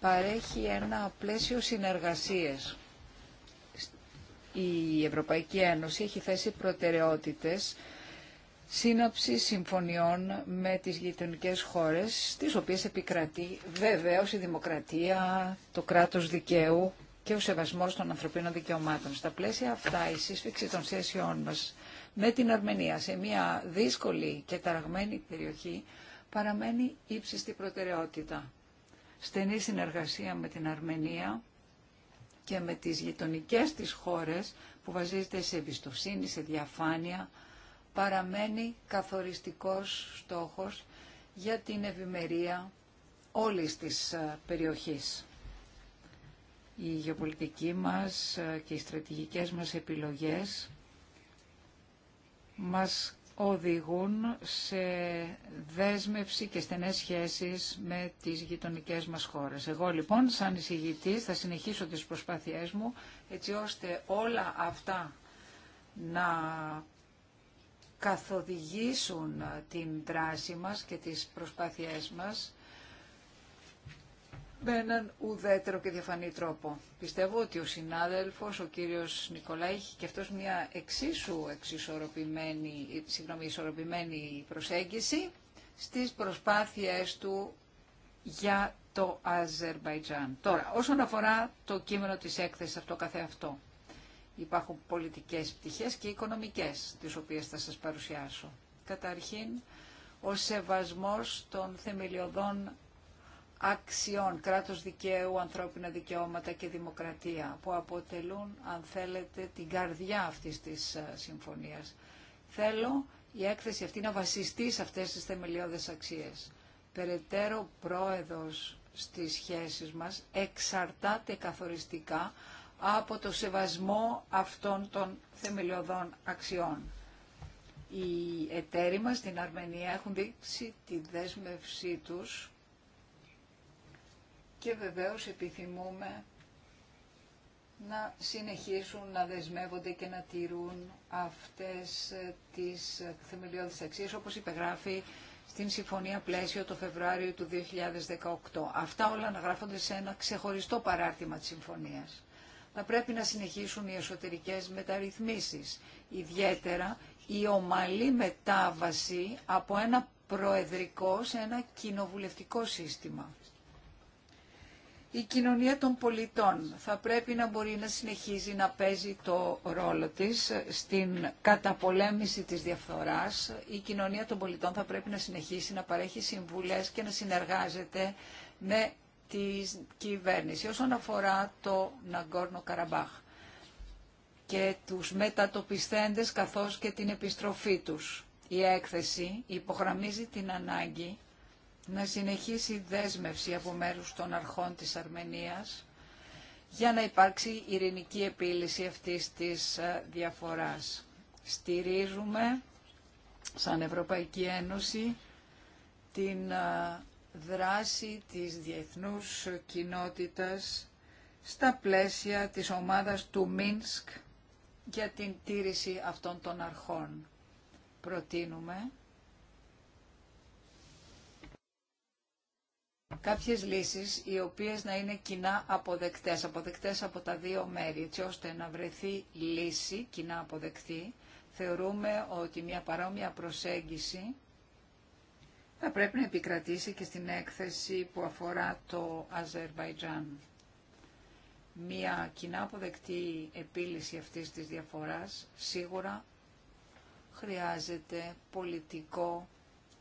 παρέχει ένα πλαίσιο συνεργασίες. Η Ευρωπαϊκή Ένωση έχει θέσει προτεραιότητες σύναψη συμφωνιών με τις γειτονικέ χώρες, τις οποίες επικρατεί βεβαίως η δημοκρατία, το κράτος δικαίου και ο σεβασμό των ανθρωπίνων δικαιωμάτων. Στα πλαίσια αυτά η σύσφυξη των σχέσεών μας με την Αρμενία σε μια δύσκολη και ταραγμένη περιοχή παραμένει ύψιστη προτεραιότητα. Στενή συνεργασία με την Αρμενία και με τις γειτονικές της χώρες που βασίζεται σε εμπιστοσύνη, σε διαφάνεια, παραμένει καθοριστικός στόχος για την ευημερία όλης της ε, περιοχής η γεωπολιτική μας και οι στρατηγικές μας επιλογές μας οδηγούν σε δέσμευση και στενές σχέσεις με τις γειτονικές μας χώρες. Εγώ λοιπόν σαν εισηγητής θα συνεχίσω τις προσπάθειές μου έτσι ώστε όλα αυτά να καθοδηγήσουν την δράση μας και τις προσπάθειές μας με έναν ουδέτερο και διαφανή τρόπο. Πιστεύω ότι ο συνάδελφος, ο κύριος Νικολάη, έχει και αυτός μια εξίσου εξισορροπημένη, συγγνώμη, ισορροπημένη προσέγγιση στις προσπάθειές του για το Αζερβαϊτζάν. Τώρα, όσον αφορά το κείμενο της έκθεσης αυτό καθεαυτό, υπάρχουν πολιτικές πτυχές και οικονομικές, τις οποίες θα σας παρουσιάσω. Καταρχήν, ο σεβασμός των θεμελιωδών αξιών, κράτος δικαίου, ανθρώπινα δικαιώματα και δημοκρατία, που αποτελούν, αν θέλετε, την καρδιά αυτής της ε, συμφωνίας. Θέλω η έκθεση αυτή να βασιστεί σε αυτές τις θεμελιώδες αξίες. Περαιτέρω πρόεδρος στις σχέσεις μας εξαρτάται καθοριστικά από το σεβασμό αυτών των θεμελιωδών αξιών. Οι εταίροι μας στην Αρμενία έχουν δείξει τη δέσμευσή τους και βεβαίως επιθυμούμε να συνεχίσουν να δεσμεύονται και να τηρούν αυτές τις θεμελιώδεις αξίες, όπως υπεγράφει στην Συμφωνία Πλαίσιο το Φεβρουάριο του 2018. Αυτά όλα αναγράφονται σε ένα ξεχωριστό παράρτημα της Συμφωνίας. Θα πρέπει να συνεχίσουν οι εσωτερικές μεταρρυθμίσεις, ιδιαίτερα η ομαλή μετάβαση από ένα προεδρικό σε ένα κοινοβουλευτικό σύστημα η κοινωνία των πολιτών θα πρέπει να μπορεί να συνεχίζει να παίζει το ρόλο της στην καταπολέμηση της διαφθοράς. Η κοινωνία των πολιτών θα πρέπει να συνεχίσει να παρέχει συμβουλές και να συνεργάζεται με τη κυβέρνηση όσον αφορά το Ναγκόρνο Καραμπάχ και τους μετατοπιστέντες καθώς και την επιστροφή τους. Η έκθεση υπογραμμίζει την ανάγκη να συνεχίσει δέσμευση από μέρους των αρχών της Αρμενίας για να υπάρξει ειρηνική επίλυση αυτής της ε, διαφοράς. Στηρίζουμε σαν Ευρωπαϊκή Ένωση την ε, δράση της διεθνούς κοινότητας στα πλαίσια της ομάδας του Μίνσκ για την τήρηση αυτών των αρχών. Προτείνουμε κάποιες λύσεις οι οποίες να είναι κοινά αποδεκτές, αποδεκτές από τα δύο μέρη, έτσι ώστε να βρεθεί λύση κοινά αποδεκτή. Θεωρούμε ότι μια παρόμοια προσέγγιση θα πρέπει να επικρατήσει και στην έκθεση που αφορά το Αζερβαϊτζάν. Μια κοινά αποδεκτή επίλυση αυτής της διαφοράς σίγουρα χρειάζεται πολιτικό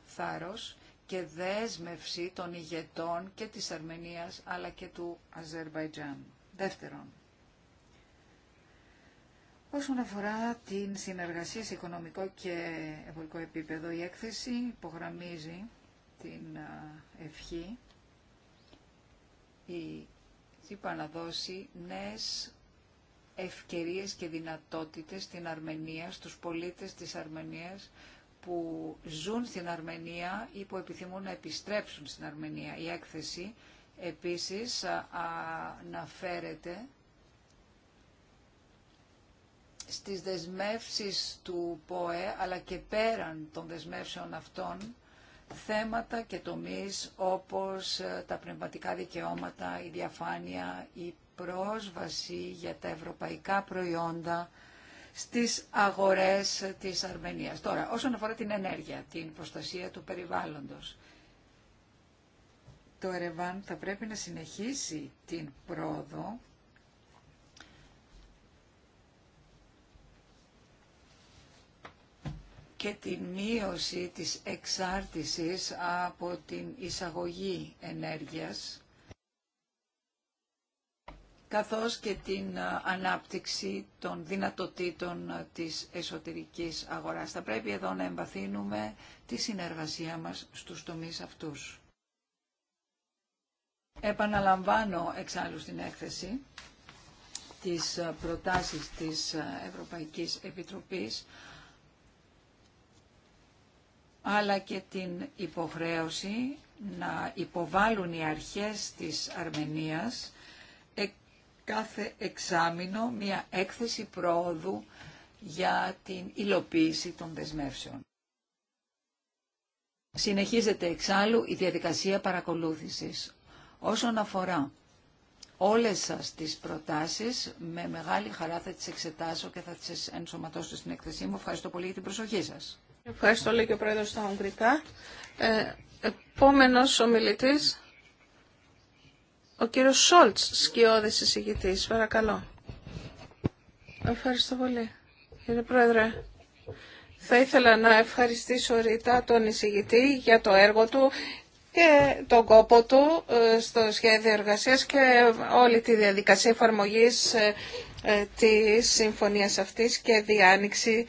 θάρρος και δέσμευση των ηγετών και της Αρμενίας αλλά και του Αζερβαϊτζάν. Δεύτερον, όσον αφορά την συνεργασία σε οικονομικό και εμπορικό επίπεδο, η έκθεση υπογραμμίζει την ευχή η ΣΥΠΑ να δώσει νέες ευκαιρίες και δυνατότητες στην Αρμενία, στους πολίτες της Αρμενίας, που ζουν στην Αρμενία ή που επιθυμούν να επιστρέψουν στην Αρμενία. Η έκθεση επίσης αναφέρεται στις δεσμεύσεις του ΠΟΕ αλλά και πέραν των δεσμεύσεων αυτών θέματα και τομείς όπως ε, τα πνευματικά δικαιώματα, η διαφάνεια, η πρόσβαση για τα ευρωπαϊκά προϊόντα, στις αγορές της Αρμενίας. Τώρα, όσον αφορά την ενέργεια, την προστασία του περιβάλλοντος, το Ερεβάν θα πρέπει να συνεχίσει την πρόοδο και την μείωση της εξάρτησης από την εισαγωγή ενέργειας καθώς και την ε, ανάπτυξη των δυνατοτήτων ε, της εσωτερικής αγοράς. Θα πρέπει εδώ να εμβαθύνουμε τη συνεργασία μας στους τομείς αυτούς. Επαναλαμβάνω εξάλλου στην έκθεση τις ε, προτάσεις της Ευρωπαϊκής Επιτροπής αλλά και την υποχρέωση να υποβάλουν οι αρχές της Αρμενίας κάθε εξάμεινο μια έκθεση πρόοδου για την υλοποίηση των δεσμεύσεων. Συνεχίζεται εξάλλου η διαδικασία παρακολούθησης. Όσον αφορά όλες σας τις προτάσεις, με μεγάλη χαρά θα τις εξετάσω και θα τις ενσωματώσω στην έκθεσή μου. Ευχαριστώ πολύ για την προσοχή σας. Ευχαριστώ, λέει και ο Πρόεδρος στα Ουγγρικά. Ε, επόμενος ομιλητής, ο κύριος Σόλτς, σκιώδης εισηγητής, παρακαλώ. Ευχαριστώ πολύ. Κύριε Πρόεδρε, θα ήθελα να ευχαριστήσω ρητά τον εισηγητή για το έργο του και τον κόπο του ε, στο σχέδιο εργασίας και όλη τη διαδικασία εφαρμογής ε, ε, της συμφωνίας αυτής και διάνοιξη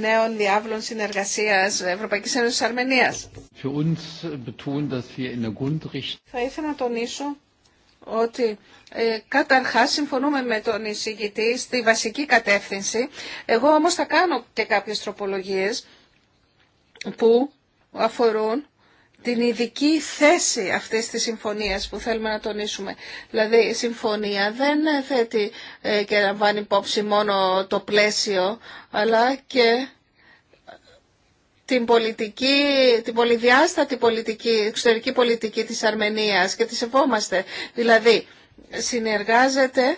νέων διάβλων συνεργασίας Ευρωπαϊκής Ένωσης Αρμενίας. Θα ήθελα να τονίσω ότι ε, καταρχάς συμφωνούμε με τον εισηγητή στη βασική κατεύθυνση. Εγώ όμως θα κάνω και κάποιες τροπολογίες που αφορούν την ειδική θέση αυτής της συμφωνίας που θέλουμε να τονίσουμε. Δηλαδή η συμφωνία δεν θέτει ε, και να υπόψη μόνο το πλαίσιο, αλλά και την πολιτική, την πολυδιάστατη πολιτική, εξωτερική πολιτική της Αρμενίας και τη σεβόμαστε. Δηλαδή, συνεργάζεται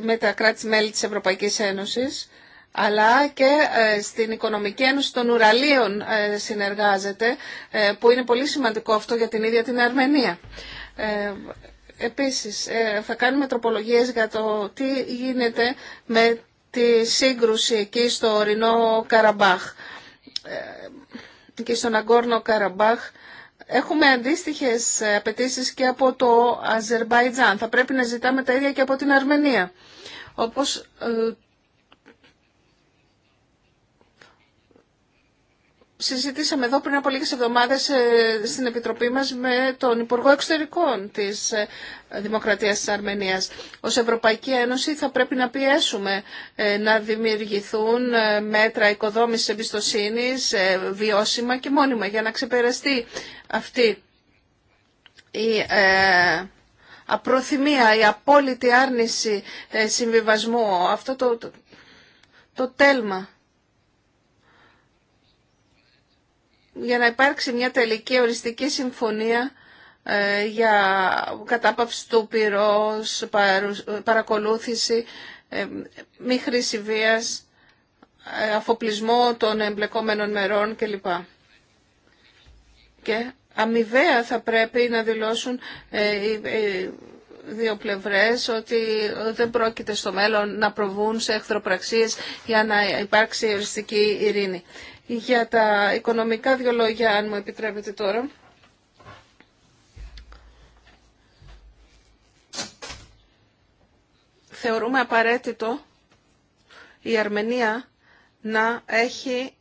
με τα κράτη-μέλη της Ευρωπαϊκής Ένωσης, αλλά και ε, στην Οικονομική Ένωση των Ουραλίων ε, συνεργάζεται, ε, που είναι πολύ σημαντικό αυτό για την ίδια την Αρμενία. Επίσης, θα κάνουμε τροπολογίες για το τι γίνεται με τη σύγκρουση εκεί στο ορεινό Καραμπάχ. Ε, και στον Αγκόρνο Καραμπάχ έχουμε αντίστοιχες απαιτήσει και από το Αζερβαϊτζάν. Θα πρέπει να ζητάμε τα ίδια και από την Αρμενία. Όπως ε, συζητήσαμε εδώ πριν από λίγες εβδομάδες ε, στην Επιτροπή μας με τον Υπουργό Εξωτερικών της ε, Δημοκρατίας της Αρμενίας. Ως Ευρωπαϊκή Ένωση θα πρέπει να πιέσουμε ε, να δημιουργηθούν μέτρα οικοδόμησης εμπιστοσύνης, βιώσιμα και μόνιμα για να ξεπεραστεί αυτή η απροθυμία, η απόλυτη άρνηση συμβιβασμού, αυτό το, το τέλμα για να υπάρξει μια τελική οριστική συμφωνία ε, για κατάπαυση του πυρός, παρακολούθηση, ε, μη χρήση βίας, ε, αφοπλισμό των εμπλεκόμενων μερών κλπ. Και αμοιβαία θα πρέπει να δηλώσουν οι δύο πλευρές ότι δεν πρόκειται στο μέλλον να προβούν σε εχθροπραξίες για να υπάρξει οριστική ειρήνη για τα οικονομικά δυο λόγια, αν μου επιτρέπετε τώρα. Θεωρούμε απαραίτητο η Αρμενία να έχει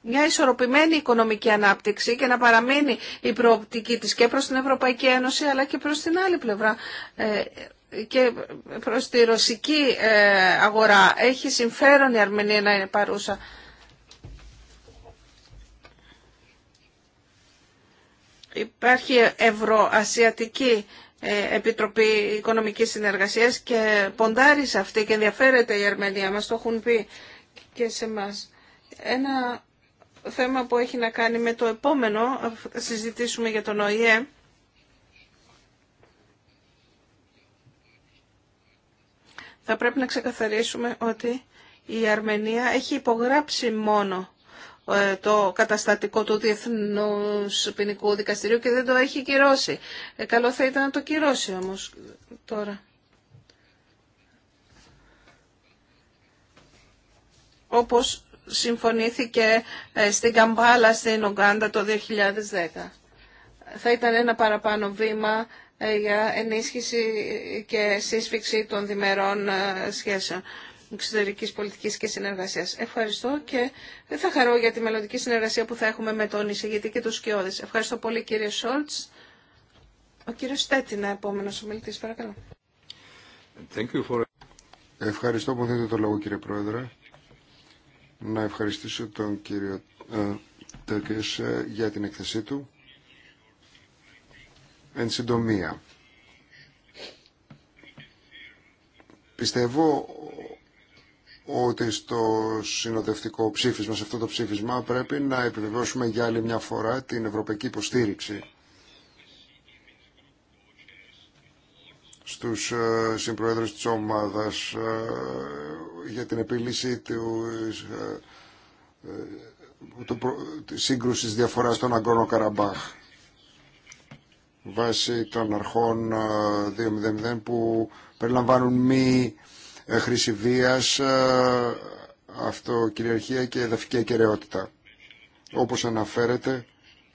μια ισορροπημένη οικονομική ανάπτυξη και να παραμείνει η προοπτική της και προς την Ευρωπαϊκή Ένωση αλλά και προς την άλλη πλευρά. Ε, και προς τη ρωσική ε, αγορά. Έχει συμφέρον η Αρμενία να είναι παρούσα. Υπάρχει Ευρωασιατική ε, Επιτροπή Οικονομικής Συνεργασίας και ποντάρει σε αυτή και ενδιαφέρεται η Αρμενία. Μας το έχουν πει και σε μας. Ένα θέμα που έχει να κάνει με το επόμενο, θα συζητήσουμε για τον ΟΗΕ, θα πρέπει να ξεκαθαρίσουμε ότι η Αρμενία έχει υπογράψει μόνο ε, το καταστατικό του Διεθνούς Ποινικού Δικαστηρίου και δεν το έχει κυρώσει. Ε, καλό θα ήταν να το κυρώσει όμως τώρα. Όπως συμφωνήθηκε ε, στην Καμπάλα στην Ογκάντα το 2010. Θα ήταν ένα παραπάνω βήμα ε, για ενίσχυση και σύσφυξη των διμερών ε, σχέσεων εξωτερικής πολιτικής και συνεργασίας. Ευχαριστώ και θα χαρώ για τη μελλοντική συνεργασία που θα έχουμε με τον εισηγητή και τους σκιώδες. Ευχαριστώ πολύ κύριε Σόλτς. Ο κύριος Στέτινα, επόμενος ομιλητής, παρακαλώ. Ευχαριστώ που δίνετε το λόγο κύριε Πρόεδρε. Να ευχαριστήσω τον κύριο ε, Τέκες για την εκθεσή του. Εν συντομία, πιστεύω ότι στο συνοδευτικό ψήφισμα, σε αυτό το ψήφισμα, πρέπει να επιβεβαιώσουμε για άλλη μια φορά την ευρωπαϊκή υποστήριξη στους ε, συμπροέδρους της ομάδας ε, για την επίλυση ε, του, του, της σύγκρουσης διαφοράς των Αγγόνο Καραμπάχ βάσει των αρχών 2.0.0 ε, που περιλαμβάνουν μη ε, χρήση βίας, ε, αυτοκυριαρχία και εδαφική ακεραιότητα. Όπως αναφέρεται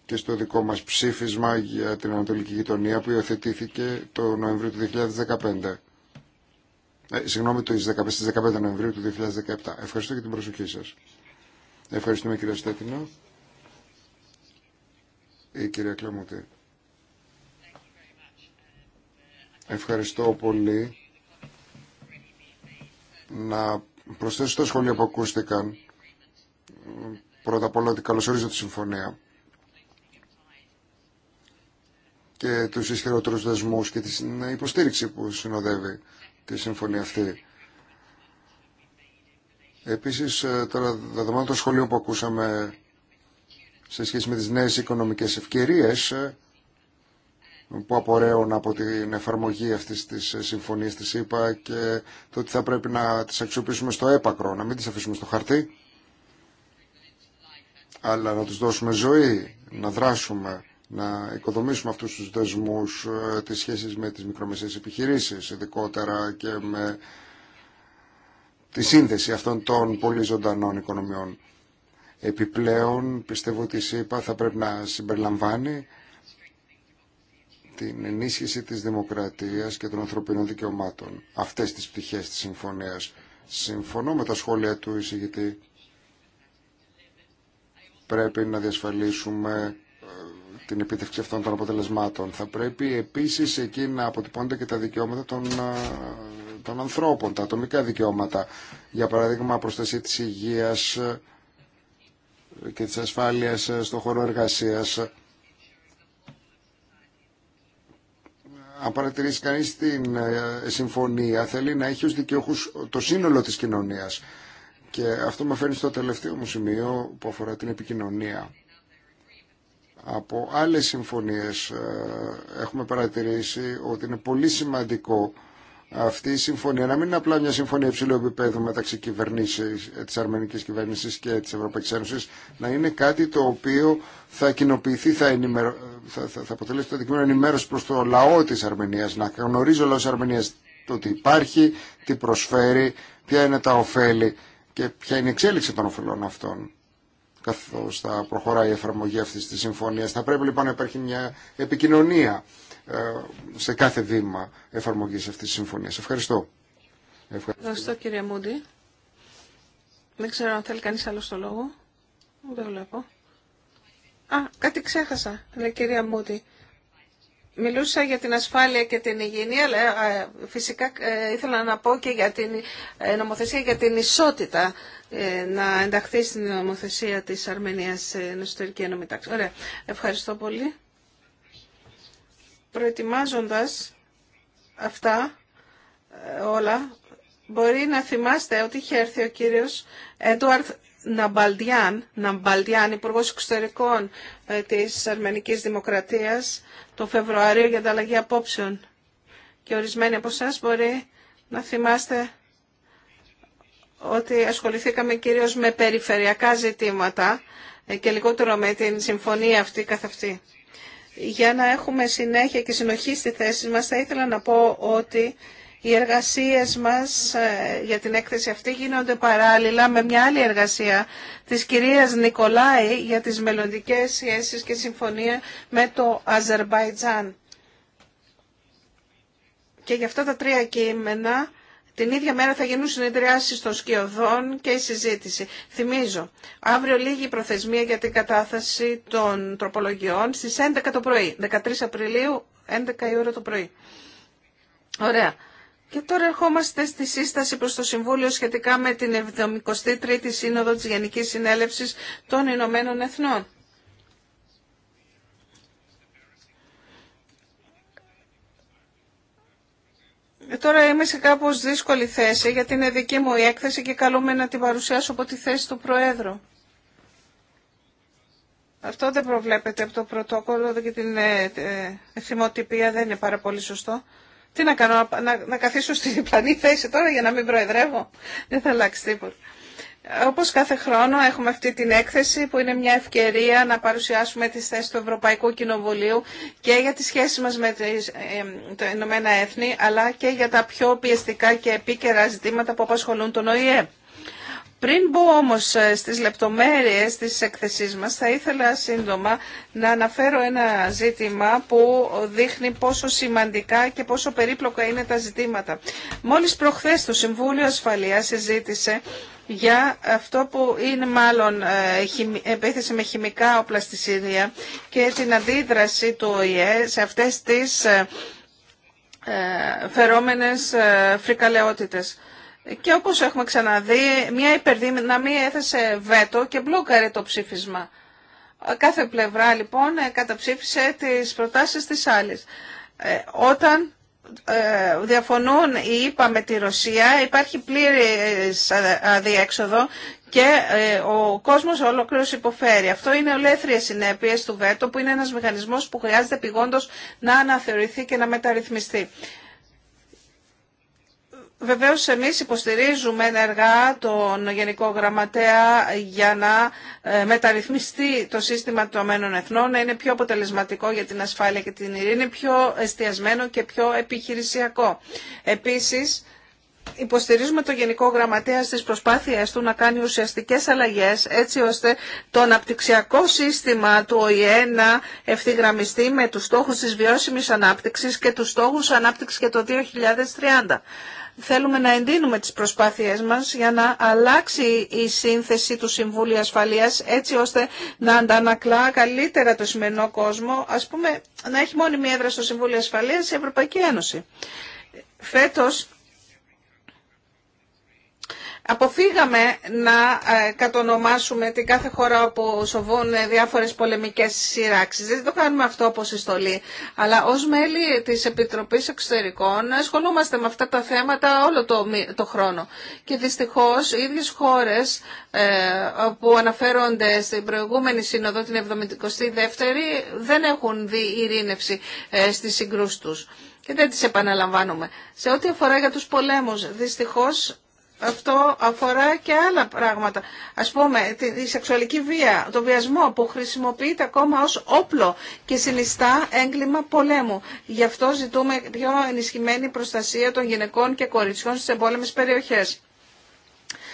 και στο δικό μας ψήφισμα για την Ανατολική Γειτονία που υιοθετήθηκε το Νοεμβρίο του 2015. Ε, συγγνώμη, το 15, 15 Νοεμβρίου του 2017. Ευχαριστώ για την προσοχή σας. Ευχαριστούμε κυρία Στέτινα. Η κυρία Κλαμούτη. Ευχαριστώ πολύ. Να προσθέσω τα σχόλια που ακούστηκαν. Πρώτα απ' όλα ότι καλωσορίζω τη συμφωνία και τους ισχυρότερους δεσμούς και την υποστήριξη που συνοδεύει τη συμφωνία αυτή. Επίσης, τώρα δεδομένου το σχολείο που ακούσαμε σε σχέση με τις νέες οικονομικές ευκαιρίες, που απορρέουν από την εφαρμογή αυτής της συμφωνίας της ΕΠΑ και το ότι θα πρέπει να τις αξιοποιήσουμε στο έπακρο, να μην τις αφήσουμε στο χαρτί, αλλά να τους δώσουμε ζωή, να δράσουμε, να οικοδομήσουμε αυτούς τους δεσμούς, ε, τις σχέσεις με τις μικρομεσαίες επιχειρήσεις, ειδικότερα και με τη σύνδεση αυτών των πολύ ζωντανών οικονομιών. Επιπλέον, πιστεύω ότι η ΣΥΠΑ θα πρέπει να συμπεριλαμβάνει την ενίσχυση της δημοκρατίας και των ανθρωπίνων δικαιωμάτων, αυτές τις πτυχές της συμφωνίας. Συμφωνώ με τα σχόλια του εισηγητή. Πρέπει να διασφαλίσουμε ε, την επίτευξη αυτών των αποτελεσμάτων. Θα πρέπει επίσης εκεί να αποτυπώνται και τα δικαιώματα των, ε, των ανθρώπων, τα ατομικά δικαιώματα. Για παράδειγμα, προστασία της υγείας ε, και της ασφάλειας στον χώρο εργασίας αν παρατηρήσει κανεί την ε, συμφωνία, θέλει να έχει ως δικαιούχου το σύνολο της κοινωνίας. Και αυτό με φέρνει στο τελευταίο μου σημείο που αφορά την επικοινωνία. Από άλλες συμφωνίες ε, έχουμε παρατηρήσει ότι είναι πολύ σημαντικό αυτή η συμφωνία να μην είναι απλά μια συμφωνία υψηλού επίπεδου μεταξύ κυβερνήσεως, ε, της αρμενικής κυβέρνησης και της Ευρωπαϊκής Ένωσης, να είναι κάτι το οποίο θα κοινοποιηθεί, θα, ενημερω... θα, θα, αποτελέσει το αντικείμενο ενημέρωση προς το λαό της Αρμενίας, να γνωρίζει ο λαός της Αρμενίας το ότι υπάρχει, τι προσφέρει, ποια είναι τα ωφέλη και ποια είναι η εξέλιξη των ωφελών αυτών καθώς θα προχωράει η εφαρμογή αυτής της συμφωνίας. Θα πρέπει λοιπόν να υπάρχει μια επικοινωνία ε, σε κάθε βήμα εφαρμογής αυτής της συμφωνίας. Ευχαριστώ. Ευχαριστώ, Ευχαριστώ κύριε Μούντι. Δεν ξέρω αν θέλει κανείς άλλο το λόγο. Δεν βλέπω. Α, κάτι ξέχασα, λέει κυρία Μούντι. Μιλούσα για την ασφάλεια και την υγιεινή, αλλά ε, φυσικά ε, ήθελα να πω και για την νομοθεσία για την ισότητα να ενταχθεί στην νομοθεσία της Αρμενίας ε, εσωτερική ενωμητάξη. Ωραία. Ευχαριστώ πολύ προετοιμάζοντας αυτά ε, όλα, μπορεί να θυμάστε ότι είχε έρθει ο κύριος Έντουαρτ Ναμπαλτιάν, Ναμπαλτιάν Υπουργός Εξωτερικών ε, της Αρμενικής Δημοκρατίας, το Φεβρουάριο για τα Αλλαγή απόψεων. Και ορισμένοι από εσά μπορεί να θυμάστε ότι ασχοληθήκαμε κυρίως με περιφερειακά ζητήματα ε, και λιγότερο με την συμφωνία αυτή καθ' αυτή. Για να έχουμε συνέχεια και συνοχή στη θέση μας, θα ήθελα να πω ότι οι εργασίες μας ε, για την έκθεση αυτή γίνονται παράλληλα με μια άλλη εργασία της κυρίας Νικολάη για τις μελλοντικέ σχέσει και συμφωνία με το Αζερβαϊτζάν. Και για αυτά τα τρία κείμενα την ίδια μέρα θα γίνουν συνεδριάσει των σκιωδών και η συζήτηση. Θυμίζω, αύριο λίγη προθεσμία για την κατάθεση των τροπολογιών στις 11 το πρωί, 13 Απριλίου, 11 η ώρα το πρωί. Ωραία. Και τώρα ερχόμαστε στη σύσταση προς το Συμβούλιο σχετικά με την 73η Σύνοδο της Γενικής Συνέλευσης των Ηνωμένων Εθνών. Ε, τώρα είμαι σε κάπως δύσκολη θέση γιατί είναι δική μου η έκθεση και καλούμε να την παρουσιάσω από τη θέση του Προέδρου. Αυτό δεν προβλέπεται από το πρωτόκολλο και την ε, ε, εθιμοτυπία δεν είναι πάρα πολύ σωστό. Τι να κάνω, να, να καθίσω στην διπλανή θέση τώρα για να μην προεδρεύω. Δεν θα αλλάξει τίποτα. Όπως κάθε χρόνο έχουμε αυτή την έκθεση που είναι μια ευκαιρία να παρουσιάσουμε τις θέσεις του Ευρωπαϊκού Κοινοβουλίου και για τη σχέση μας με ε, τα Ηνωμένα Έθνη αλλά και για τα πιο πιεστικά και επίκαιρα ζητήματα που απασχολούν τον ΟΗΕ. Πριν μπω όμως ε, στις λεπτομέρειες της εκθεσής μας, θα ήθελα σύντομα να αναφέρω ένα ζήτημα που δείχνει πόσο σημαντικά και πόσο περίπλοκα είναι τα ζητήματα. Μόλις προχθές το Συμβούλιο Ασφαλείας συζήτησε για αυτό που είναι μάλλον ε, επίθεση με χημικά όπλα στη Συρία και την αντίδραση του ΟΗΕ σε αυτές τις ε, ε, φερόμενες φρικαλαιότητες. Και όπως έχουμε ξαναδεί, μια υπερδύναμη έθεσε βέτο και μπλόκαρε το ψήφισμα. Κάθε πλευρά λοιπόν καταψήφισε τις προτάσεις της άλλης. Όταν ε, διαφωνούν οι ΗΠΑ με τη Ρωσία, υπάρχει πλήρης αδιέξοδο και ε, ο κόσμος ολόκληρο υποφέρει. Αυτό είναι ολέθριες συνέπειε του ΒΕΤΟ που είναι ένας μηχανισμός που χρειάζεται πηγόντως να αναθεωρηθεί και να μεταρρυθμιστεί. Βεβαίως εμείς υποστηρίζουμε ενεργά τον Γενικό Γραμματέα για να ε, μεταρρυθμιστεί το σύστημα των Αμένων Εθνών, να είναι πιο αποτελεσματικό για την ασφάλεια και την ειρήνη, πιο εστιασμένο και πιο επιχειρησιακό. Επίσης, υποστηρίζουμε το Γενικό Γραμματέα στις προσπάθειές του να κάνει ουσιαστικές αλλαγές έτσι ώστε το αναπτυξιακό σύστημα του ΟΗΕ να ευθυγραμμιστεί με τους στόχους της βιώσιμης ανάπτυξης και τους στόχους ανάπτυξης για το 2030. Θέλουμε να εντείνουμε τις προσπάθειές μας για να αλλάξει η σύνθεση του Συμβούλου Ασφαλείας έτσι ώστε να αντανακλά καλύτερα το σημερινό κόσμο, ας πούμε να έχει μόνιμη έδρα στο Συμβούλιο Ασφαλείας η Ευρωπαϊκή Ένωση. Φέτος Αποφύγαμε να ε, κατονομάσουμε την κάθε χώρα όπου σοβούν ε, διάφορες πολεμικές σειράξεις. Δεν το κάνουμε αυτό από συστολή. Αλλά ως μέλη της Επιτροπής Εξωτερικών ε, ασχολούμαστε με αυτά τα θέματα όλο το, το χρόνο. Και δυστυχώς οι ίδιες χώρες που αναφέρονται στην προηγούμενη σύνοδο, την 72η, δεν έχουν δει ειρήνευση στις συγκρούσεις τους. Και δεν τις επαναλαμβάνουμε. Σε ό,τι αφορά για τους πολέμους, δυστυχώς αυτό αφορά και άλλα πράγματα. Ας πούμε, τη σεξουαλική βία, το βιασμό που χρησιμοποιείται ακόμα ως όπλο και συνιστά έγκλημα πολέμου. Γι' αυτό ζητούμε πιο ενισχυμένη προστασία των γυναικών και κοριτσιών στις εμπόλεμες περιοχές.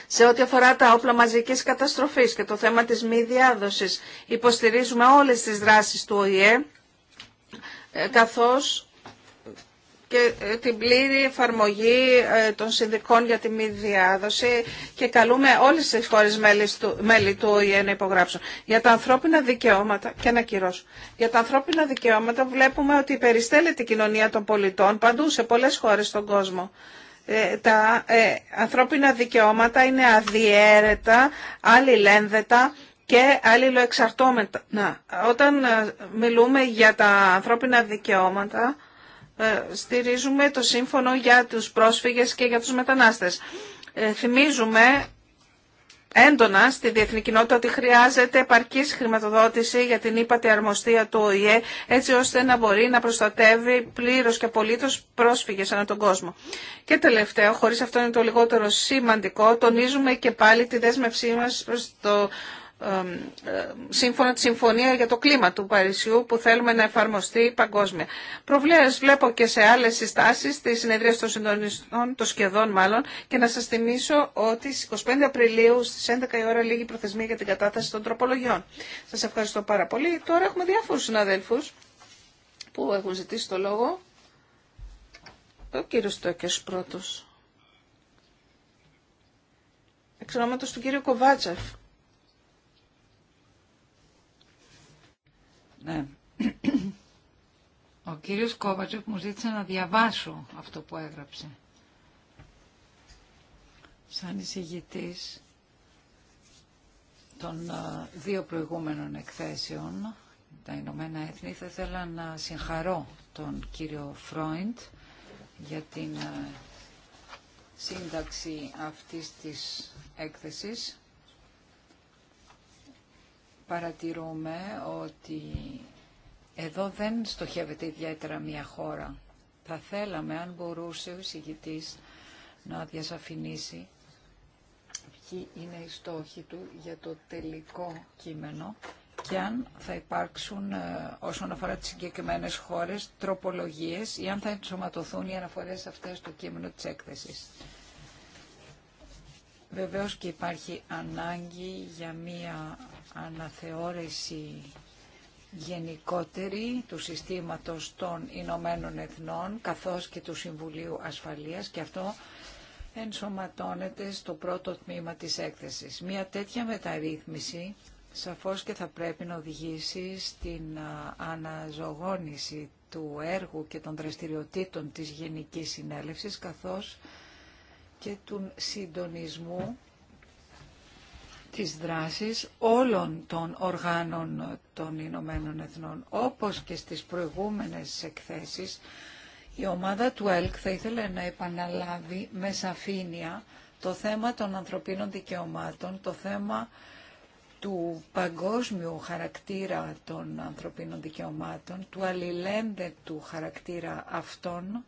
Σε ό,τι αφορά τα όπλα μαζικής καταστροφής και το θέμα της μη διάδοσης, υποστηρίζουμε όλες τις δράσεις του ΟΗΕ, ε, καθώς και ε, την πλήρη εφαρμογή ε, των συνδικών για τη μη διάδοση και καλούμε όλες τις χώρες μέλη του ΟΗΕ να υπογράψουν. Για τα ανθρώπινα δικαιώματα, και να κυρώσω, για τα ανθρώπινα δικαιώματα βλέπουμε ότι περιστέλλεται η κοινωνία των πολιτών παντού σε πολλές χώρες στον κόσμο. Ε, τα ανθρώπινα δικαιώματα είναι αδιέρετα, αλληλένδετα και αλληλοεξαρτώμετα. Να, όταν μιλούμε για τα ανθρώπινα δικαιώματα ε, στηρίζουμε το σύμφωνο για τους πρόσφυγες και για τους μετανάστες. Ε, θυμίζουμε έντονα στη διεθνή κοινότητα ότι χρειάζεται επαρκή χρηματοδότηση για την ύπατη αρμοστία του ΟΗΕ, έτσι ώστε να μπορεί να προστατεύει πλήρω και απολύτω πρόσφυγε ανά τον κόσμο. Και τελευταίο, χωρί αυτό είναι το λιγότερο σημαντικό, τονίζουμε και πάλι τη δέσμευσή μα προ το ε, σύμφωνα τη Συμφωνία για το Κλίμα του Παρισιού που θέλουμε να εφαρμοστεί παγκόσμια. Προβλέπω βλέπω και σε άλλες συστάσεις τη συνεδρία των συντονιστών, των σχεδόν μάλλον, και να σας θυμίσω ότι στις 25 Απριλίου στις 11 η ώρα λίγη προθεσμία για την κατάθεση των τροπολογιών. Σας ευχαριστώ πάρα πολύ. Τώρα έχουμε διάφορους συναδέλφους που έχουν ζητήσει το λόγο. Ο κύριος Τόκες πρώτος. Εξ του κύριου Κοβάτσεφ. Ναι. Ο κύριος Κόβατσοφ μου ζήτησε να διαβάσω αυτό που έγραψε. Σαν εισηγητής των ε, δύο προηγούμενων εκθέσεων, τα Ηνωμένα Έθνη, θα ήθελα να συγχαρώ τον κύριο Φρόιντ για την ε, σύνταξη αυτής της έκθεσης παρατηρούμε ότι εδώ δεν στοχεύεται ιδιαίτερα μια χώρα. Θα θέλαμε, αν μπορούσε ο εισηγητής να διασαφηνίσει ποιοι είναι οι στόχοι του για το τελικό κείμενο και αν θα υπάρξουν ε, όσον αφορά τις συγκεκριμένες χώρες τροπολογίες ή αν θα ενσωματωθούν οι αναφορές αυτές στο κείμενο της έκθεσης. Βεβαίως και υπάρχει ανάγκη για μία αναθεώρηση γενικότερη του συστήματος των Ηνωμένων Εθνών καθώς και του Συμβουλίου Ασφαλείας και αυτό ενσωματώνεται στο πρώτο τμήμα της έκθεσης. Μία τέτοια μεταρρύθμιση σαφώς και θα πρέπει να οδηγήσει στην αναζωγόνηση του έργου και των δραστηριοτήτων της Γενικής Συνέλευσης καθώς και του συντονισμού της δράσης όλων των οργάνων των Ηνωμένων Εθνών. Όπως και στις προηγούμενες εκθέσεις, η ομάδα του ΕΛΚ θα ήθελε να επαναλάβει με σαφήνεια το θέμα των ανθρωπίνων δικαιωμάτων, το θέμα του παγκόσμιου χαρακτήρα των ανθρωπίνων δικαιωμάτων, του αλληλένδετου χαρακτήρα αυτών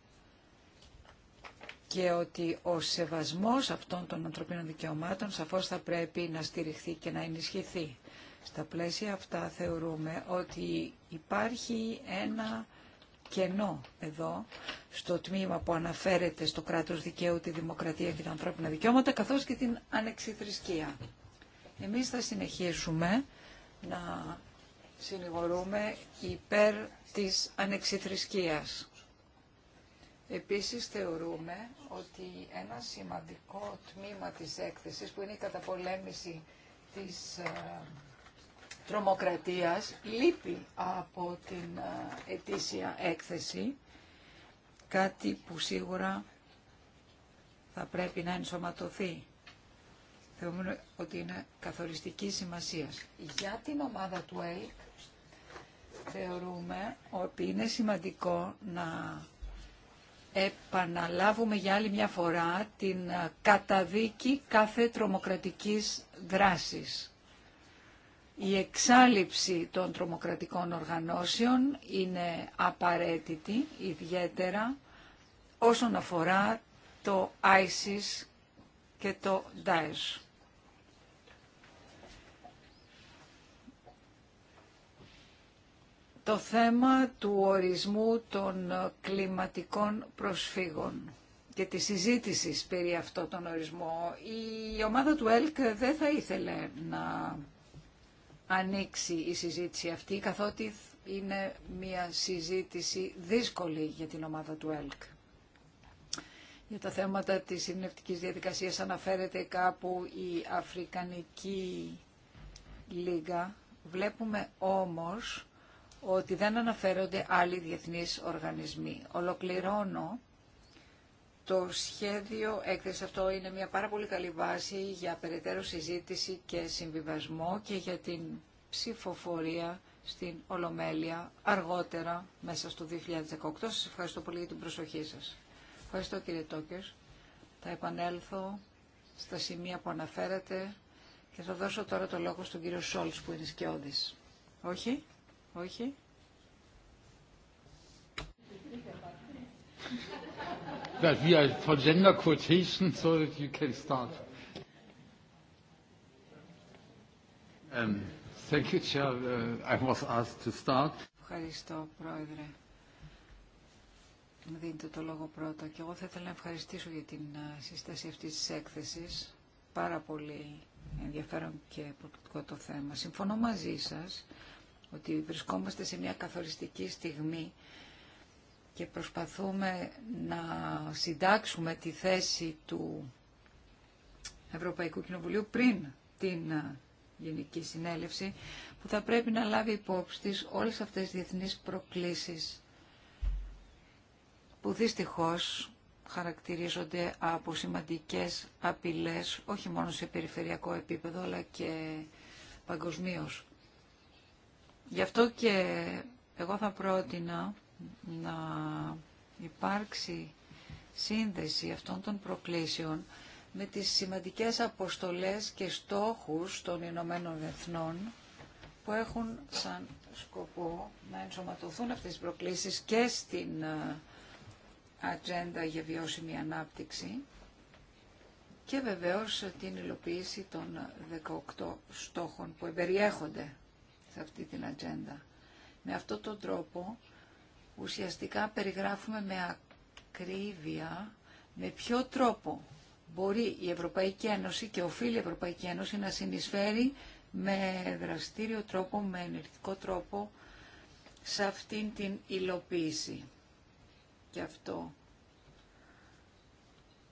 και ότι ο σεβασμός αυτών των ανθρωπίνων δικαιωμάτων σαφώς θα πρέπει να στηριχθεί και να ενισχυθεί. Στα πλαίσια αυτά θεωρούμε ότι υπάρχει ένα κενό εδώ στο τμήμα που αναφέρεται στο κράτος δικαίου, τη δημοκρατία και τα ανθρώπινα δικαιώματα καθώς και την ανεξιθρησκεία. Εμείς θα συνεχίσουμε να συνηγορούμε υπέρ της ανεξιθρησκείας. Επίσης θεωρούμε ότι ένα σημαντικό τμήμα της έκθεσης που είναι η καταπολέμηση της ε, τρομοκρατίας λείπει από την ε, ετήσια έκθεση, κάτι που σίγουρα θα πρέπει να ενσωματωθεί. Θεωρούμε ότι είναι καθοριστική σημασίας. Για την ομάδα του ΕΛΚ θεωρούμε ότι είναι σημαντικό να επαναλάβουμε για άλλη μια φορά την ε, καταδίκη κάθε τρομοκρατικής δράσης. Η εξάλληψη των τρομοκρατικών οργανώσεων είναι απαραίτητη, ιδιαίτερα όσον αφορά το ISIS και το Daesh. το θέμα του ορισμού των κλιματικών προσφύγων και τη συζήτηση περί αυτό τον ορισμό. Η ομάδα του ΕΛΚ δεν θα ήθελε να ανοίξει η συζήτηση αυτή, καθότι είναι μια συζήτηση δύσκολη για την ομάδα του ΕΛΚ. Για τα θέματα της συνευτικής διαδικασίας αναφέρεται κάπου η Αφρικανική Λίγα. Βλέπουμε όμως ότι δεν αναφέρονται άλλοι διεθνείς οργανισμοί. Ολοκληρώνω το σχέδιο έκθεση αυτό είναι μια πάρα πολύ καλή βάση για περαιτέρω συζήτηση και συμβιβασμό και για την ψηφοφορία στην Ολομέλεια αργότερα μέσα στο 2018. Σας ευχαριστώ πολύ για την προσοχή σας. Ευχαριστώ κύριε Τόκερς. Θα επανέλθω στα σημεία που αναφέρατε και θα δώσω τώρα το λόγο στον κύριο Σόλτς που είναι σκιώδης. Όχι. Όχι. Ευχαριστώ, Πρόεδρε. Μου δίνετε το λόγο πρώτα και εγώ θα ήθελα να ευχαριστήσω για την uh, συστάση αυτής της έκθεσης. Πάρα πολύ ενδιαφέρον και προκλητικό το θέμα. Συμφωνώ μαζί σας ότι βρισκόμαστε σε μια καθοριστική στιγμή και προσπαθούμε να συντάξουμε τη θέση του Ευρωπαϊκού Κοινοβουλίου πριν την ε, Γενική Συνέλευση που θα πρέπει να λάβει υπόψη της όλες αυτές τις διεθνείς προκλήσεις που δυστυχώς χαρακτηρίζονται από σημαντικές απειλές όχι μόνο σε περιφερειακό επίπεδο αλλά και παγκοσμίως. Γι' αυτό και εγώ θα πρότεινα να υπάρξει σύνδεση αυτών των προκλήσεων με τις σημαντικές αποστολές και στόχους των Ηνωμένων Εθνών που έχουν σαν σκοπό να ενσωματωθούν αυτές τις προκλήσεις και στην ε, ατζέντα για βιώσιμη ανάπτυξη και βεβαίως την υλοποίηση των 18 στόχων που εμπεριέχονται σε αυτή την ατζέντα. Με αυτόν τον τρόπο ουσιαστικά περιγράφουμε με ακρίβεια με ποιο τρόπο μπορεί η Ευρωπαϊκή Ένωση και οφείλει η Ευρωπαϊκή Ένωση να συνεισφέρει με δραστήριο τρόπο, με ενεργητικό τρόπο σε αυτήν την υλοποίηση. Και αυτό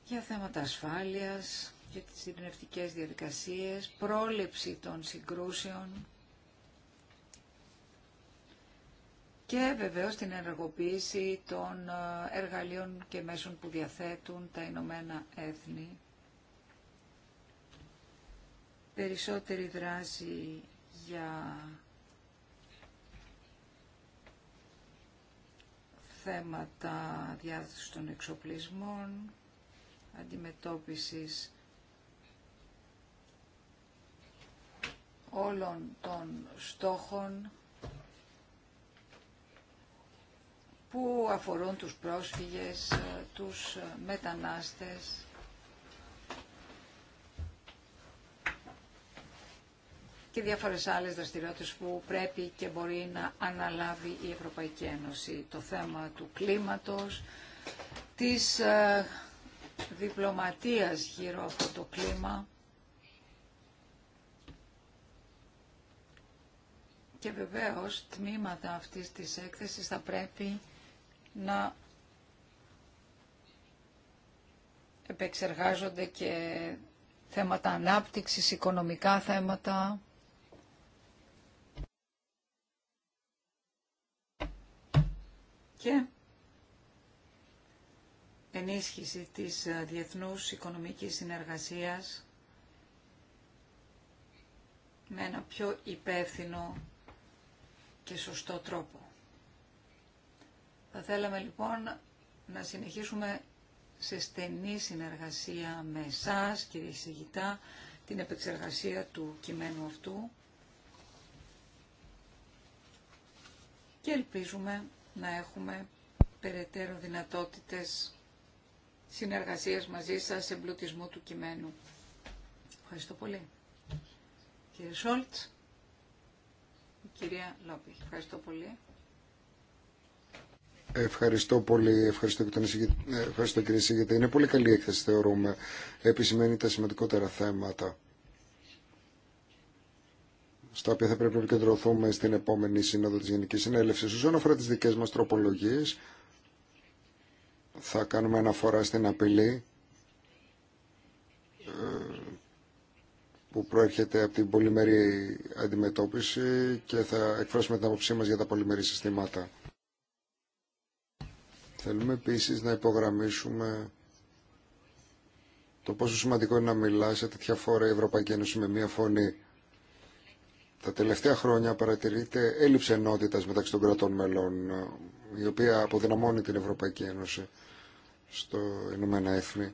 για θέματα ασφάλειας, για τις ειρηνευτικές διαδικασίες, πρόληψη των συγκρούσεων, και βεβαίως την ενεργοποίηση των ε, εργαλείων και μέσων που διαθέτουν τα Ηνωμένα Έθνη. Περισσότερη δράση για θέματα διάθεσης των εξοπλισμών, αντιμετώπισης όλων των στόχων που αφορούν τους πρόσφυγες, ε, τους ε, μετανάστες. και διάφορες άλλες δραστηριότητες που πρέπει και μπορεί να αναλάβει η Ευρωπαϊκή Ένωση. Το θέμα του κλίματος, της ε, διπλωματίας γύρω από το κλίμα και βεβαίως τμήματα αυτής της έκθεσης θα πρέπει να επεξεργάζονται και θέματα ανάπτυξης, οικονομικά θέματα. Και ενίσχυση της ε, διεθνούς οικονομικής συνεργασίας με ένα πιο υπεύθυνο και σωστό τρόπο. Θα θέλαμε λοιπόν να συνεχίσουμε σε στενή συνεργασία με εσά, κύριε Σιγητά, την επεξεργασία του κειμένου αυτού και ελπίζουμε να έχουμε περαιτέρω δυνατότητες συνεργασίας μαζί σας, εμπλουτισμού του κειμένου. Ευχαριστώ πολύ. Κύριε Σόλτς, κυρία Λόπη. Ευχαριστώ πολύ. Ευχαριστώ πολύ. Ευχαριστώ, και ε, Ευχαριστώ κύριε εισηγητή. Είναι πολύ καλή έκθεση θεωρούμε. Επισημαίνει τα σημαντικότερα θέματα στα οποία θα πρέπει να επικεντρωθούμε στην επόμενη σύνοδο της Γενικής Συνέλευσης. Όσον αφορά τις δικές μας τροπολογίες, θα κάνουμε αναφορά στην απειλή ε, που προέρχεται από την πολυμερή αντιμετώπιση και θα εκφράσουμε την άποψή μας για τα πολυμερή συστήματα. Θέλουμε επίσης να υπογραμμίσουμε το πόσο σημαντικό είναι να μιλά σε τέτοια φορά η Ευρωπαϊκή Ένωση με μία φωνή. Τα τελευταία χρόνια παρατηρείται έλλειψη ενότητα μεταξύ των κρατών μελών, η οποία αποδυναμώνει την Ευρωπαϊκή Ένωση στο Ηνωμένα Έθνη.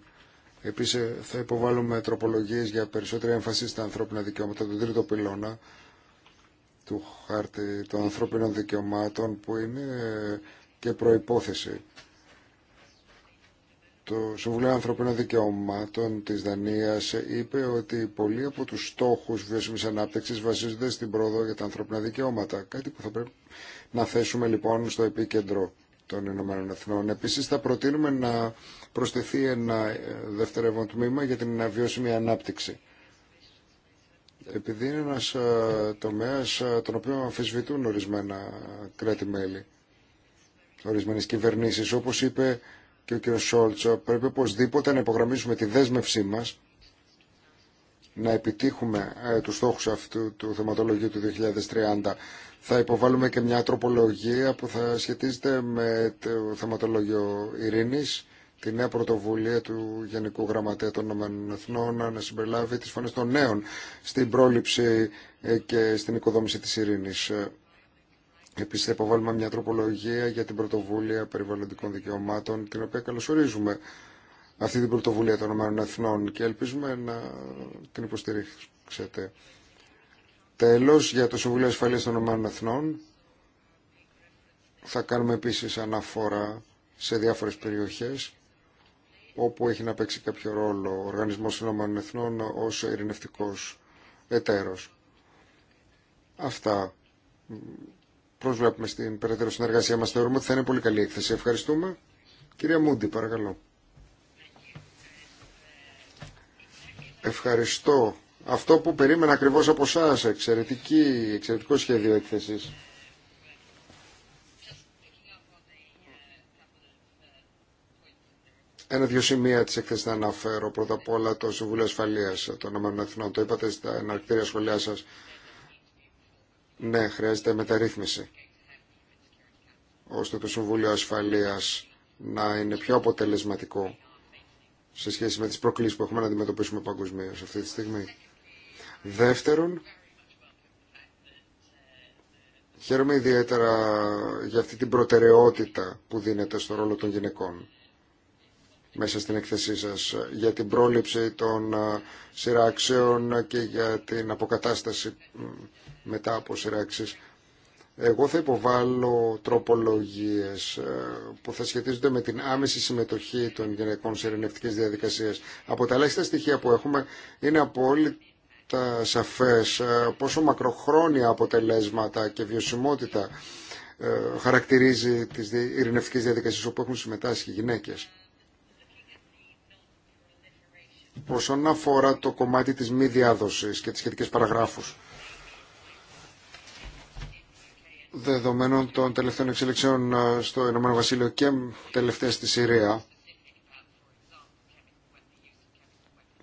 Επίση, θα υποβάλουμε τροπολογίε για περισσότερη έμφαση στα ανθρώπινα δικαιώματα, τον τρίτο πυλώνα του χάρτη των ανθρώπινων δικαιωμάτων, που είναι και προϋπόθεση. Το Συμβουλίο Ανθρωπίνων Δικαιωμάτων της Δανίας είπε ότι πολλοί από τους στόχους βιώσιμης ανάπτυξης βασίζονται στην πρόοδο για τα ανθρώπινα δικαιώματα. Κάτι που θα πρέπει να θέσουμε λοιπόν στο επίκεντρο των Ηνωμένων Εθνών. Επίσης θα προτείνουμε να προσθεθεί ένα ε, δευτερεύον τμήμα για την βιώσιμη ανάπτυξη. Επειδή είναι ένας ε, τομέας ε, τον οποίο αμφισβητούν ορισμένα κράτη-μέλη ορισμένες κυβερνήσεις. Όπως είπε και ο κ. Σόλτσο, πρέπει οπωσδήποτε να υπογραμμίσουμε τη δέσμευσή μας να επιτύχουμε ε, τους στόχους αυτού του θεματολογίου του 2030. Θα υποβάλουμε και μια τροπολογία που θα σχετίζεται με το θεματολόγιο ειρήνης, τη νέα πρωτοβουλία του Γενικού Γραμματέα των να συμπεριλάβει τις φωνές των νέων στην πρόληψη ε, και στην οικοδόμηση της ειρήνης. Επίση, θα υποβάλουμε μια τροπολογία για την πρωτοβούλια περιβαλλοντικών δικαιωμάτων, την οποία καλωσορίζουμε αυτή την πρωτοβουλία των ΗΕ και ελπίζουμε να την υποστηρίξετε. Τέλος, για το Συμβουλίο Ασφαλεία των ΗΕ θα κάνουμε επίσης αναφορά σε διάφορες περιοχές όπου έχει να παίξει κάποιο ρόλο ο Οργανισμό των Εθνών ως ειρηνευτικός Αυτά προσβλέπουμε στην περαιτέρω συνεργασία μας. Θεωρούμε ότι θα είναι πολύ καλή έκθεση. Ευχαριστούμε. Κυρία Μούντι, παρακαλώ. Ευχαριστώ. Αυτό που περίμενα ακριβώς από εσά, εξαιρετική, εξαιρετικό έκθεση. έκθεσης. Ένα-δυο σημεία τη εκθέση να αναφέρω. Πρώτα απ' όλα το Συμβούλιο Ασφαλεία των ΗΠΑ. Το είπατε στα εναρκτήρια σχολεία σα. Ναι, χρειάζεται μεταρρύθμιση ώστε το Συμβούλιο Ασφαλείας να είναι πιο αποτελεσματικό σε σχέση με τις προκλήσεις που έχουμε να αντιμετωπίσουμε παγκοσμίω αυτή τη στιγμή. Δεύτερον, χαίρομαι ιδιαίτερα για αυτή την προτεραιότητα που δίνεται στο ρόλο των γυναικών μέσα στην εκθεσή σας για την πρόληψη των ε, σειράξεων και για την αποκατάσταση μετά από σειράξεις. Εγώ θα υποβάλω τροπολογίες ε, που θα σχετίζονται με την άμεση συμμετοχή των γυναικών σε ειρηνευτικές διαδικασίες. Από τα ελάχιστα στοιχεία που έχουμε είναι απόλυτα σαφές ε, πόσο μακροχρόνια αποτελέσματα και βιωσιμότητα χαρακτηρίζει τις ειρηνευτικές διαδικασίες όπου έχουν συμμετάσχει γυναίκες. Όσον αφορά το κομμάτι της μη διάδοσης και τις σχετικές παραγράφους, δεδομένων των τελευταίων εξελίξεων ε, στο Ηνωμένο Βασίλειο και τελευταία στη Συρία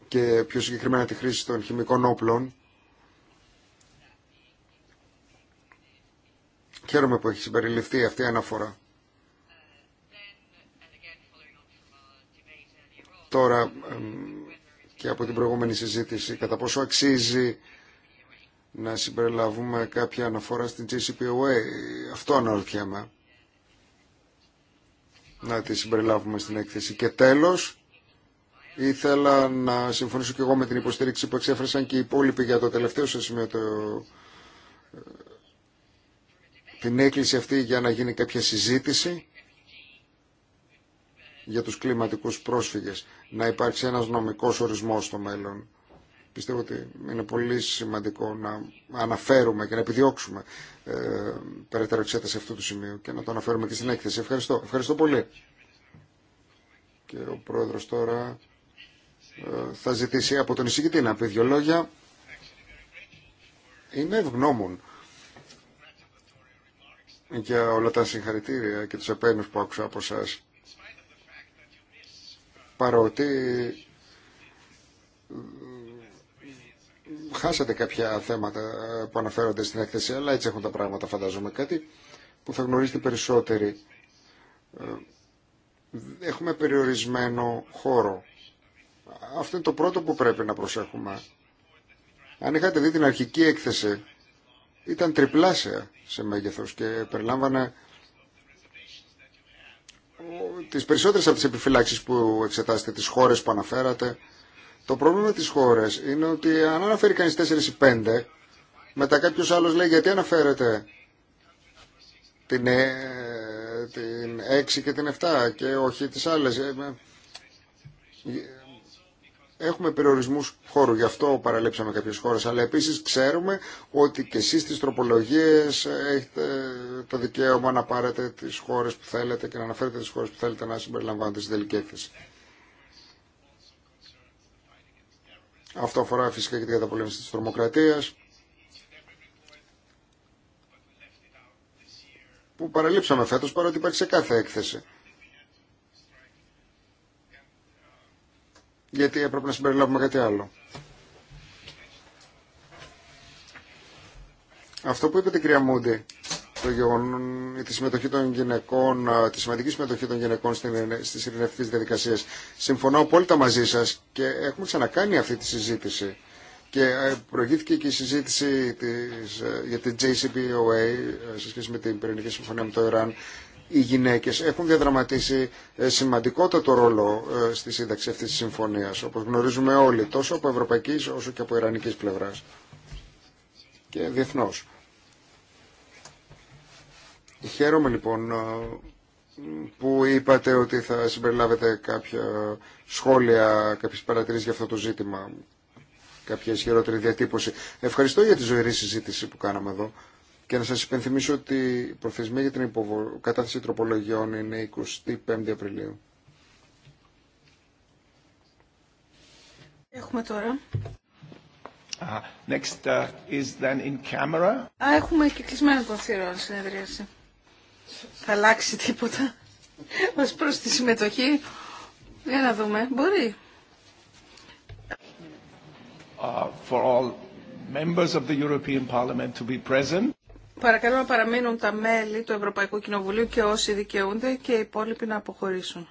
και πιο συγκεκριμένα τη χρήση των χημικών όπλων, Χαίρομαι που έχει συμπεριληφθεί αυτή η αναφορά. Τώρα, και από την προηγούμενη συζήτηση κατά πόσο αξίζει να συμπεριλάβουμε κάποια αναφορά στην JCPOA. Αυτό αναρωτιέμαι. Να τη συμπεριλάβουμε στην έκθεση. Και τέλος, ήθελα να συμφωνήσω και εγώ με την υποστήριξη που εξέφρασαν και οι υπόλοιποι για το τελευταίο σας σημείο το... Ε, την έκκληση αυτή για να γίνει κάποια συζήτηση για τους κλιματικούς πρόσφυγες, να υπάρξει ένας νομικός ορισμός στο μέλλον. Πιστεύω ότι είναι πολύ σημαντικό να αναφέρουμε και να επιδιώξουμε ε, περαιτέρω εξέταση αυτού του σημείου και να το αναφέρουμε και στην έκθεση. Ευχαριστώ. Ευχαριστώ πολύ. Και ο Πρόεδρος τώρα ε, θα ζητήσει από τον εισηγητή να πει δύο λόγια. Είναι ευγνώμων για όλα τα συγχαρητήρια και τους επένους που άκουσα από εσά παρότι χάσατε κάποια θέματα που αναφέρονται στην έκθεση, αλλά έτσι έχουν τα πράγματα φαντάζομαι κάτι που θα γνωρίζετε περισσότεροι. Ε, έχουμε περιορισμένο χώρο. Αυτό είναι το πρώτο που πρέπει να προσέχουμε. Αν είχατε δει την αρχική έκθεση, ήταν τριπλάσια σε μέγεθος και περιλάμβανε τις περισσότερες από τις επιφυλάξεις που εξετάσετε, τις χώρες που αναφέρατε, το πρόβλημα με τις χώρες είναι ότι αν αναφέρει κανείς 4 ή 5, μετά κάποιος άλλος λέει γιατί αναφέρετε την, ε, την 6 και την 7 και όχι τις άλλες. Ε, έχουμε περιορισμού χώρου. Γι' αυτό παραλείψαμε κάποιε χώρε. Αλλά επίση ξέρουμε ότι και εσεί στι τροπολογίε έχετε το δικαίωμα να πάρετε τι χώρε που θέλετε και να αναφέρετε τι χώρε που θέλετε να συμπεριλαμβάνετε στην τελική έκθεση. Αυτό αφορά φυσικά και την καταπολέμηση τη τρομοκρατία. που παραλείψαμε φέτος παρότι υπάρχει σε κάθε έκθεση. γιατί έπρεπε να συμπεριλάβουμε κάτι άλλο. Αυτό που είπε την κυρία Μούντι, το τη συμμετοχή των γυναικών, τη σημαντική συμμετοχή των γυναικών στις ειρηνευτικές διαδικασίες. Συμφωνώ απόλυτα μαζί σας και έχουμε ξανακάνει αυτή τη συζήτηση. Και ε, προηγήθηκε και η συζήτηση της, ε, για την JCPOA ε, σε σχέση με την πυρηνική συμφωνία με το Ιράν οι γυναίκες έχουν διαδραματίσει ε, σημαντικότατο ρόλο ε, στη σύνταξη αυτής της συμφωνίας, όπως γνωρίζουμε όλοι, τόσο από ευρωπαϊκής όσο και από Ιρανική πλευράς και διεθνώς. Χαίρομαι λοιπόν ε, που είπατε ότι θα συμπεριλάβετε κάποια σχόλια, κάποιες παρατηρήσεις για αυτό το ζήτημα, κάποια ισχυρότερη διατύπωση. Ευχαριστώ για τη ζωηρή συζήτηση που κάναμε εδώ. Και να σας υπενθυμίσω ότι η προθεσμία για την υποβο... κατάθεση τροπολογιών είναι 25 Απριλίου. Έχουμε τώρα. Uh, next uh, is then in camera. Α, έχουμε και κλεισμένο το θηρόν συνεδρίαση. Θα αλλάξει τίποτα ως προς τη συμμετοχή. Για να δούμε. Μπορεί. Uh, for all members of the European Parliament to be present. Παρακαλώ να παραμείνουν τα μέλη του Ευρωπαϊκού Κοινοβουλίου και όσοι δικαιούνται και οι υπόλοιποι να αποχωρήσουν.